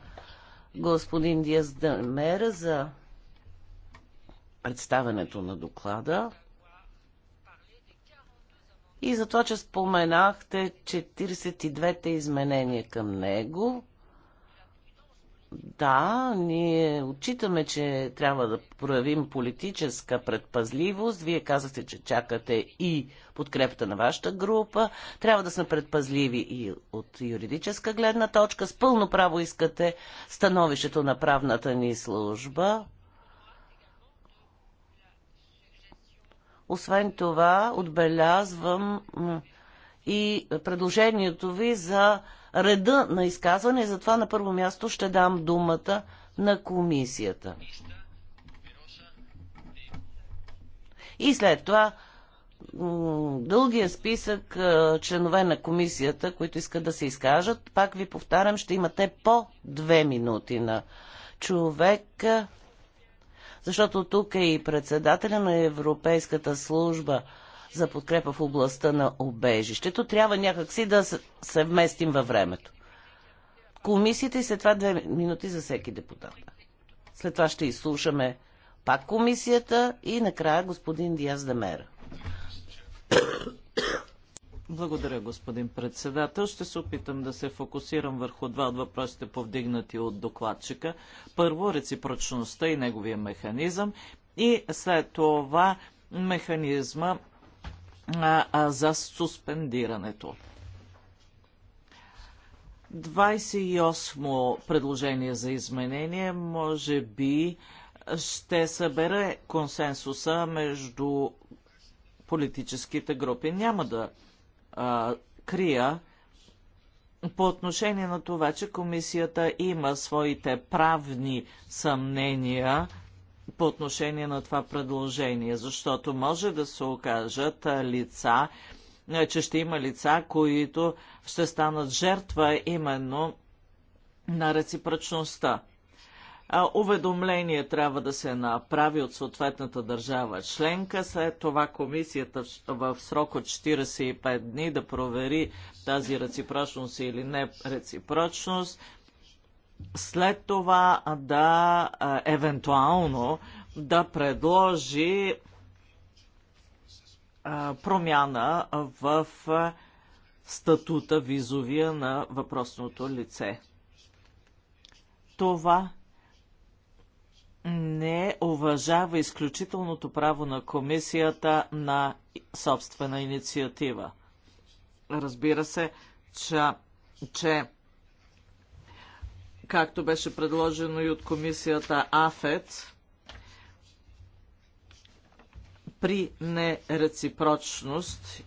господин Диаз Демера за представенето на доклада и за това, че споменахте 42-те изменения към него. Да, ние отчитаме, че трябва да проявим политическа предпазливост. Вие казахте, че чакате и подкрепата на вашата група. Трябва да сме предпазливи и от юридическа гледна точка. С пълно право искате становището на правната ни служба. Освен това, отбелязвам и предложението ви за реда на изказване и затова на първо място ще дам думата на комисията. И след това дългия списък членове на комисията, които искат да се изкажат. Пак ви повтарям, ще имате по две минути на човек. Защото тук е и председателя на Европейската служба за подкрепа в областта на обежището. Трябва някакси да се вместим във времето. Комисиите и след това две минути за всеки депутат. След това ще изслушаме пак комисията и накрая господин Диаз Демера. Благодаря, господин председател. Ще се опитам да се фокусирам върху два от въпросите, повдигнати от докладчика. Първо, реципрочността и неговия механизъм. И след това механизма а, а, за суспендирането. 28 предложение за изменение може би ще събере консенсуса между политическите групи. Няма да а, крия по отношение на това, че комисията има своите правни съмнения по отношение на това предложение, защото може да се окажат лица, че ще има лица, които ще станат жертва именно на реципрочността уведомление трябва да се направи от съответната държава членка. След това комисията в срок от 45 дни да провери тази реципрочност или не реципрочност. След това да евентуално да предложи промяна в статута визовия на въпросното лице. Това не уважава изключителното право на комисията на собствена инициатива. Разбира се, че, че както беше предложено и от комисията АФЕТ, при нереципрочност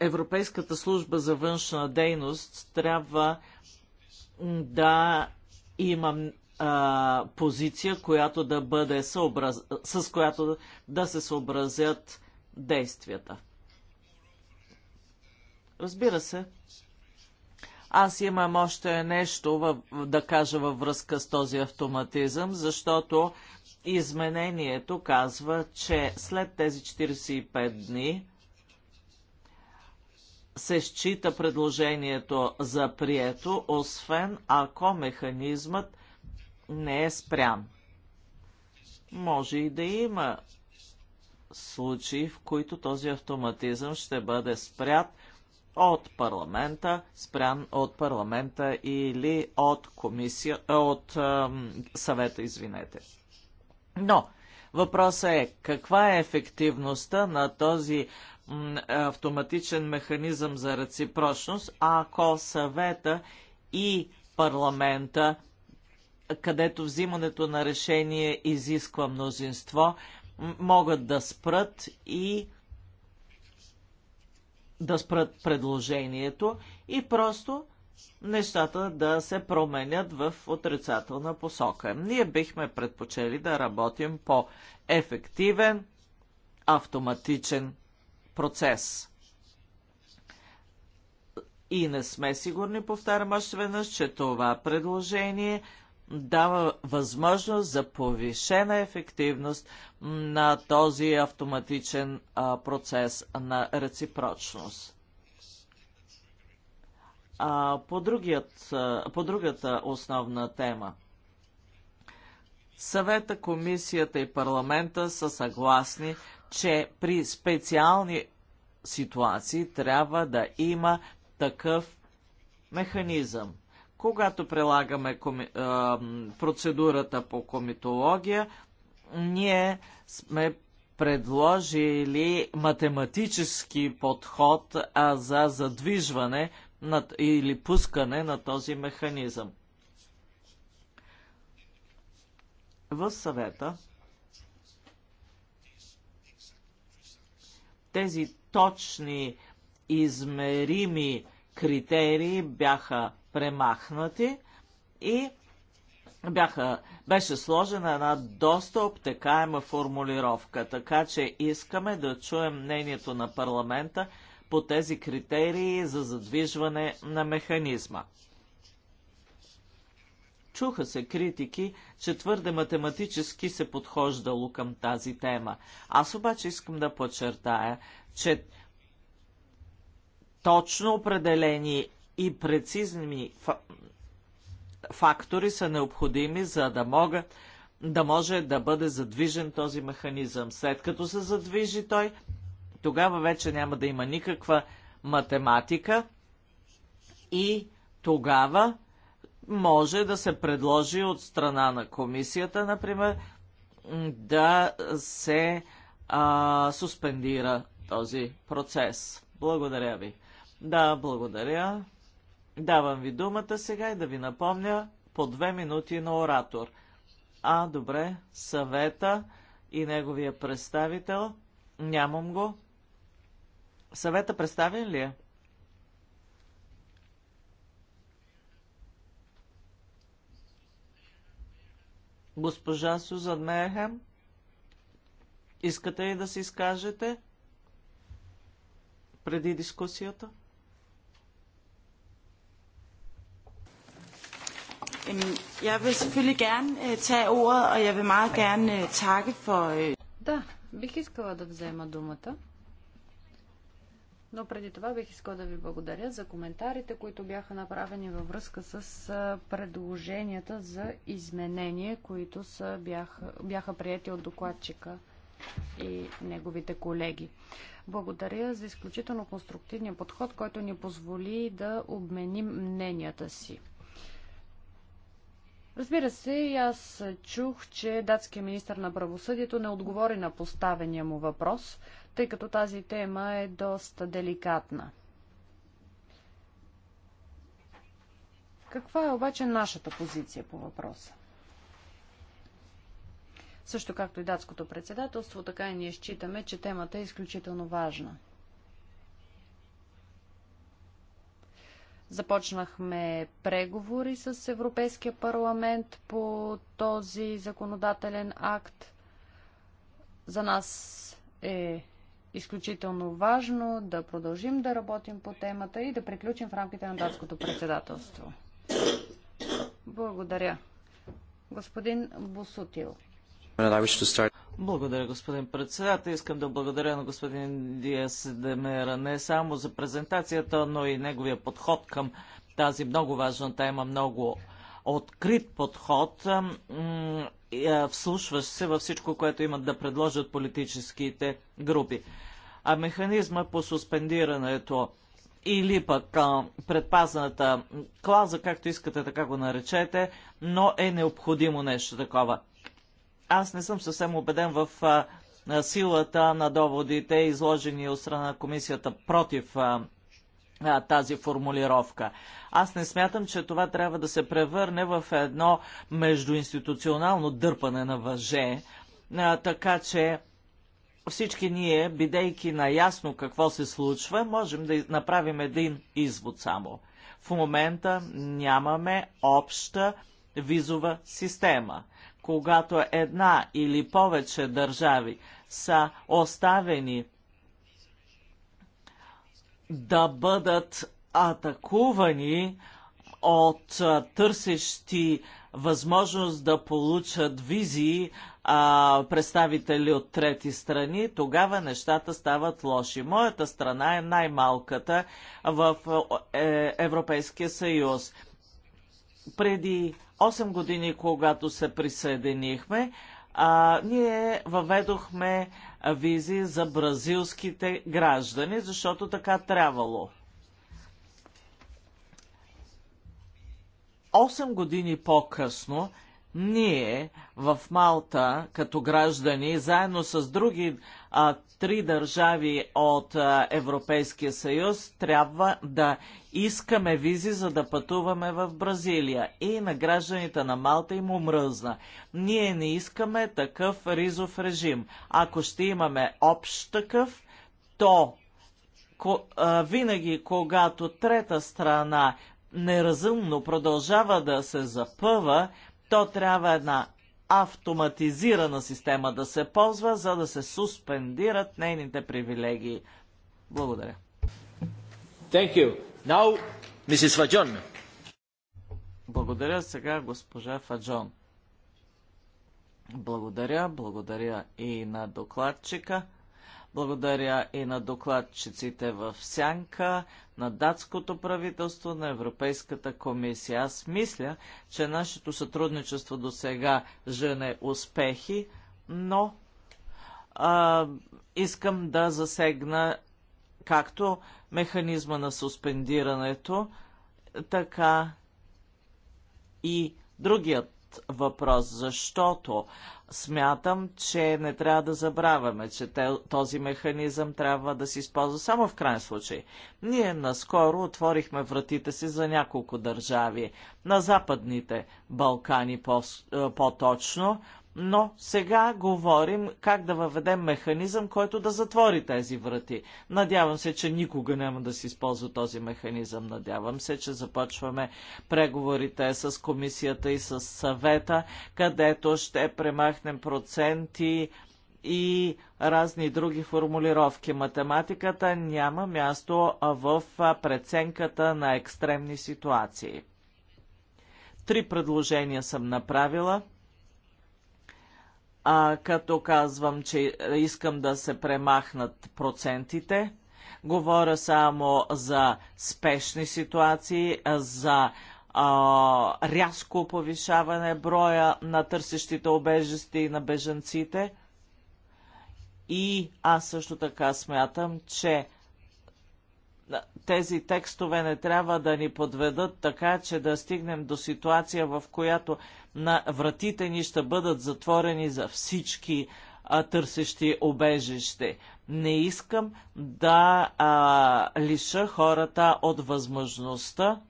Европейската служба за външна дейност трябва да има а, позиция, която да бъде съобраз... с която да се съобразят действията. Разбира се, аз имам още нещо да кажа във връзка с този автоматизъм, защото изменението казва, че след тези 45 дни се счита предложението за прието, освен ако механизмът не е спрян. Може и да има случаи, в които този автоматизъм ще бъде спрят от парламента, спрян от парламента или от комисия, от е, съвета, извинете. Но въпросът е каква е ефективността на този автоматичен механизъм за реципрочност, ако съвета и парламента където взимането на решение изисква мнозинство, могат да спрат и да спрат предложението и просто нещата да се променят в отрицателна посока. Ние бихме предпочели да работим по ефективен, автоматичен процес. И не сме сигурни, повтарям още веднъж, че това предложение – дава възможност за повишена ефективност на този автоматичен а, процес на реципрочност. А, по, другият, а, по другата основна тема. Съвета, комисията и парламента са съгласни, че при специални ситуации трябва да има такъв механизъм. Когато прилагаме коми... процедурата по комитология, ние сме предложили математически подход а за задвижване на, или пускане на този механизъм. В съвета тези точни измерими критерии бяха премахнати и бяха, беше сложена една доста обтекаема формулировка, така че искаме да чуем мнението на парламента по тези критерии за задвижване на механизма. Чуха се критики, че твърде математически се подхождало към тази тема. Аз обаче искам да подчертая, че точно определени и прецизни фактори са необходими, за да мога да може да бъде задвижен този механизъм. След като се задвижи той, тогава вече няма да има никаква математика и тогава може да се предложи от страна на комисията, например, да се а, суспендира този процес. Благодаря ви. Да, благодаря. Давам ви думата сега и да ви напомня по две минути на оратор. А, добре, съвета и неговия представител. Нямам го. Съвета представен ли е? Госпожа Сузан Мехем, искате ли да се изкажете преди дискусията? Jeg vil selvfølgelig gerne øh, tage ordet, og jeg vil meget gerne øh, takke for... Øh, да, бих искала да взема думата. Но преди това бих искала да ви благодаря за коментарите, които бяха направени във връзка с предложенията за изменение, които са, бяха, бяха прияти от докладчика и неговите колеги. Благодаря за изключително конструктивния подход, който ни позволи да обменим мненията си. Разбира се, и аз чух, че датският министр на правосъдието не отговори на поставения му въпрос, тъй като тази тема е доста деликатна. Каква е обаче нашата позиция по въпроса? Също както и датското председателство, така и ние считаме, че темата е изключително важна – Започнахме преговори с Европейския парламент по този законодателен акт. За нас е изключително важно да продължим да работим по темата и да приключим в рамките на датското председателство. Благодаря. Господин Босутил. Благодаря, господин председател. Искам да благодаря на господин Диас Демера не само за презентацията, но и неговия подход към тази много важна тема, много открит подход, е, вслушващ се във всичко, което имат да предложат политическите групи. А механизма по суспендирането или пък а, предпазната клауза, както искате така го наречете, но е необходимо нещо такова аз не съм съвсем убеден в силата на доводите, изложени от страна на комисията против тази формулировка. Аз не смятам, че това трябва да се превърне в едно междуинституционално дърпане на въже, така че всички ние, бидейки наясно какво се случва, можем да направим един извод само. В момента нямаме обща визова система когато една или повече държави са оставени да бъдат атакувани от търсещи възможност да получат визии а, представители от трети страни, тогава нещата стават лоши. Моята страна е най-малката в е, Европейския съюз. Преди 8 години, когато се присъединихме, а, ние въведохме визи за бразилските граждани, защото така трябвало. 8 години по-късно ние в Малта, като граждани, заедно с други а, три държави от а, Европейския съюз, трябва да искаме визи, за да пътуваме в Бразилия. И на гражданите на Малта им омръзна. Ние не искаме такъв ризов режим. Ако ще имаме общ такъв, то винаги, когато трета страна неразумно продължава да се запъва, то трябва една автоматизирана система да се ползва, за да се суспендират нейните привилегии. Благодаря. Thank you. Now, Mrs. Fajon. Благодаря сега госпожа Фаджон. Благодаря, благодаря и на докладчика. Благодаря и на докладчиците в Сянка, на датското правителство, на Европейската комисия. Аз мисля, че нашето сътрудничество до сега жене успехи, но а, искам да засегна както механизма на суспендирането, така и другият въпрос, защото смятам, че не трябва да забравяме, че този механизъм трябва да се използва само в крайен случай. Ние наскоро отворихме вратите си за няколко държави. На Западните Балкани по-точно, по но сега говорим как да въведем механизъм, който да затвори тези врати. Надявам се, че никога няма да се използва този механизъм. Надявам се, че започваме преговорите с комисията и с съвета, където ще премахнем проценти и разни други формулировки. Математиката няма място в преценката на екстремни ситуации. Три предложения съм направила а, като казвам, че е, искам да се премахнат процентите. Говоря само за спешни ситуации, за а, рязко повишаване броя на търсещите обежести и на бежанците. И аз също така смятам, че тези текстове не трябва да ни подведат така, че да стигнем до ситуация, в която на вратите ни ще бъдат затворени за всички а, търсещи обежище. Не искам да а, лиша хората от възможността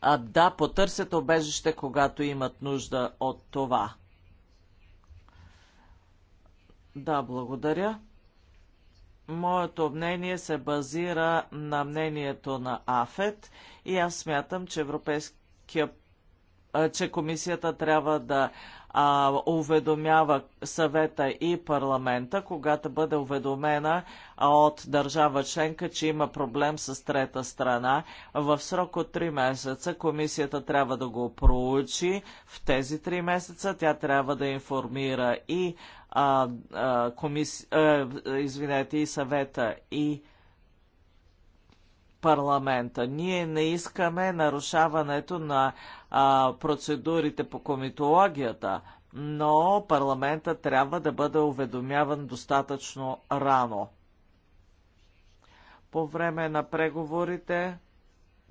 а, да потърсят обежище, когато имат нужда от това. Да, благодаря моето мнение се базира на мнението на АФЕТ и аз смятам, че Европейския че комисията трябва да а, уведомява съвета и парламента, когато бъде уведомена от държава членка, че има проблем с трета страна. В срок от 3 месеца комисията трябва да го проучи. В тези 3 месеца тя трябва да информира и а, а, комис... а, извинете, и съвета и парламента. Ние не искаме нарушаването на а, процедурите по комитологията, но парламента трябва да бъде уведомяван достатъчно рано. По време на преговорите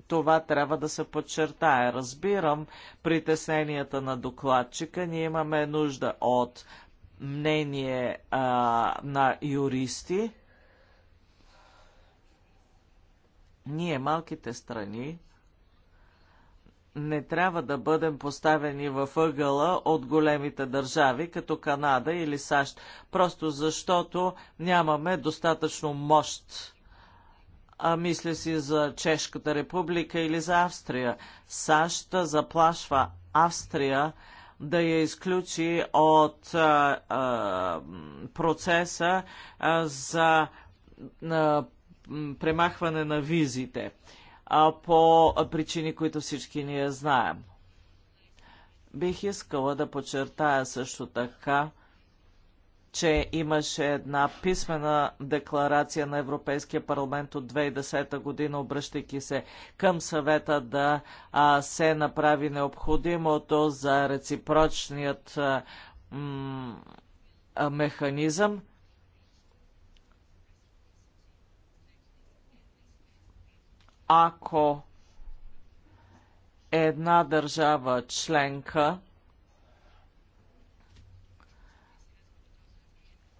това трябва да се подчертае. Разбирам притесненията на докладчика. Ние имаме нужда от мнение а, на юристи, ние малките страни не трябва да бъдем поставени в ъгъла от големите държави, като Канада или САЩ, просто защото нямаме достатъчно мощ. А мисля си за Чешката република или за Австрия. САЩ заплашва Австрия да я изключи от а, а, процеса а, за а, премахване на визите а, по причини, които всички ние знаем. Бих искала да подчертая също така, че имаше една писмена декларация на Европейския парламент от 2010 година, обръщайки се към съвета да а, се направи необходимото за реципрочният а, а, механизъм. Ако една държава членка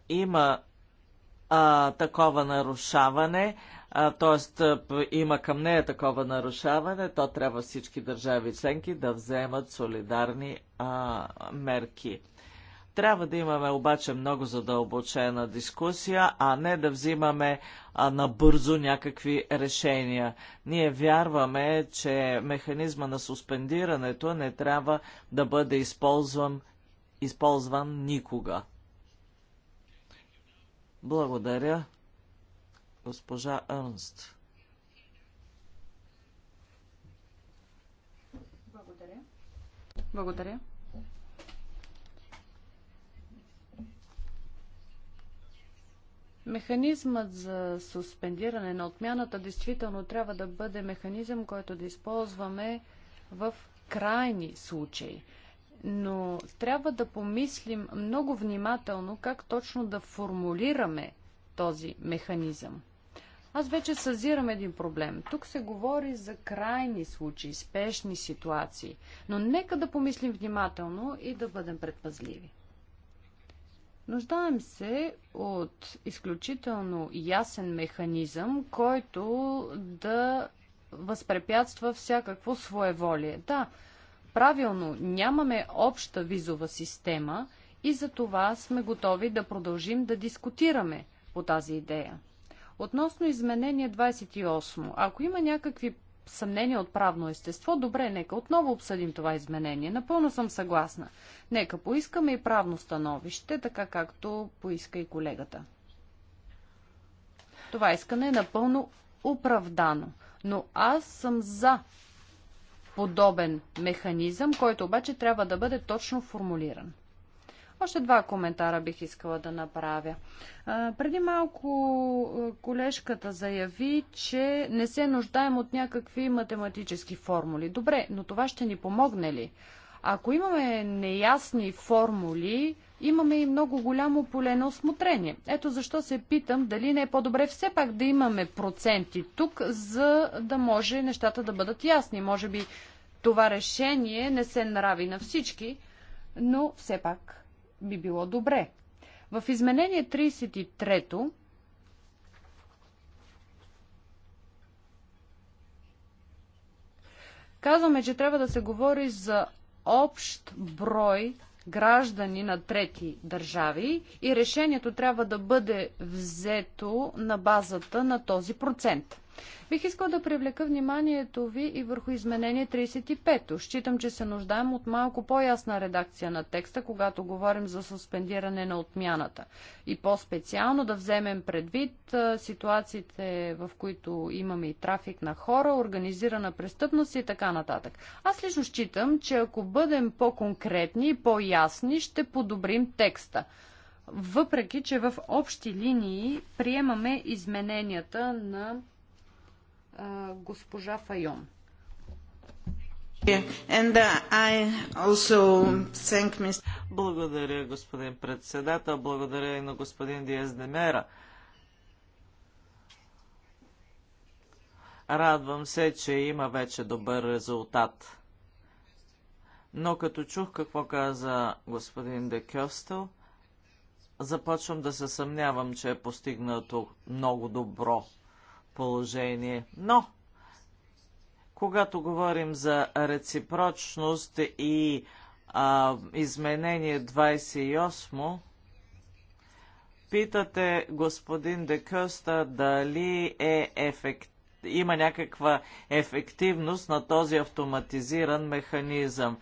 има а, такова нарушаване, т.е. има към нея такова нарушаване, то трябва всички държави членки да вземат солидарни а, мерки. Трябва да имаме обаче много задълбочена дискусия, а не да взимаме а, набързо някакви решения. Ние вярваме, че механизма на суспендирането не трябва да бъде използван, използван никога. Благодаря, госпожа Ернст. Благодаря. Благодаря. Механизмът за суспендиране на отмяната действително трябва да бъде механизъм, който да използваме в крайни случаи но трябва да помислим много внимателно как точно да формулираме този механизъм. Аз вече съзирам един проблем. Тук се говори за крайни случаи, спешни ситуации, но нека да помислим внимателно и да бъдем предпазливи. Нуждаем се от изключително ясен механизъм, който да възпрепятства всякакво своеволие. Да, Правилно, нямаме обща визова система и за това сме готови да продължим да дискутираме по тази идея. Относно изменение 28, ако има някакви съмнения от правно естество, добре, нека отново обсъдим това изменение. Напълно съм съгласна. Нека поискаме и правно становище, така както поиска и колегата. Това искане е напълно оправдано, но аз съм за подобен механизъм, който обаче трябва да бъде точно формулиран. Още два коментара бих искала да направя. А, преди малко колежката заяви, че не се нуждаем от някакви математически формули. Добре, но това ще ни помогне ли? Ако имаме неясни формули, имаме и много голямо поле на осмотрение. Ето защо се питам дали не е по-добре все пак да имаме проценти тук, за да може нещата да бъдат ясни. Може би това решение не се нрави на всички, но все пак би било добре. В изменение 33 казваме, че трябва да се говори за общ брой граждани на трети държави и решението трябва да бъде взето на базата на този процент. Бих искал да привлека вниманието ви и върху изменение 35. Считам, че се нуждаем от малко по-ясна редакция на текста, когато говорим за суспендиране на отмяната. И по-специално да вземем предвид ситуациите, в които имаме и трафик на хора, организирана престъпност и така нататък. Аз лично считам, че ако бъдем по-конкретни и по-ясни, ще подобрим текста въпреки че в общи линии приемаме измененията на госпожа Файон. Uh, Благодаря, господин председател. Благодаря и на господин Диез Демера. Радвам се, че има вече добър резултат. Но като чух какво каза господин Де започвам да се съмнявам, че е постигнато много добро положение. Но, когато говорим за реципрочност и а, изменение 28, питате господин Декъста дали е ефект, има някаква ефективност на този автоматизиран механизъм.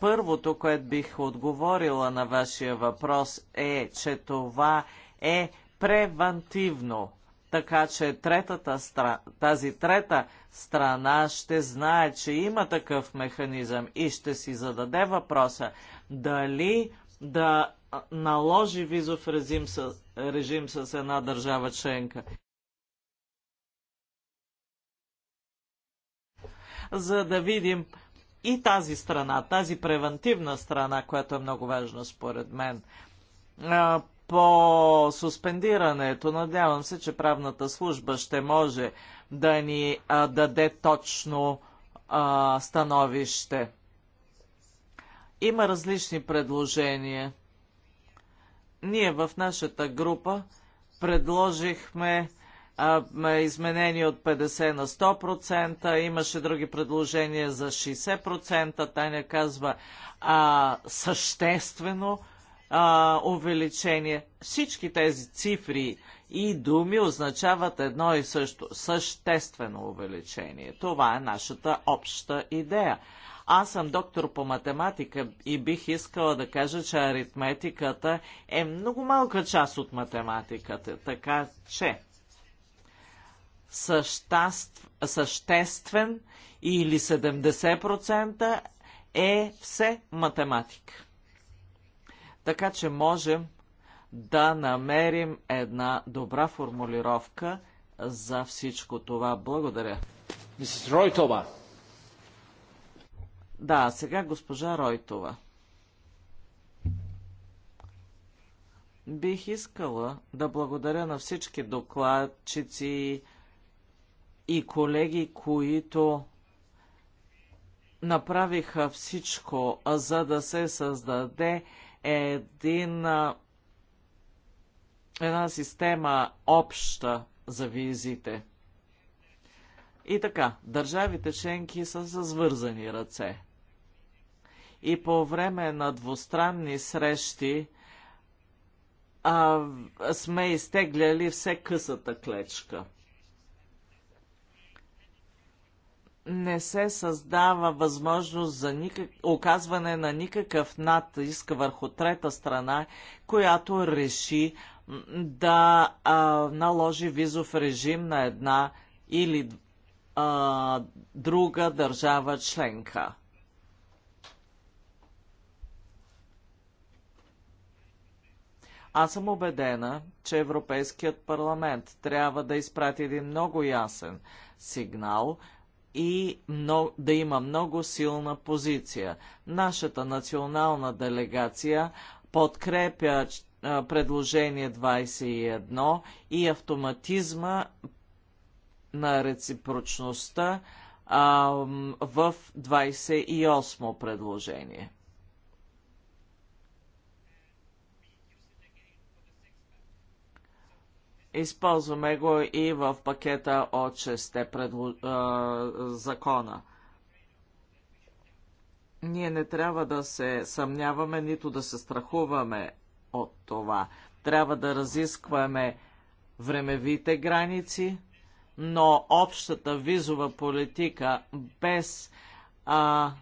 Първото, което бих отговорила на вашия въпрос е, че това е превантивно така че третата стра... тази трета страна ще знае, че има такъв механизъм и ще си зададе въпроса дали да наложи визов режим с, режим с една държава членка. За да видим и тази страна, тази превентивна страна, която е много важна според мен по суспендирането. Надявам се, че правната служба ще може да ни а, даде точно а, становище. Има различни предложения. Ние в нашата група предложихме а, изменение от 50 на 100%, имаше други предложения за 60%, Таня казва а, съществено а, увеличение. Всички тези цифри и думи означават едно и също съществено увеличение. Това е нашата обща идея. Аз съм доктор по математика и бих искала да кажа, че аритметиката е много малка част от математиката, така че съществен или 70% е все математика така че можем да намерим една добра формулировка за всичко това. Благодаря. Мисис Ройтова. Да, сега госпожа Ройтова. Бих искала да благодаря на всички докладчици и колеги, които направиха всичко, за да се създаде един, една система обща за визите. И така, държавите членки са с вързани ръце. И по време на двустранни срещи а, сме изтегляли все късата клечка. не се създава възможност за никак... оказване на никакъв натиск върху трета страна, която реши да а, наложи визов режим на една или а, друга държава членка. Аз съм убедена, че Европейският парламент трябва да изпрати един много ясен сигнал – и много, да има много силна позиция. Нашата национална делегация подкрепя предложение 21 и автоматизма на реципрочността а, в 28 предложение. Използваме го и в пакета от 6 предло... закона. Ние не трябва да се съмняваме, нито да се страхуваме от това. Трябва да разискваме времевите граници, но общата визова политика без, а,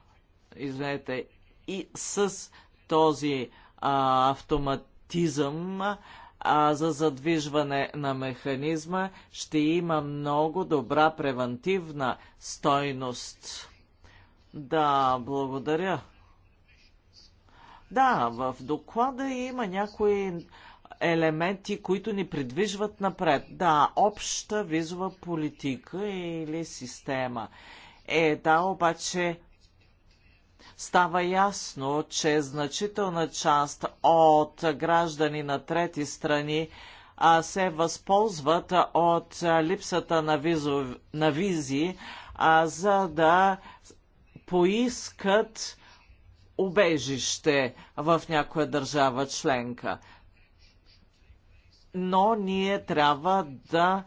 извинете, и с този а, автоматизъм а за задвижване на механизма ще има много добра превентивна стойност. Да, благодаря. Да, в доклада има някои елементи, които ни придвижват напред. Да, обща визова политика или система. Е, да, обаче става ясно, че значителна част от граждани на трети страни се възползват от липсата на, визу, на визи, а, за да поискат убежище в някоя държава членка. Но ние трябва да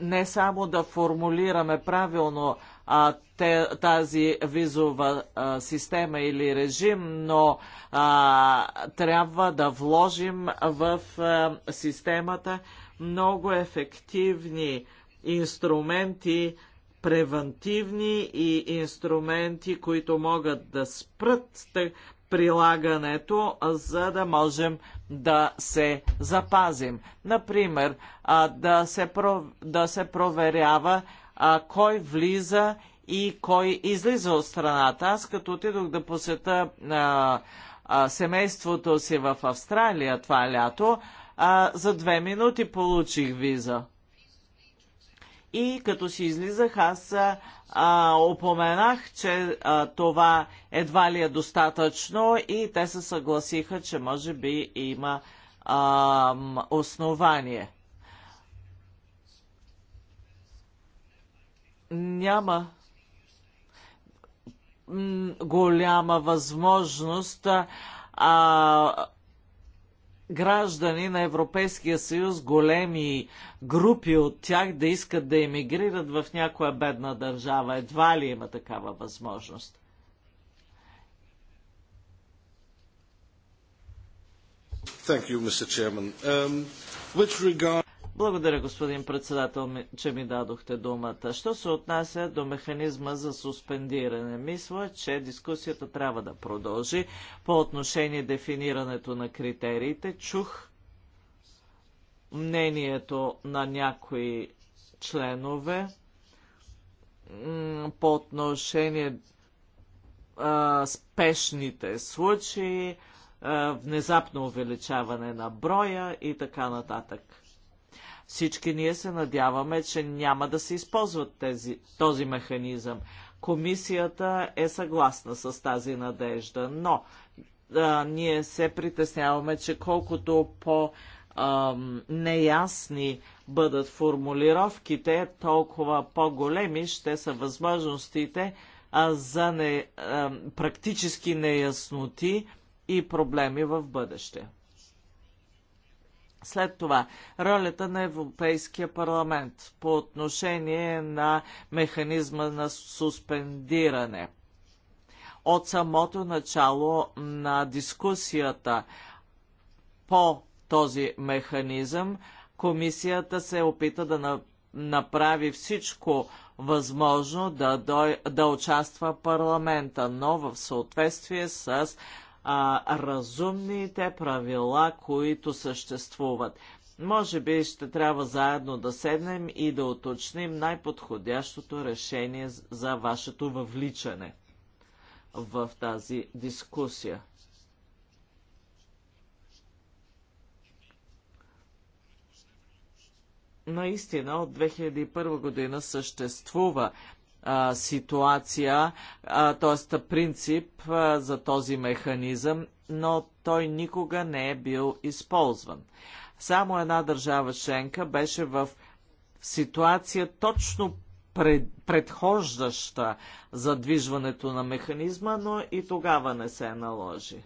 не само да формулираме правилно а, те, тази визова а, система или режим, но а, трябва да вложим в а, системата много ефективни инструменти, превентивни и инструменти, които могат да спрат прилагането, за да можем да се запазим. Например, да се, да се проверява а, кой влиза и кой излиза от страната. Аз като отидох да посета а, а, семейството си в Австралия това лято, а, за две минути получих виза. И като си излизах, аз а, упоменах, че а, това едва ли е достатъчно и те се съгласиха, че може би има а, основание. няма голяма възможност а, граждани на Европейския съюз, големи групи от тях да искат да емигрират в някоя бедна държава. Едва ли има такава възможност. Thank you, Mr. Chairman. Um, with regard благодаря, господин председател, че ми дадохте думата. Що се отнася до механизма за суспендиране? Мисля, че дискусията трябва да продължи по отношение дефинирането на критериите. Чух мнението на някои членове по отношение а, спешните случаи, внезапно увеличаване на броя и така нататък. Всички ние се надяваме, че няма да се използват тези, този механизъм. Комисията е съгласна с тази надежда, но а, ние се притесняваме, че колкото по а, неясни бъдат формулировките, толкова по-големи ще са възможностите а, за не, а, практически неясноти и проблеми в бъдеще. След това, ролята на Европейския парламент по отношение на механизма на суспендиране. От самото начало на дискусията по този механизъм, комисията се опита да направи всичко възможно да, дой, да участва парламента, но в съответствие с а, разумните правила, които съществуват. Може би ще трябва заедно да седнем и да уточним най-подходящото решение за вашето въвличане в тази дискусия. Наистина от 2001 година съществува ситуация, т.е. принцип за този механизъм, но той никога не е бил използван. Само една държава членка беше в ситуация точно пред, предхождаща задвижването на механизма, но и тогава не се наложи.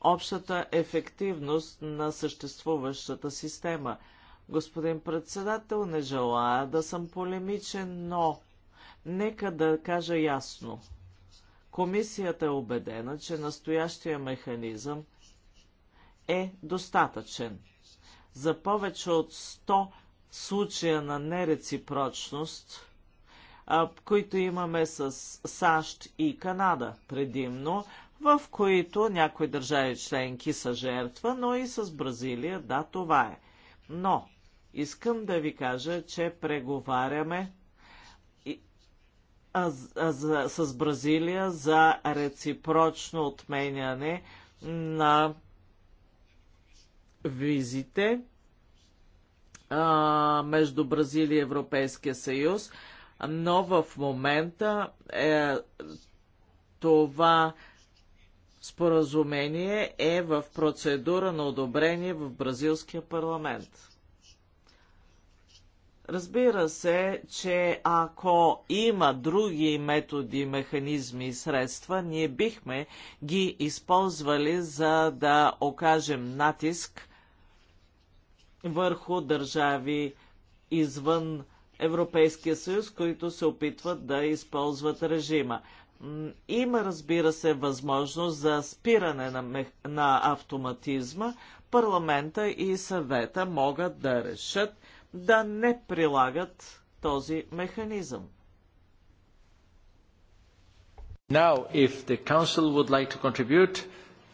Общата ефективност на съществуващата система – Господин председател, не желая да съм полемичен, но нека да кажа ясно. Комисията е убедена, че настоящия механизъм е достатъчен. За повече от 100 случая на нереципрочност, които имаме с САЩ и Канада предимно, в които някои държави членки са жертва, но и с Бразилия, да, това е. Но Искам да ви кажа, че преговаряме с Бразилия за реципрочно отменяне на визите между Бразилия и Европейския съюз, но в момента е, това споразумение е в процедура на одобрение в бразилския парламент. Разбира се, че ако има други методи, механизми и средства, ние бихме ги използвали за да окажем натиск върху държави извън Европейския съюз, които се опитват да използват режима. Има, разбира се, възможност за спиране на, мех... на автоматизма. Парламента и съвета могат да решат да не прилагат този механизъм. Now, if the council would like to contribute,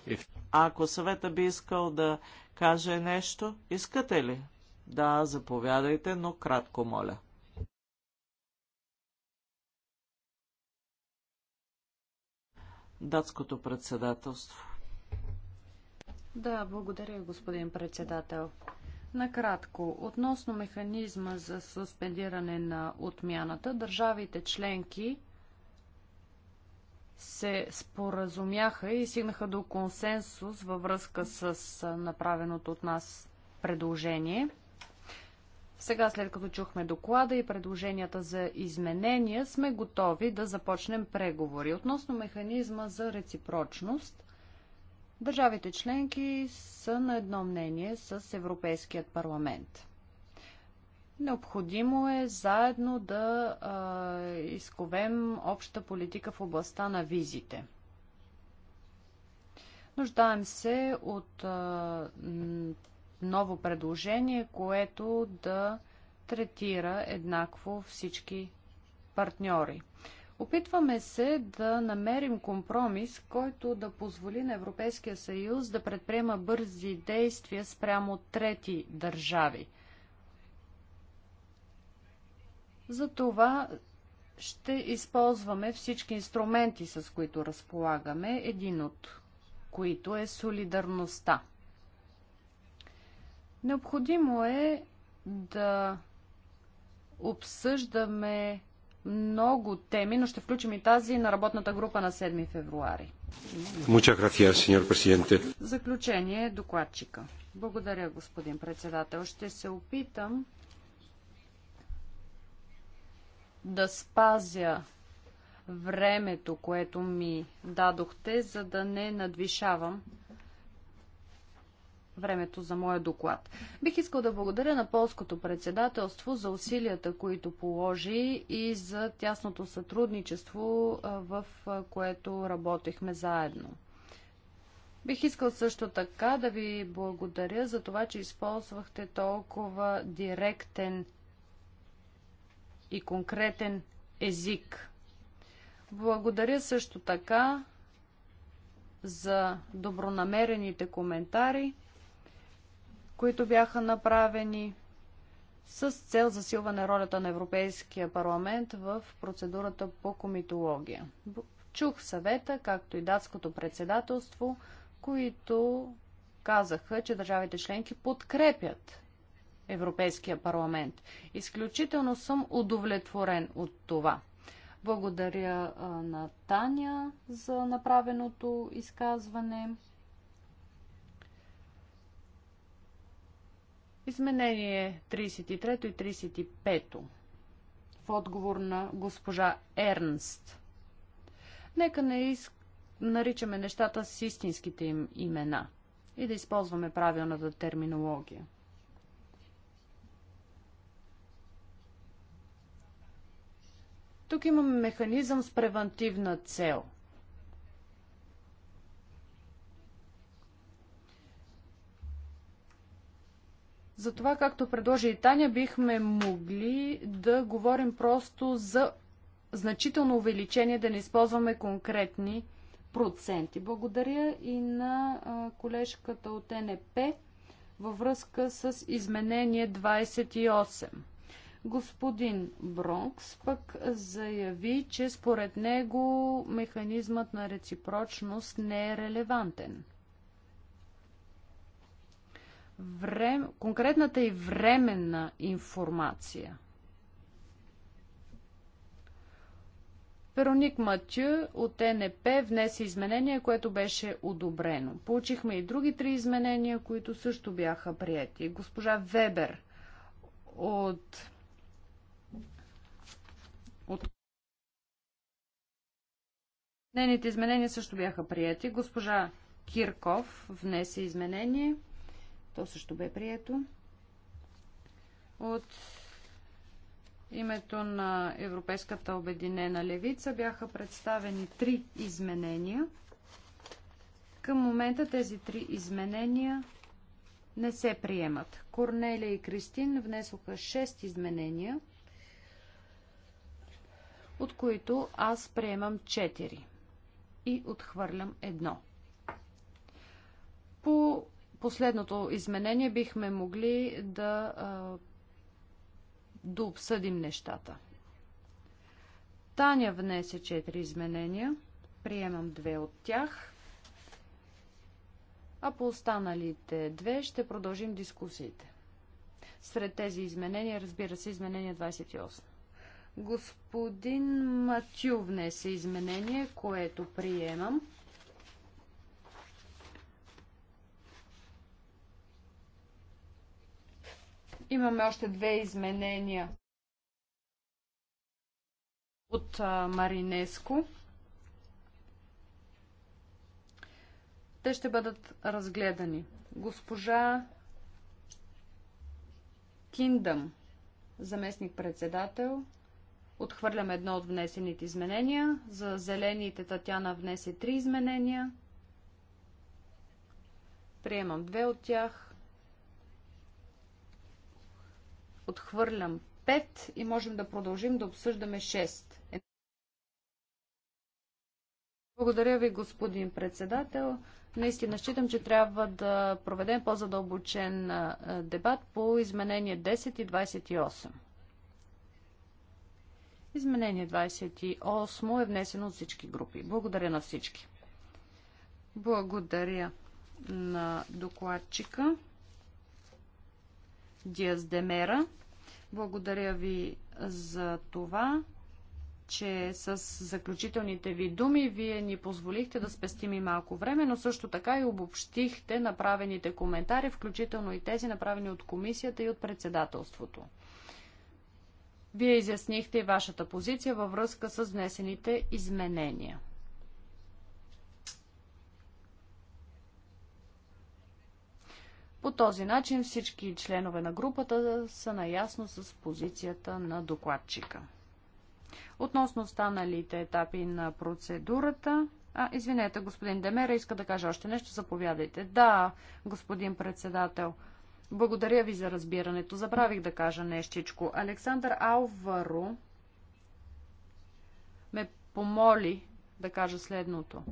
if... Ако съвета би искал да каже нещо, искате ли? Да, заповядайте, но кратко моля. Датското председателство. Да, благодаря, господин председател. Накратко, относно механизма за суспендиране на отмяната, държавите членки се споразумяха и стигнаха до консенсус във връзка с направеното от нас предложение. Сега, след като чухме доклада и предложенията за изменения, сме готови да започнем преговори. Относно механизма за реципрочност, Държавите членки са на едно мнение с Европейският парламент. Необходимо е заедно да а, изковем обща политика в областта на визите. Нуждаем се от а, ново предложение, което да третира еднакво всички партньори. Опитваме се да намерим компромис, който да позволи на Европейския съюз да предприема бързи действия спрямо трети държави. За това ще използваме всички инструменти, с които разполагаме, един от които е солидарността. Необходимо е да обсъждаме много теми, но ще включим и тази на работната група на 7 февруари. Gracias, Заключение докладчика. Благодаря, господин председател. Ще се опитам да спазя времето, което ми дадохте, за да не надвишавам времето за моя доклад. Бих искал да благодаря на полското председателство за усилията, които положи и за тясното сътрудничество, в което работихме заедно. Бих искал също така да ви благодаря за това, че използвахте толкова директен и конкретен език. Благодаря също така за добронамерените коментари които бяха направени с цел засилване ролята на Европейския парламент в процедурата по комитология. Чух съвета, както и датското председателство, които казаха, че държавите членки подкрепят Европейския парламент. Изключително съм удовлетворен от това. Благодаря на Таня за направеното изказване. Изменение 33 и 35 в отговор на госпожа Ернст. Нека не из... наричаме нещата с истинските им имена и да използваме правилната терминология. Тук имаме механизъм с превантивна цел. Затова, както предложи и Таня, бихме могли да говорим просто за значително увеличение, да не използваме конкретни проценти. Благодаря и на колежката от НП във връзка с изменение 28. Господин Бронкс пък заяви, че според него механизмът на реципрочност не е релевантен. Врем... конкретната и временна информация. Пероник Матю от НП внесе изменение, което беше одобрено. Получихме и други три изменения, които също бяха прияти. Госпожа Вебер от... от... Нените изменения също бяха прияти. Госпожа Кирков внесе изменение. То също бе прието. От името на Европейската обединена левица бяха представени три изменения. Към момента тези три изменения не се приемат. Корнелия и Кристин внесоха 6 изменения, от които аз приемам 4 и отхвърлям едно. По последното изменение бихме могли да, да обсъдим нещата. Таня внесе 4 изменения. Приемам две от тях. А по останалите две ще продължим дискусиите. Сред тези изменения, разбира се, изменение 28. Господин Матю внесе изменение, което приемам. Имаме още две изменения от Маринеско. Те ще бъдат разгледани. Госпожа Киндъм, заместник-председател, отхвърлям едно от внесените изменения. За зелените Татяна внесе три изменения. Приемам две от тях. Отхвърлям 5 и можем да продължим да обсъждаме 6. Благодаря ви, господин председател. Наистина считам, че трябва да проведем по-задълбочен дебат по изменение 10 и 28. Изменение 28 е внесено от всички групи. Благодаря на всички. Благодаря на докладчика. Диас Демера. Благодаря ви за това, че с заключителните ви думи вие ни позволихте да спестим и малко време, но също така и обобщихте направените коментари, включително и тези направени от комисията и от председателството. Вие изяснихте и вашата позиция във връзка с внесените изменения. По този начин всички членове на групата са наясно с позицията на докладчика. Относно останалите етапи на процедурата, а, извинете, господин Демера иска да каже още нещо. Заповядайте. Да, господин председател. Благодаря ви за разбирането. Забравих да кажа нещичко. Александър Алваро ме помоли да кажа следното.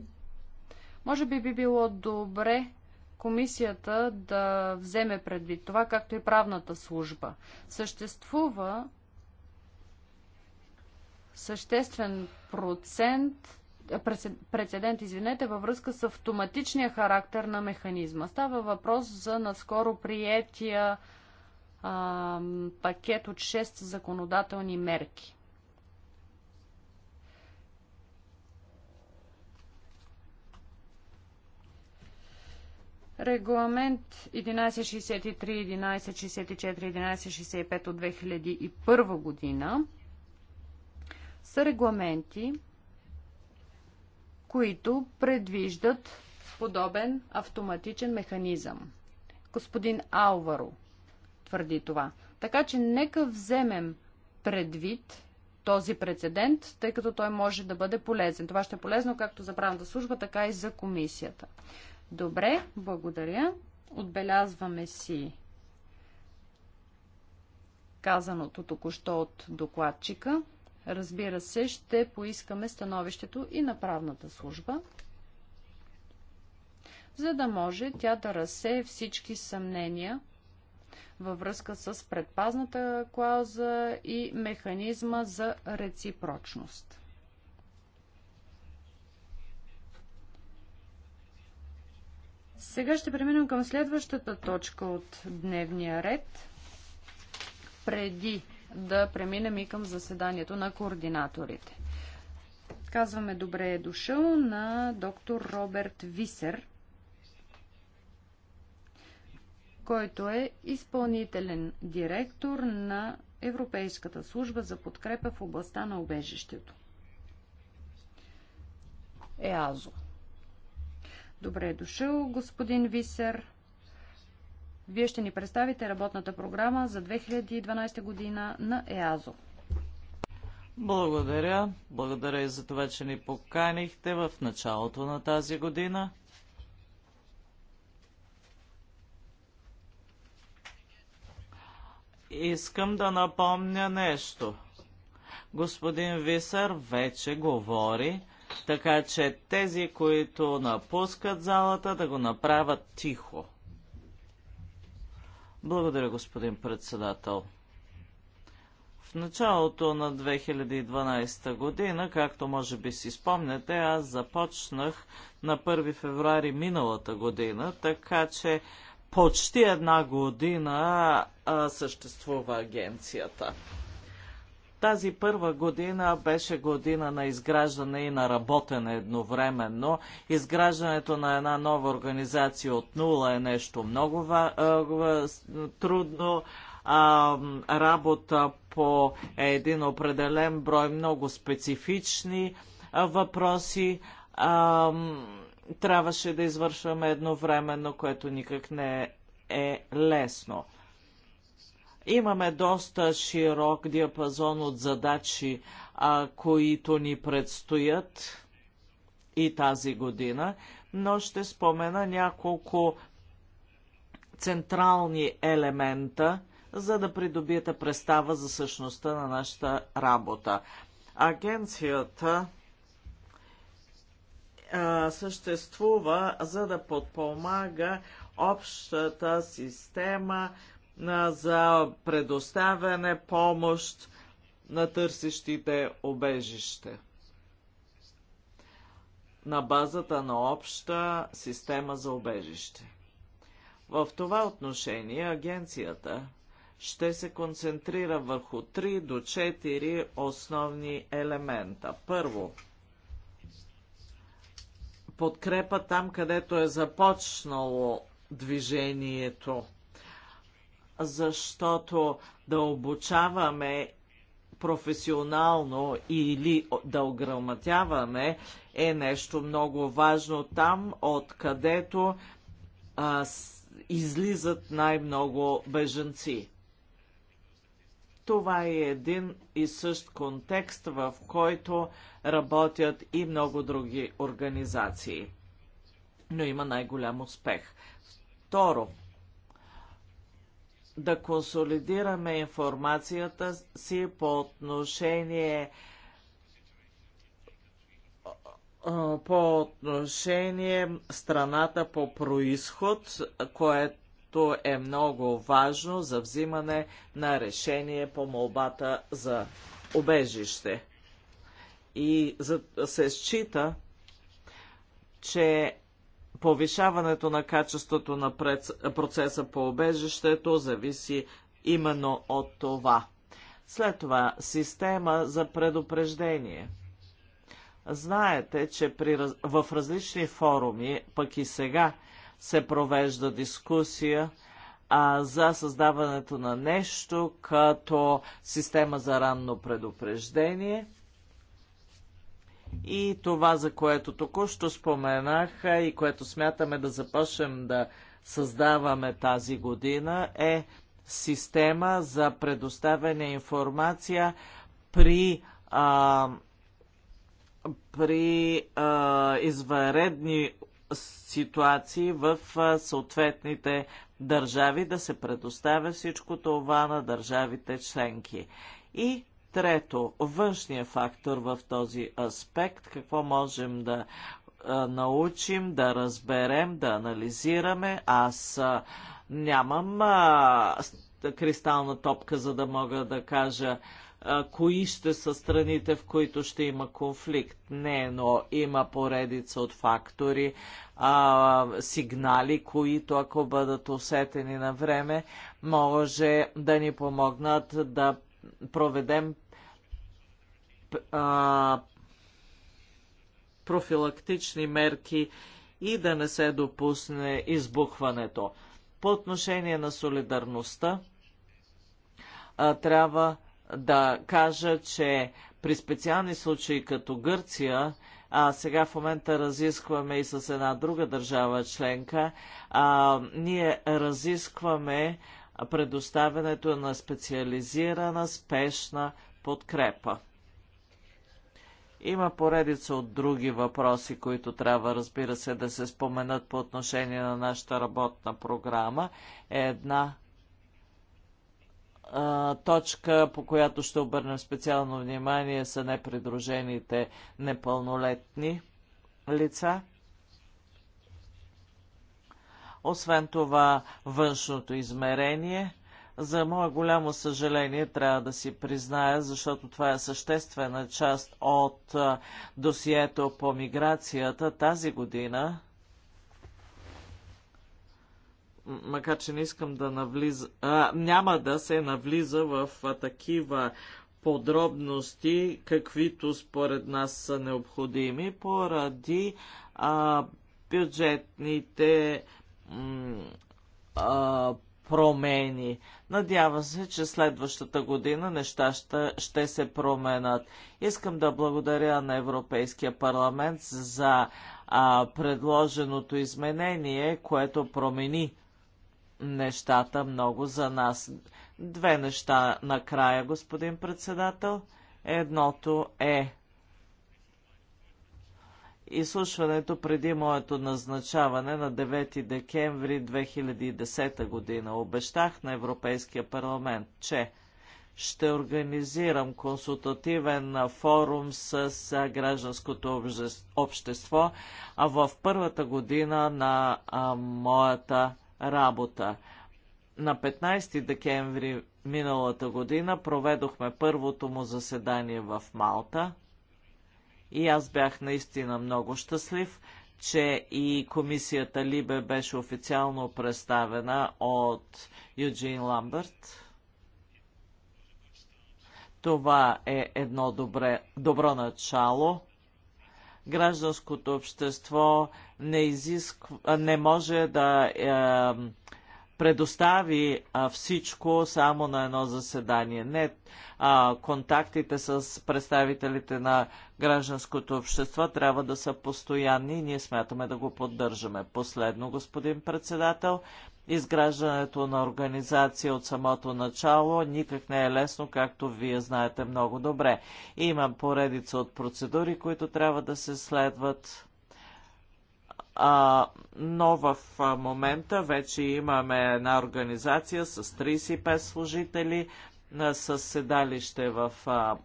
Може би би било добре комисията да вземе предвид това, както и правната служба. Съществува съществен процент прецедент, извинете, във връзка с автоматичния характер на механизма. Става въпрос за наскоро приятия а, пакет от 6 законодателни мерки. Регламент 1163, 1164, 1165 от 2001 година са регламенти, които предвиждат подобен автоматичен механизъм. Господин Алваро твърди това. Така че нека вземем предвид този прецедент, тъй като той може да бъде полезен. Това ще е полезно както за правната служба, така и за комисията. Добре, благодаря. Отбелязваме си казаното току-що от докладчика. Разбира се, ще поискаме становището и на правната служба, за да може тя да разсее всички съмнения във връзка с предпазната клауза и механизма за реципрочност. Сега ще преминем към следващата точка от дневния ред. Преди да преминем и към заседанието на координаторите. Казваме добре е дошъл на доктор Роберт Висер, който е изпълнителен директор на Европейската служба за подкрепа в областта на убежището. ЕАЗО. Добре е дошъл, господин Висер. Вие ще ни представите работната програма за 2012 година на ЕАЗО. Благодаря. Благодаря и за това, че ни поканихте в началото на тази година. Искам да напомня нещо. Господин Висър вече говори така че тези, които напускат залата, да го направят тихо. Благодаря, господин председател. В началото на 2012 година, както може би си спомняте, аз започнах на 1 феврари миналата година, така че почти една година а, съществува агенцията. Тази първа година беше година на изграждане и на работене едновременно. Изграждането на една нова организация от нула е нещо много трудно. А, работа по един определен брой много специфични въпроси. А, трябваше да извършваме едновременно, което никак не е, е лесно. Имаме доста широк диапазон от задачи, а, които ни предстоят и тази година, но ще спомена няколко централни елемента, за да придобиете представа за същността на нашата работа. Агенцията а, съществува за да подпомага общата система за предоставяне помощ на търсещите обежище на базата на обща система за обежище. В това отношение агенцията ще се концентрира върху 3 до 4 основни елемента. Първо, подкрепа там, където е започнало движението – защото да обучаваме професионално или да ограмотяваме е нещо много важно там, откъдето а, излизат най-много бежанци. Това е един и същ контекст, в който работят и много други организации. Но има най-голям успех. Второ, да консолидираме информацията си по отношение по отношение страната по происход, което е много важно за взимане на решение по молбата за обежище. И се счита, че повишаването на качеството на процеса по обежището зависи именно от това. След това система за предупреждение. Знаете, че при, в различни форуми, пък и сега, се провежда дискусия а, за създаването на нещо като система за ранно предупреждение – и това, за което току-що споменах и което смятаме да започнем да създаваме тази година е система за предоставяне информация при, а, при а, извънредни ситуации в съответните държави, да се предоставя всичко това на държавите членки. И Трето, външния фактор в този аспект, какво можем да научим, да разберем, да анализираме. Аз нямам а, кристална топка, за да мога да кажа а, кои ще са страните, в които ще има конфликт. Не, но има поредица от фактори, а, сигнали, които ако бъдат усетени на време, може да ни помогнат да проведем а, профилактични мерки и да не се допусне избухването. По отношение на солидарността, а, трябва да кажа, че при специални случаи като Гърция, а сега в момента разискваме и с една друга държава членка, а, ние разискваме предоставянето на специализирана спешна подкрепа. Има поредица от други въпроси, които трябва, разбира се, да се споменат по отношение на нашата работна програма. Е една а, точка, по която ще обърнем специално внимание, са непридружените непълнолетни лица. Освен това, външното измерение, за мое голямо съжаление, трябва да си призная, защото това е съществена част от досието по миграцията тази година. Макар, че не искам да навлиза... А, няма да се навлиза в такива подробности, каквито според нас са необходими, поради а, бюджетните промени. Надява се, че следващата година неща ще, ще се променят. Искам да благодаря на Европейския парламент за а, предложеното изменение, което промени нещата много за нас. Две неща накрая, господин председател. Едното е изслушването преди моето назначаване на 9 декември 2010 година. Обещах на Европейския парламент, че ще организирам консултативен форум с гражданското общество в първата година на моята работа. На 15 декември миналата година проведохме първото му заседание в Малта и аз бях наистина много щастлив, че и комисията Либе беше официално представена от Юджин Ламбърт. Това е едно добре, добро начало. Гражданското общество не, изисква, не може да е, предостави а, всичко само на едно заседание. Не, а, контактите с представителите на гражданското общество трябва да са постоянни и ние смятаме да го поддържаме. Последно, господин председател, изграждането на организация от самото начало никак не е лесно, както вие знаете много добре. Има поредица от процедури, които трябва да се следват а, но в момента вече имаме една организация с 35 служители, с седалище в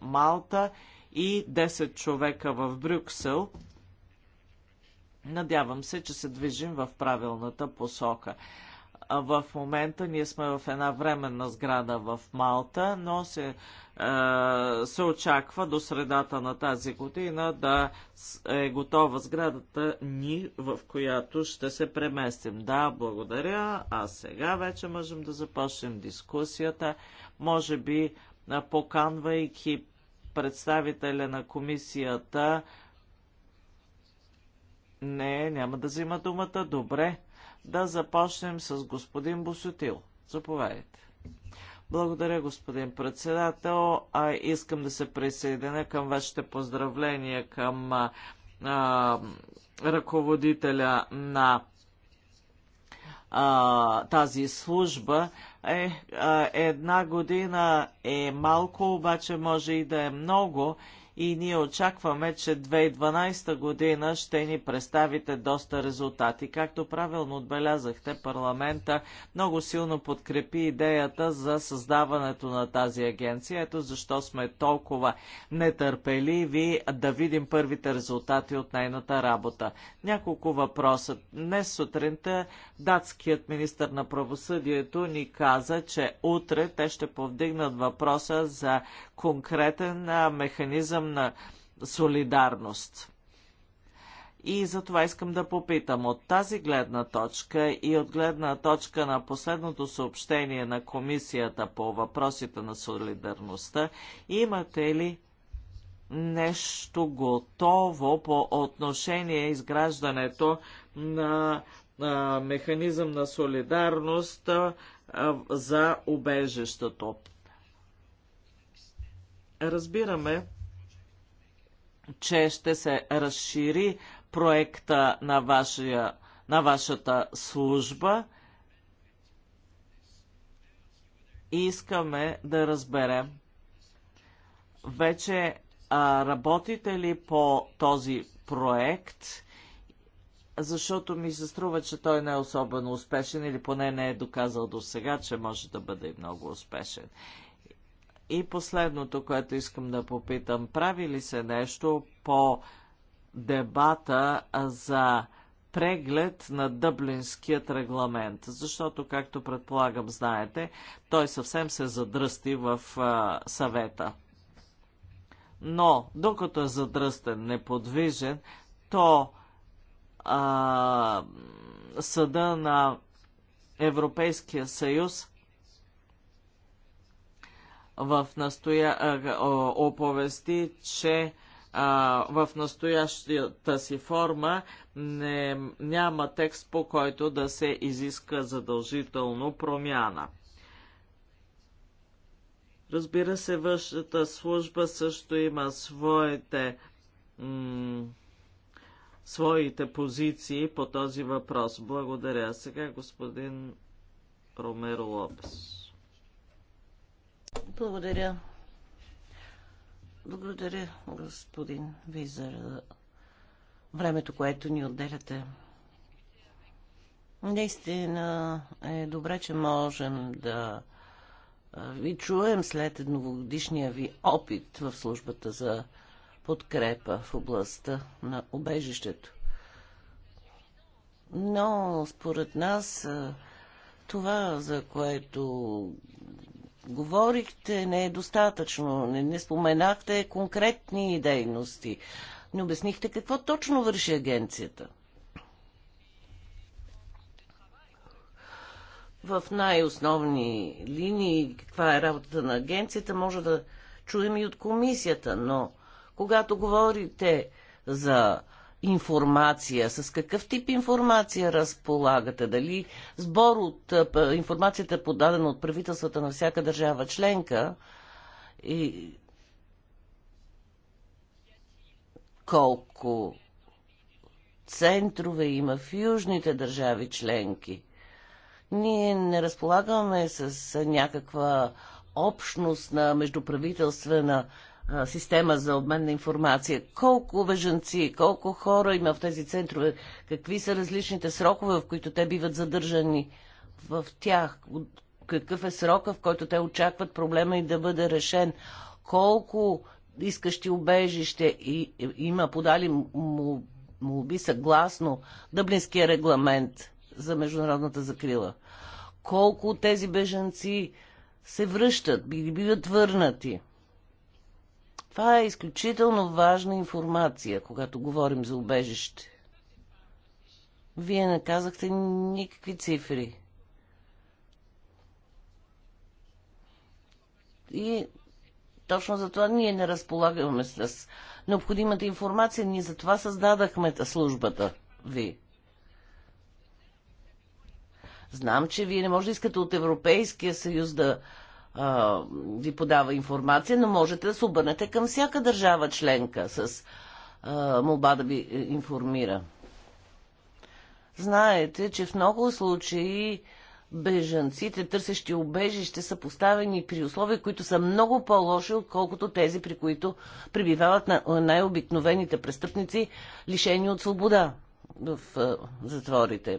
Малта и 10 човека в Брюксел. Надявам се, че се движим в правилната посока. В момента ние сме в една временна сграда в Малта, но се е, се очаква до средата на тази година да е готова сградата ни, в която ще се преместим. Да, благодаря. А сега вече можем да започнем дискусията. Може би поканвайки представителя на комисията. Не, няма да взима думата. Добре, да започнем с господин Босотил. Заповядайте. Благодаря, господин председател. А, искам да се присъединя към вашите поздравления към а, а, ръководителя на а, тази служба. Е, а, една година е малко, обаче може и да е много и ние очакваме, че 2012 година ще ни представите доста резултати. Както правилно отбелязахте, парламента много силно подкрепи идеята за създаването на тази агенция. Ето защо сме толкова нетърпеливи да видим първите резултати от нейната работа. Няколко въпроса. Днес сутринта датският министр на правосъдието ни каза, че утре те ще повдигнат въпроса за конкретен механизъм извън солидарност. И за това искам да попитам от тази гледна точка и от гледна точка на последното съобщение на Комисията по въпросите на солидарността, имате ли нещо готово по отношение изграждането на, на механизъм на солидарност за убежището? Разбираме, че ще се разшири проекта на, вашия, на вашата служба. И искаме да разберем вече а, работите ли по този проект, защото ми се струва, че той не е особено успешен или поне не е доказал до сега, че може да бъде много успешен. И последното, което искам да попитам, прави ли се нещо по дебата за преглед на Дъблинският регламент, защото, както предполагам, знаете, той съвсем се задръсти в а, съвета. Но, докато е задръстен, неподвижен, то а, съда на Европейския съюз в настоя... оповести, че а, в настоящата си форма не, няма текст, по който да се изиска задължително промяна. Разбира се, външната служба също има своите, своите позиции по този въпрос. Благодаря. Сега господин Ромеро Лопес. Благодаря. Благодаря, господин Ви, за времето, което ни отделяте. Наистина е добре, че можем да ви чуем след едногодишния ви опит в службата за подкрепа в областта на обежището. Но според нас това, за което говорихте не е достатъчно. Не, не споменахте конкретни дейности. Не обяснихте какво точно върши агенцията. В най-основни линии каква е работата на агенцията може да чуем и от комисията, но когато говорите за информация? С какъв тип информация разполагате? Дали сбор от информацията подадена от правителствата на всяка държава членка и колко центрове има в южните държави членки? Ние не разполагаме с някаква общност на междуправителствена система за обмен на информация. Колко въженци, колко хора има в тези центрове, какви са различните срокове, в които те биват задържани в тях, какъв е срока, в който те очакват проблема и да бъде решен, колко искащи убежище и, и, има подали му, молби съгласно Дъблинския регламент за международната закрила. Колко от тези беженци се връщат биват върнати – това е изключително важна информация, когато говорим за убежище. Вие не казахте никакви цифри. И точно за това ние не разполагаме с необходимата информация. Ние за това създадахме службата ви. Знам, че вие не може да искате от Европейския съюз да а, ви подава информация, но можете да се обърнете към всяка държава членка с а, молба да ви е, информира. Знаете, че в много случаи бежанците, търсещи убежище, са поставени при условия, които са много по-лоши, отколкото тези, при които прибивават на най-обикновените престъпници, лишени от свобода в е, затворите.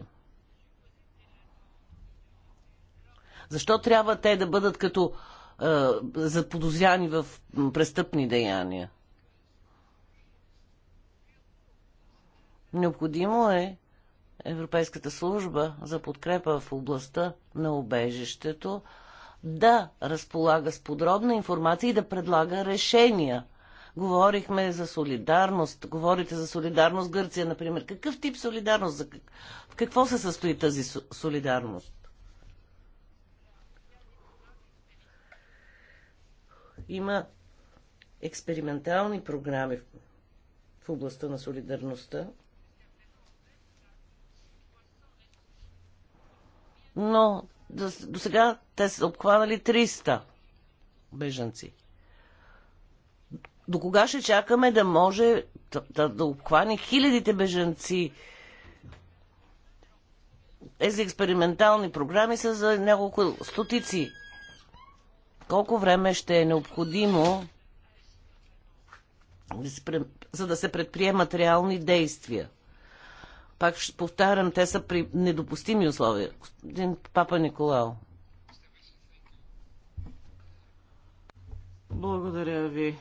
Защо трябва те да бъдат като е, заподозряни в престъпни деяния? Необходимо е Европейската служба за подкрепа в областта на обежището да разполага с подробна информация и да предлага решения. Говорихме за солидарност, говорите за солидарност Гърция, например. Какъв тип солидарност? В какво се състои тази солидарност? Има експериментални програми в областта на солидарността, но до сега те са обхванали 300 беженци. До кога ще чакаме да може да, да, да обхване хилядите беженци? Тези експериментални програми са за няколко стотици колко време ще е необходимо за да се предприемат реални действия? Пак ще повтарям, те са при недопустими условия. Господин Папа Николао. Благодаря ви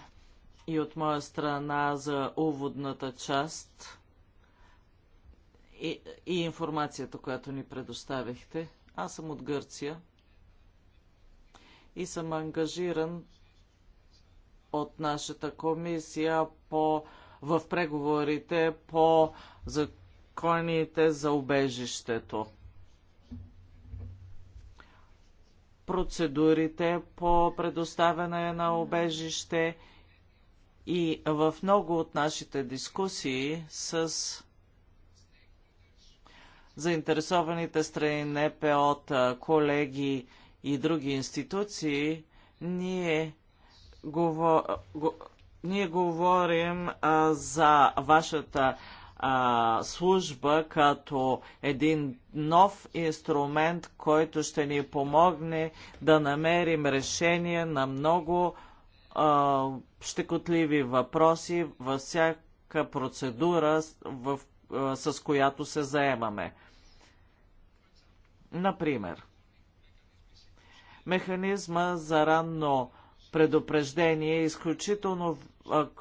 и от моя страна за уводната част и, и информацията, която ни предоставихте. Аз съм от Гърция и съм ангажиран от нашата комисия по, в преговорите по законите за убежището. Процедурите по предоставяне на убежище и в много от нашите дискусии с заинтересованите страни, нпо колеги, и други институции, ние, говор... го... ние говорим а, за вашата а, служба като един нов инструмент, който ще ни помогне да намерим решение на много а, щекотливи въпроси във всяка процедура, в, а, с която се заемаме. Например, Механизма за ранно предупреждение е изключително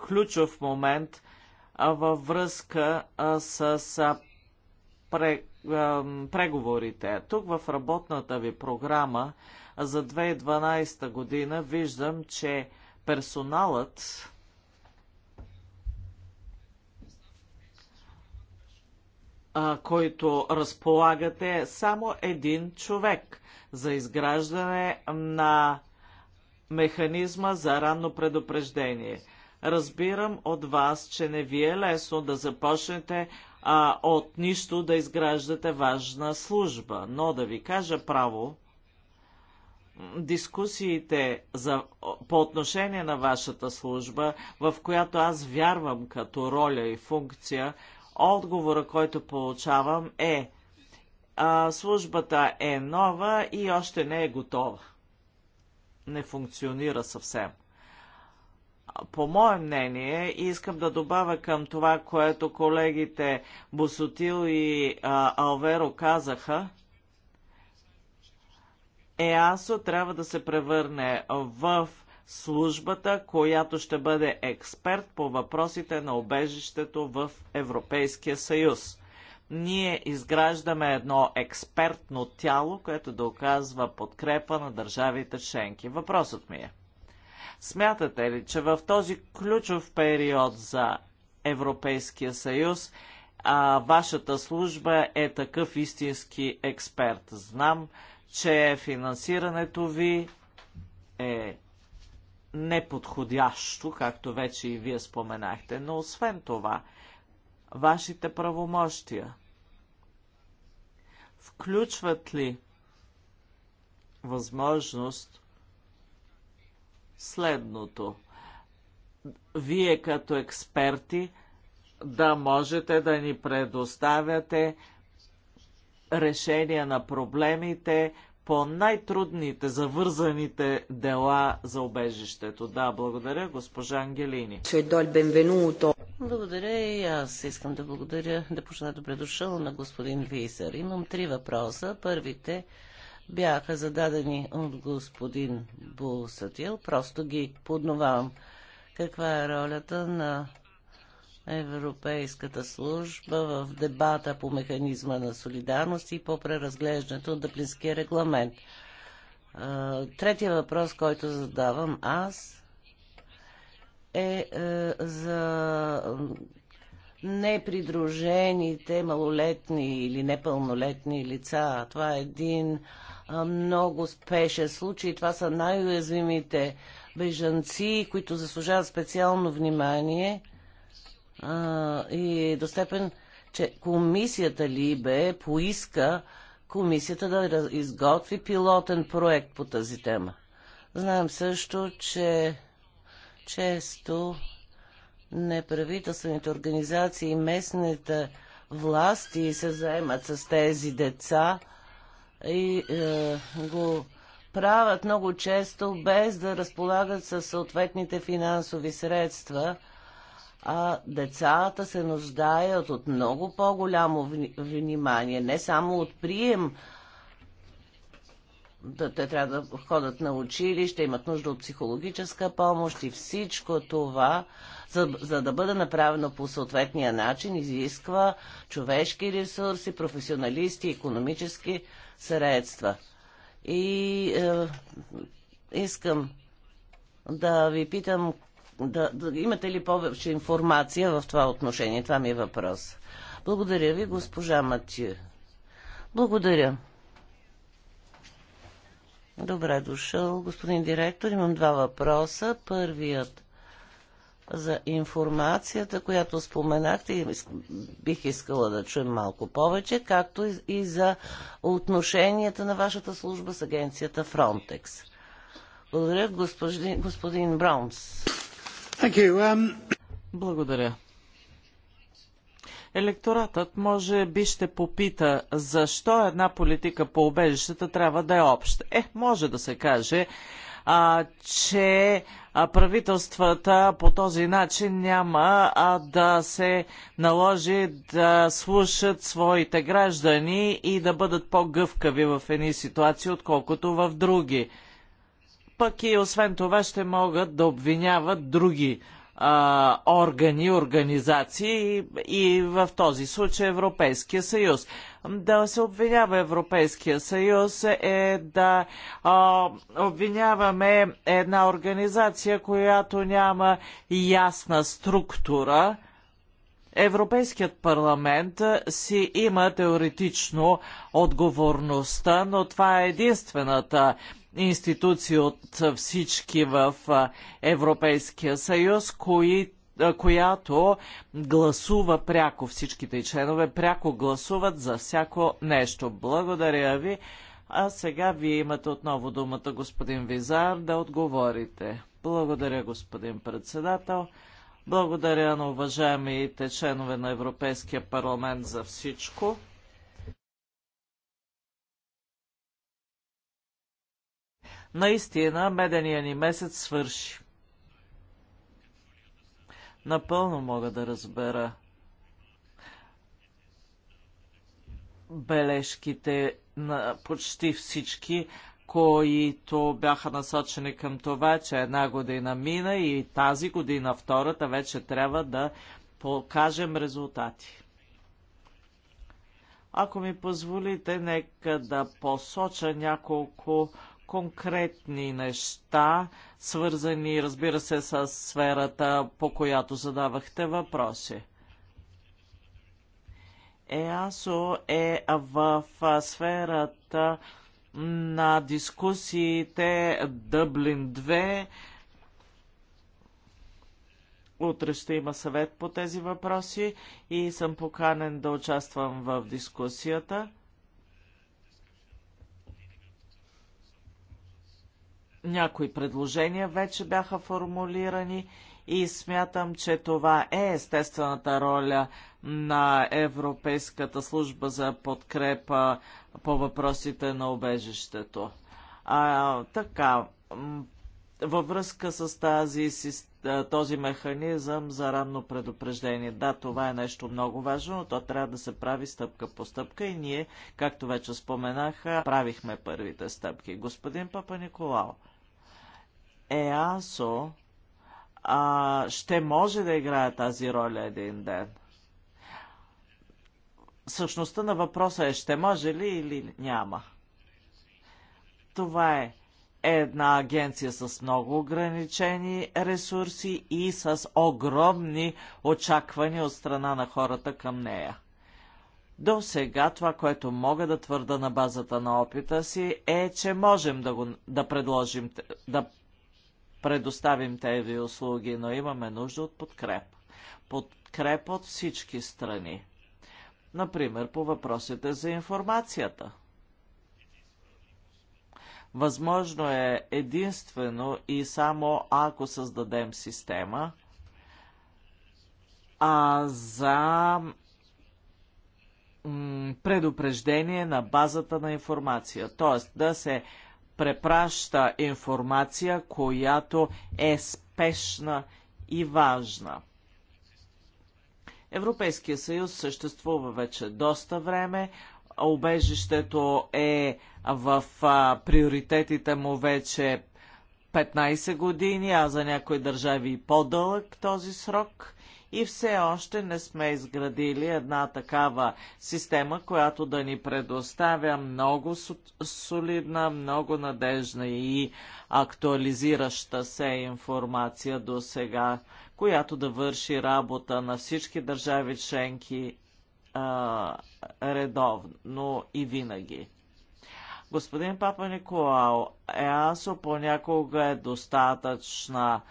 ключов момент във връзка с преговорите. Тук в работната ви програма за 2012 година виждам, че персоналът който разполагате, е само един човек за изграждане на механизма за ранно предупреждение. Разбирам от вас, че не ви е лесно да започнете а, от нищо да изграждате важна служба, но да ви кажа право, дискусиите за, по отношение на вашата служба, в която аз вярвам като роля и функция, отговора, който получавам е а, службата е нова и още не е готова. Не функционира съвсем. По мое мнение, искам да добавя към това, което колегите Босотил и а, Алверо казаха, ЕАСО трябва да се превърне в службата, която ще бъде експерт по въпросите на обежището в Европейския съюз ние изграждаме едно експертно тяло, което да оказва подкрепа на държавите членки. Въпросът ми е, смятате ли, че в този ключов период за Европейския съюз а, вашата служба е такъв истински експерт? Знам, че финансирането ви е неподходящо, както вече и вие споменахте, но освен това – вашите правомощия? Включват ли възможност следното? Вие като експерти да можете да ни предоставяте решения на проблемите по най-трудните, завързаните дела за обежището. Да, благодаря, госпожа Ангелини. Е благодаря и аз искам да благодаря, да пожелая добре дошъл на господин Висър. Имам три въпроса. Първите бяха зададени от господин Бусатил. Просто ги подновавам. Каква е ролята на Европейската служба в дебата по механизма на солидарност и по преразглеждането на Дъблинския регламент. Третия въпрос, който задавам аз, е, е за непридружените малолетни или непълнолетни лица. Това е един много спешен случай. Това са най-уязвимите бежанци, които заслужават специално внимание – а, и до степен, че комисията Либе поиска комисията да изготви пилотен проект по тази тема. Знаем също, че често неправителствените организации и местните власти се заемат с тези деца и е, го правят много често без да разполагат със съответните финансови средства – а децата се нуждаят от много по-голямо внимание, не само от прием. Да, те трябва да ходят на училище, имат нужда от психологическа помощ и всичко това, за, за да бъде направено по съответния начин, изисква човешки ресурси, професионалисти, економически средства. И е, искам да ви питам да, да имате ли повече информация в това отношение? Това ми е въпрос. Благодаря ви, госпожа Матю. Благодаря. Добре дошъл, господин директор. Имам два въпроса. Първият за информацията, която споменахте и бих искала да чуем малко повече, както и за отношенията на вашата служба с агенцията Frontex. Благодаря, господин, господин Браунс. Um, Благодаря. Електоратът може би ще попита защо една политика по убежищата трябва да е обща. Е, може да се каже, а, че а, правителствата по този начин няма а, да се наложи да слушат своите граждани и да бъдат по-гъвкави в едни ситуации, отколкото в други пък и освен това ще могат да обвиняват други а, органи, организации и, и в този случай Европейския съюз. Да се обвинява Европейския съюз е да а, обвиняваме една организация, която няма ясна структура. Европейският парламент си има теоретично отговорността, но това е единствената институции от всички в Европейския съюз, кои, която гласува пряко, всичките членове пряко гласуват за всяко нещо. Благодаря ви. А сега вие имате отново думата, господин Визар, да отговорите. Благодаря, господин председател. Благодаря на уважаемите членове на Европейския парламент за всичко. Наистина, медения ни месец свърши. Напълно мога да разбера бележките на почти всички, които бяха насочени към това, че една година мина и тази година, втората, вече трябва да покажем резултати. Ако ми позволите, нека да посоча няколко конкретни неща, свързани, разбира се, с сферата, по която задавахте въпроси. ЕАСО е в сферата на дискусиите Дъблин 2. Утре ще има съвет по тези въпроси и съм поканен да участвам в дискусията. Някои предложения вече бяха формулирани и смятам, че това е естествената роля на Европейската служба за подкрепа по въпросите на обежището. А, така, във връзка с тази, този механизъм за ранно предупреждение. Да, това е нещо много важно, но то трябва да се прави стъпка по стъпка и ние, както вече споменах, правихме първите стъпки. Господин Папа Николао. ЕАСО а, ще може да играе тази роля един ден. Същността на въпроса е ще може ли или няма. Това е една агенция с много ограничени ресурси и с огромни очаквания от страна на хората към нея. До сега това, което мога да твърда на базата на опита си, е, че можем да, го, да предложим, да предоставим тези услуги, но имаме нужда от подкреп. Подкреп от всички страни. Например, по въпросите за информацията. Възможно е единствено и само ако създадем система а за предупреждение на базата на информация. Т.е. да се препраща информация, която е спешна и важна. Европейския съюз съществува вече доста време. Обежището е в приоритетите му вече 15 години, а за някои държави и по-дълъг този срок и все още не сме изградили една такава система, която да ни предоставя много солидна, много надежна и актуализираща се информация до сега, която да върши работа на всички държави членки редовно и винаги. Господин Папа Николао, ЕАСО понякога е достатъчна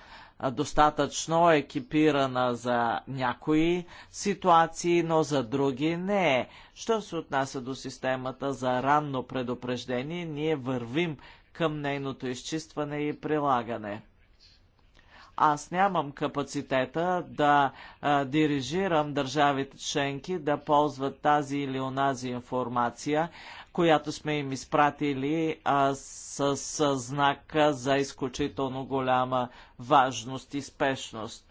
достатъчно екипирана за някои ситуации, но за други не е. Що се отнася до системата за ранно предупреждение, ние вървим към нейното изчистване и прилагане. Аз нямам капацитета да а, дирижирам държавите членки да ползват тази или онази информация, която сме им изпратили а, с, с знак за изключително голяма важност и спешност.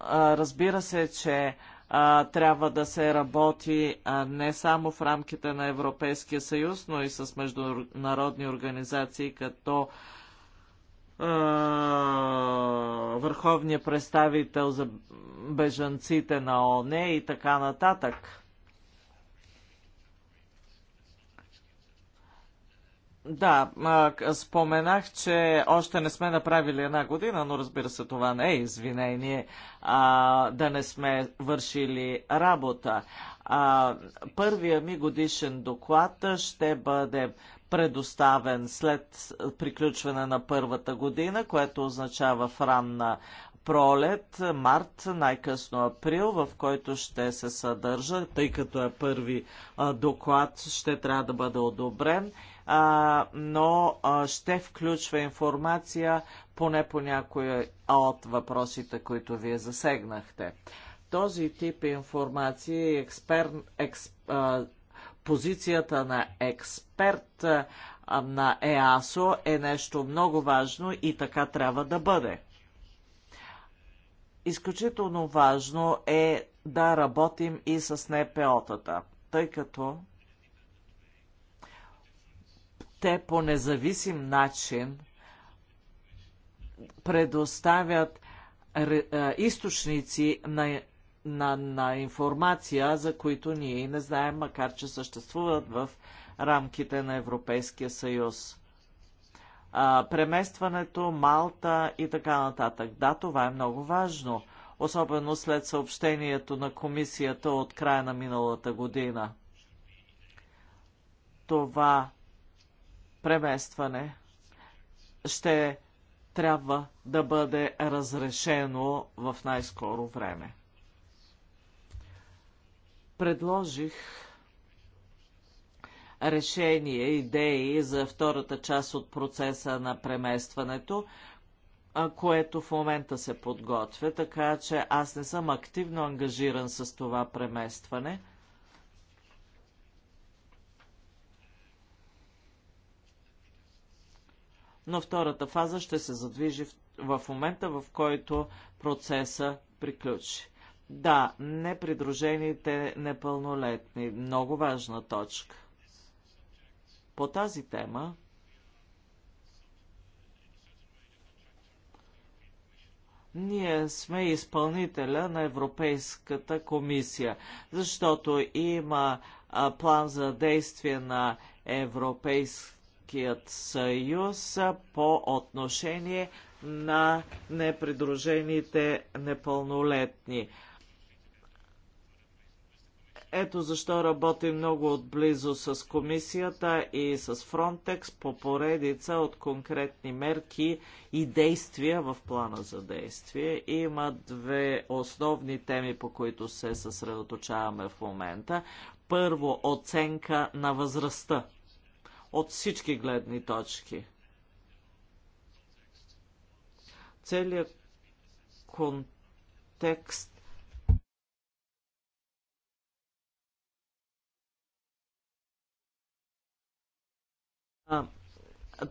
А, разбира се, че а, трябва да се работи а, не само в рамките на Европейския съюз, но и с международни организации като върховния представител за бежанците на ОНЕ и така нататък. Да, споменах, че още не сме направили една година, но разбира се, това не е извинение а, да не сме вършили работа. А, първия ми годишен доклад ще бъде предоставен след приключване на първата година, което означава в ранна пролет, март, най-късно април, в който ще се съдържа, тъй като е първи доклад, ще трябва да бъде одобрен а, но а, ще включва информация поне по някои от въпросите, които вие засегнахте. Този тип информация и експер, експ, а, позицията на експерт а, на ЕАСО е нещо много важно и така трябва да бъде. Изключително важно е да работим и с НПО-тата, тъй като те по независим начин предоставят източници на, на, на информация, за които ние не знаем, макар че съществуват в рамките на Европейския съюз. А, преместването, Малта и така нататък. Да, това е много важно, особено след съобщението на комисията от края на миналата година. Това преместване ще трябва да бъде разрешено в най-скоро време. Предложих решение, идеи за втората част от процеса на преместването, което в момента се подготвя, така че аз не съм активно ангажиран с това преместване – но втората фаза ще се задвижи в, в момента, в който процеса приключи. Да, непридружените непълнолетни. Много важна точка. По тази тема ние сме изпълнителя на Европейската комисия, защото има а, план за действие на Европейската Европейският съюз по отношение на непридружените непълнолетни. Ето защо работи много отблизо с комисията и с Фронтекс по поредица от конкретни мерки и действия в плана за действие. Има две основни теми, по които се съсредоточаваме в момента. Първо, оценка на възрастта от всички гледни точки. Целият контекст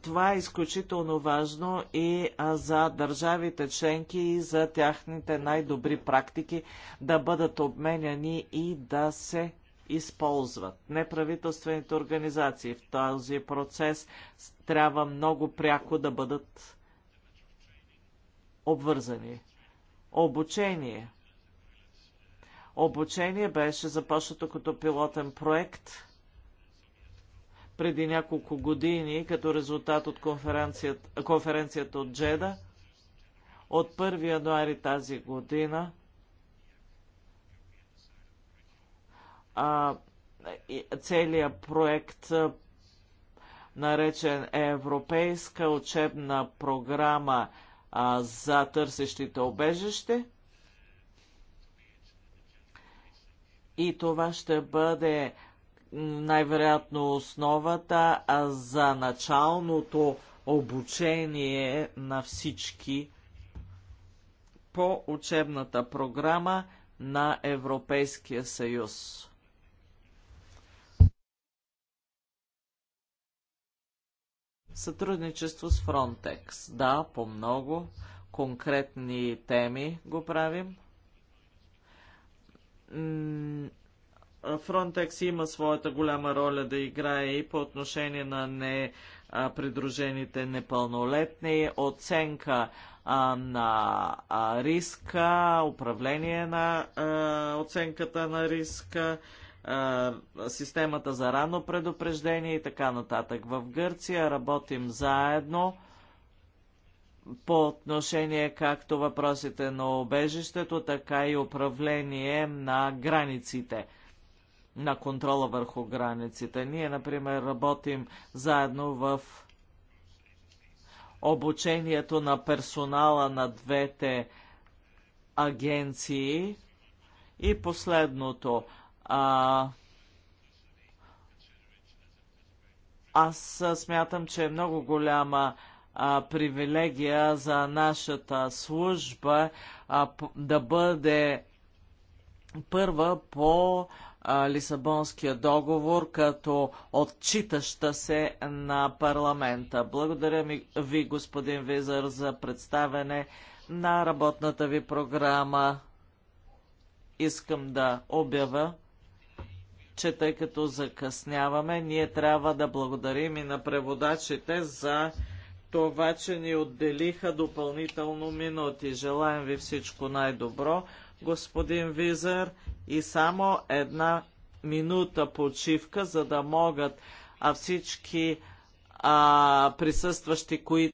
това е изключително важно и за държавите членки и за тяхните най-добри практики да бъдат обменяни и да се използват. Неправителствените организации в този процес трябва много пряко да бъдат обвързани. Обучение. Обучение беше започнато като пилотен проект преди няколко години, като резултат от конференцията, конференцията от Джеда. От 1 януари тази година – а, целият проект, наречен Европейска учебна програма а, за търсещите обежище. И това ще бъде най-вероятно основата а, за началното обучение на всички по учебната програма на Европейския съюз. сътрудничество с Frontex. Да, по много конкретни теми го правим. Frontex има своята голяма роля да играе и по отношение на придружените непълнолетни, оценка а, на а, риска, управление на а, оценката на риска, системата за рано предупреждение и така нататък. В Гърция работим заедно по отношение както въпросите на обежището, така и управление на границите, на контрола върху границите. Ние, например, работим заедно в обучението на персонала на двете агенции. И последното, а, аз смятам, че е много голяма а, привилегия за нашата служба а, да бъде първа по а, Лисабонския договор като отчитаща се на парламента. Благодаря ми, ви, господин Визър, за представене на работната ви програма. Искам да обява, че тъй като закъсняваме, ние трябва да благодарим и на преводачите за това, че ни отделиха допълнително минути. Желаем ви всичко най-добро, господин Визер, и само една минута почивка, за да могат а всички а, присъстващи, които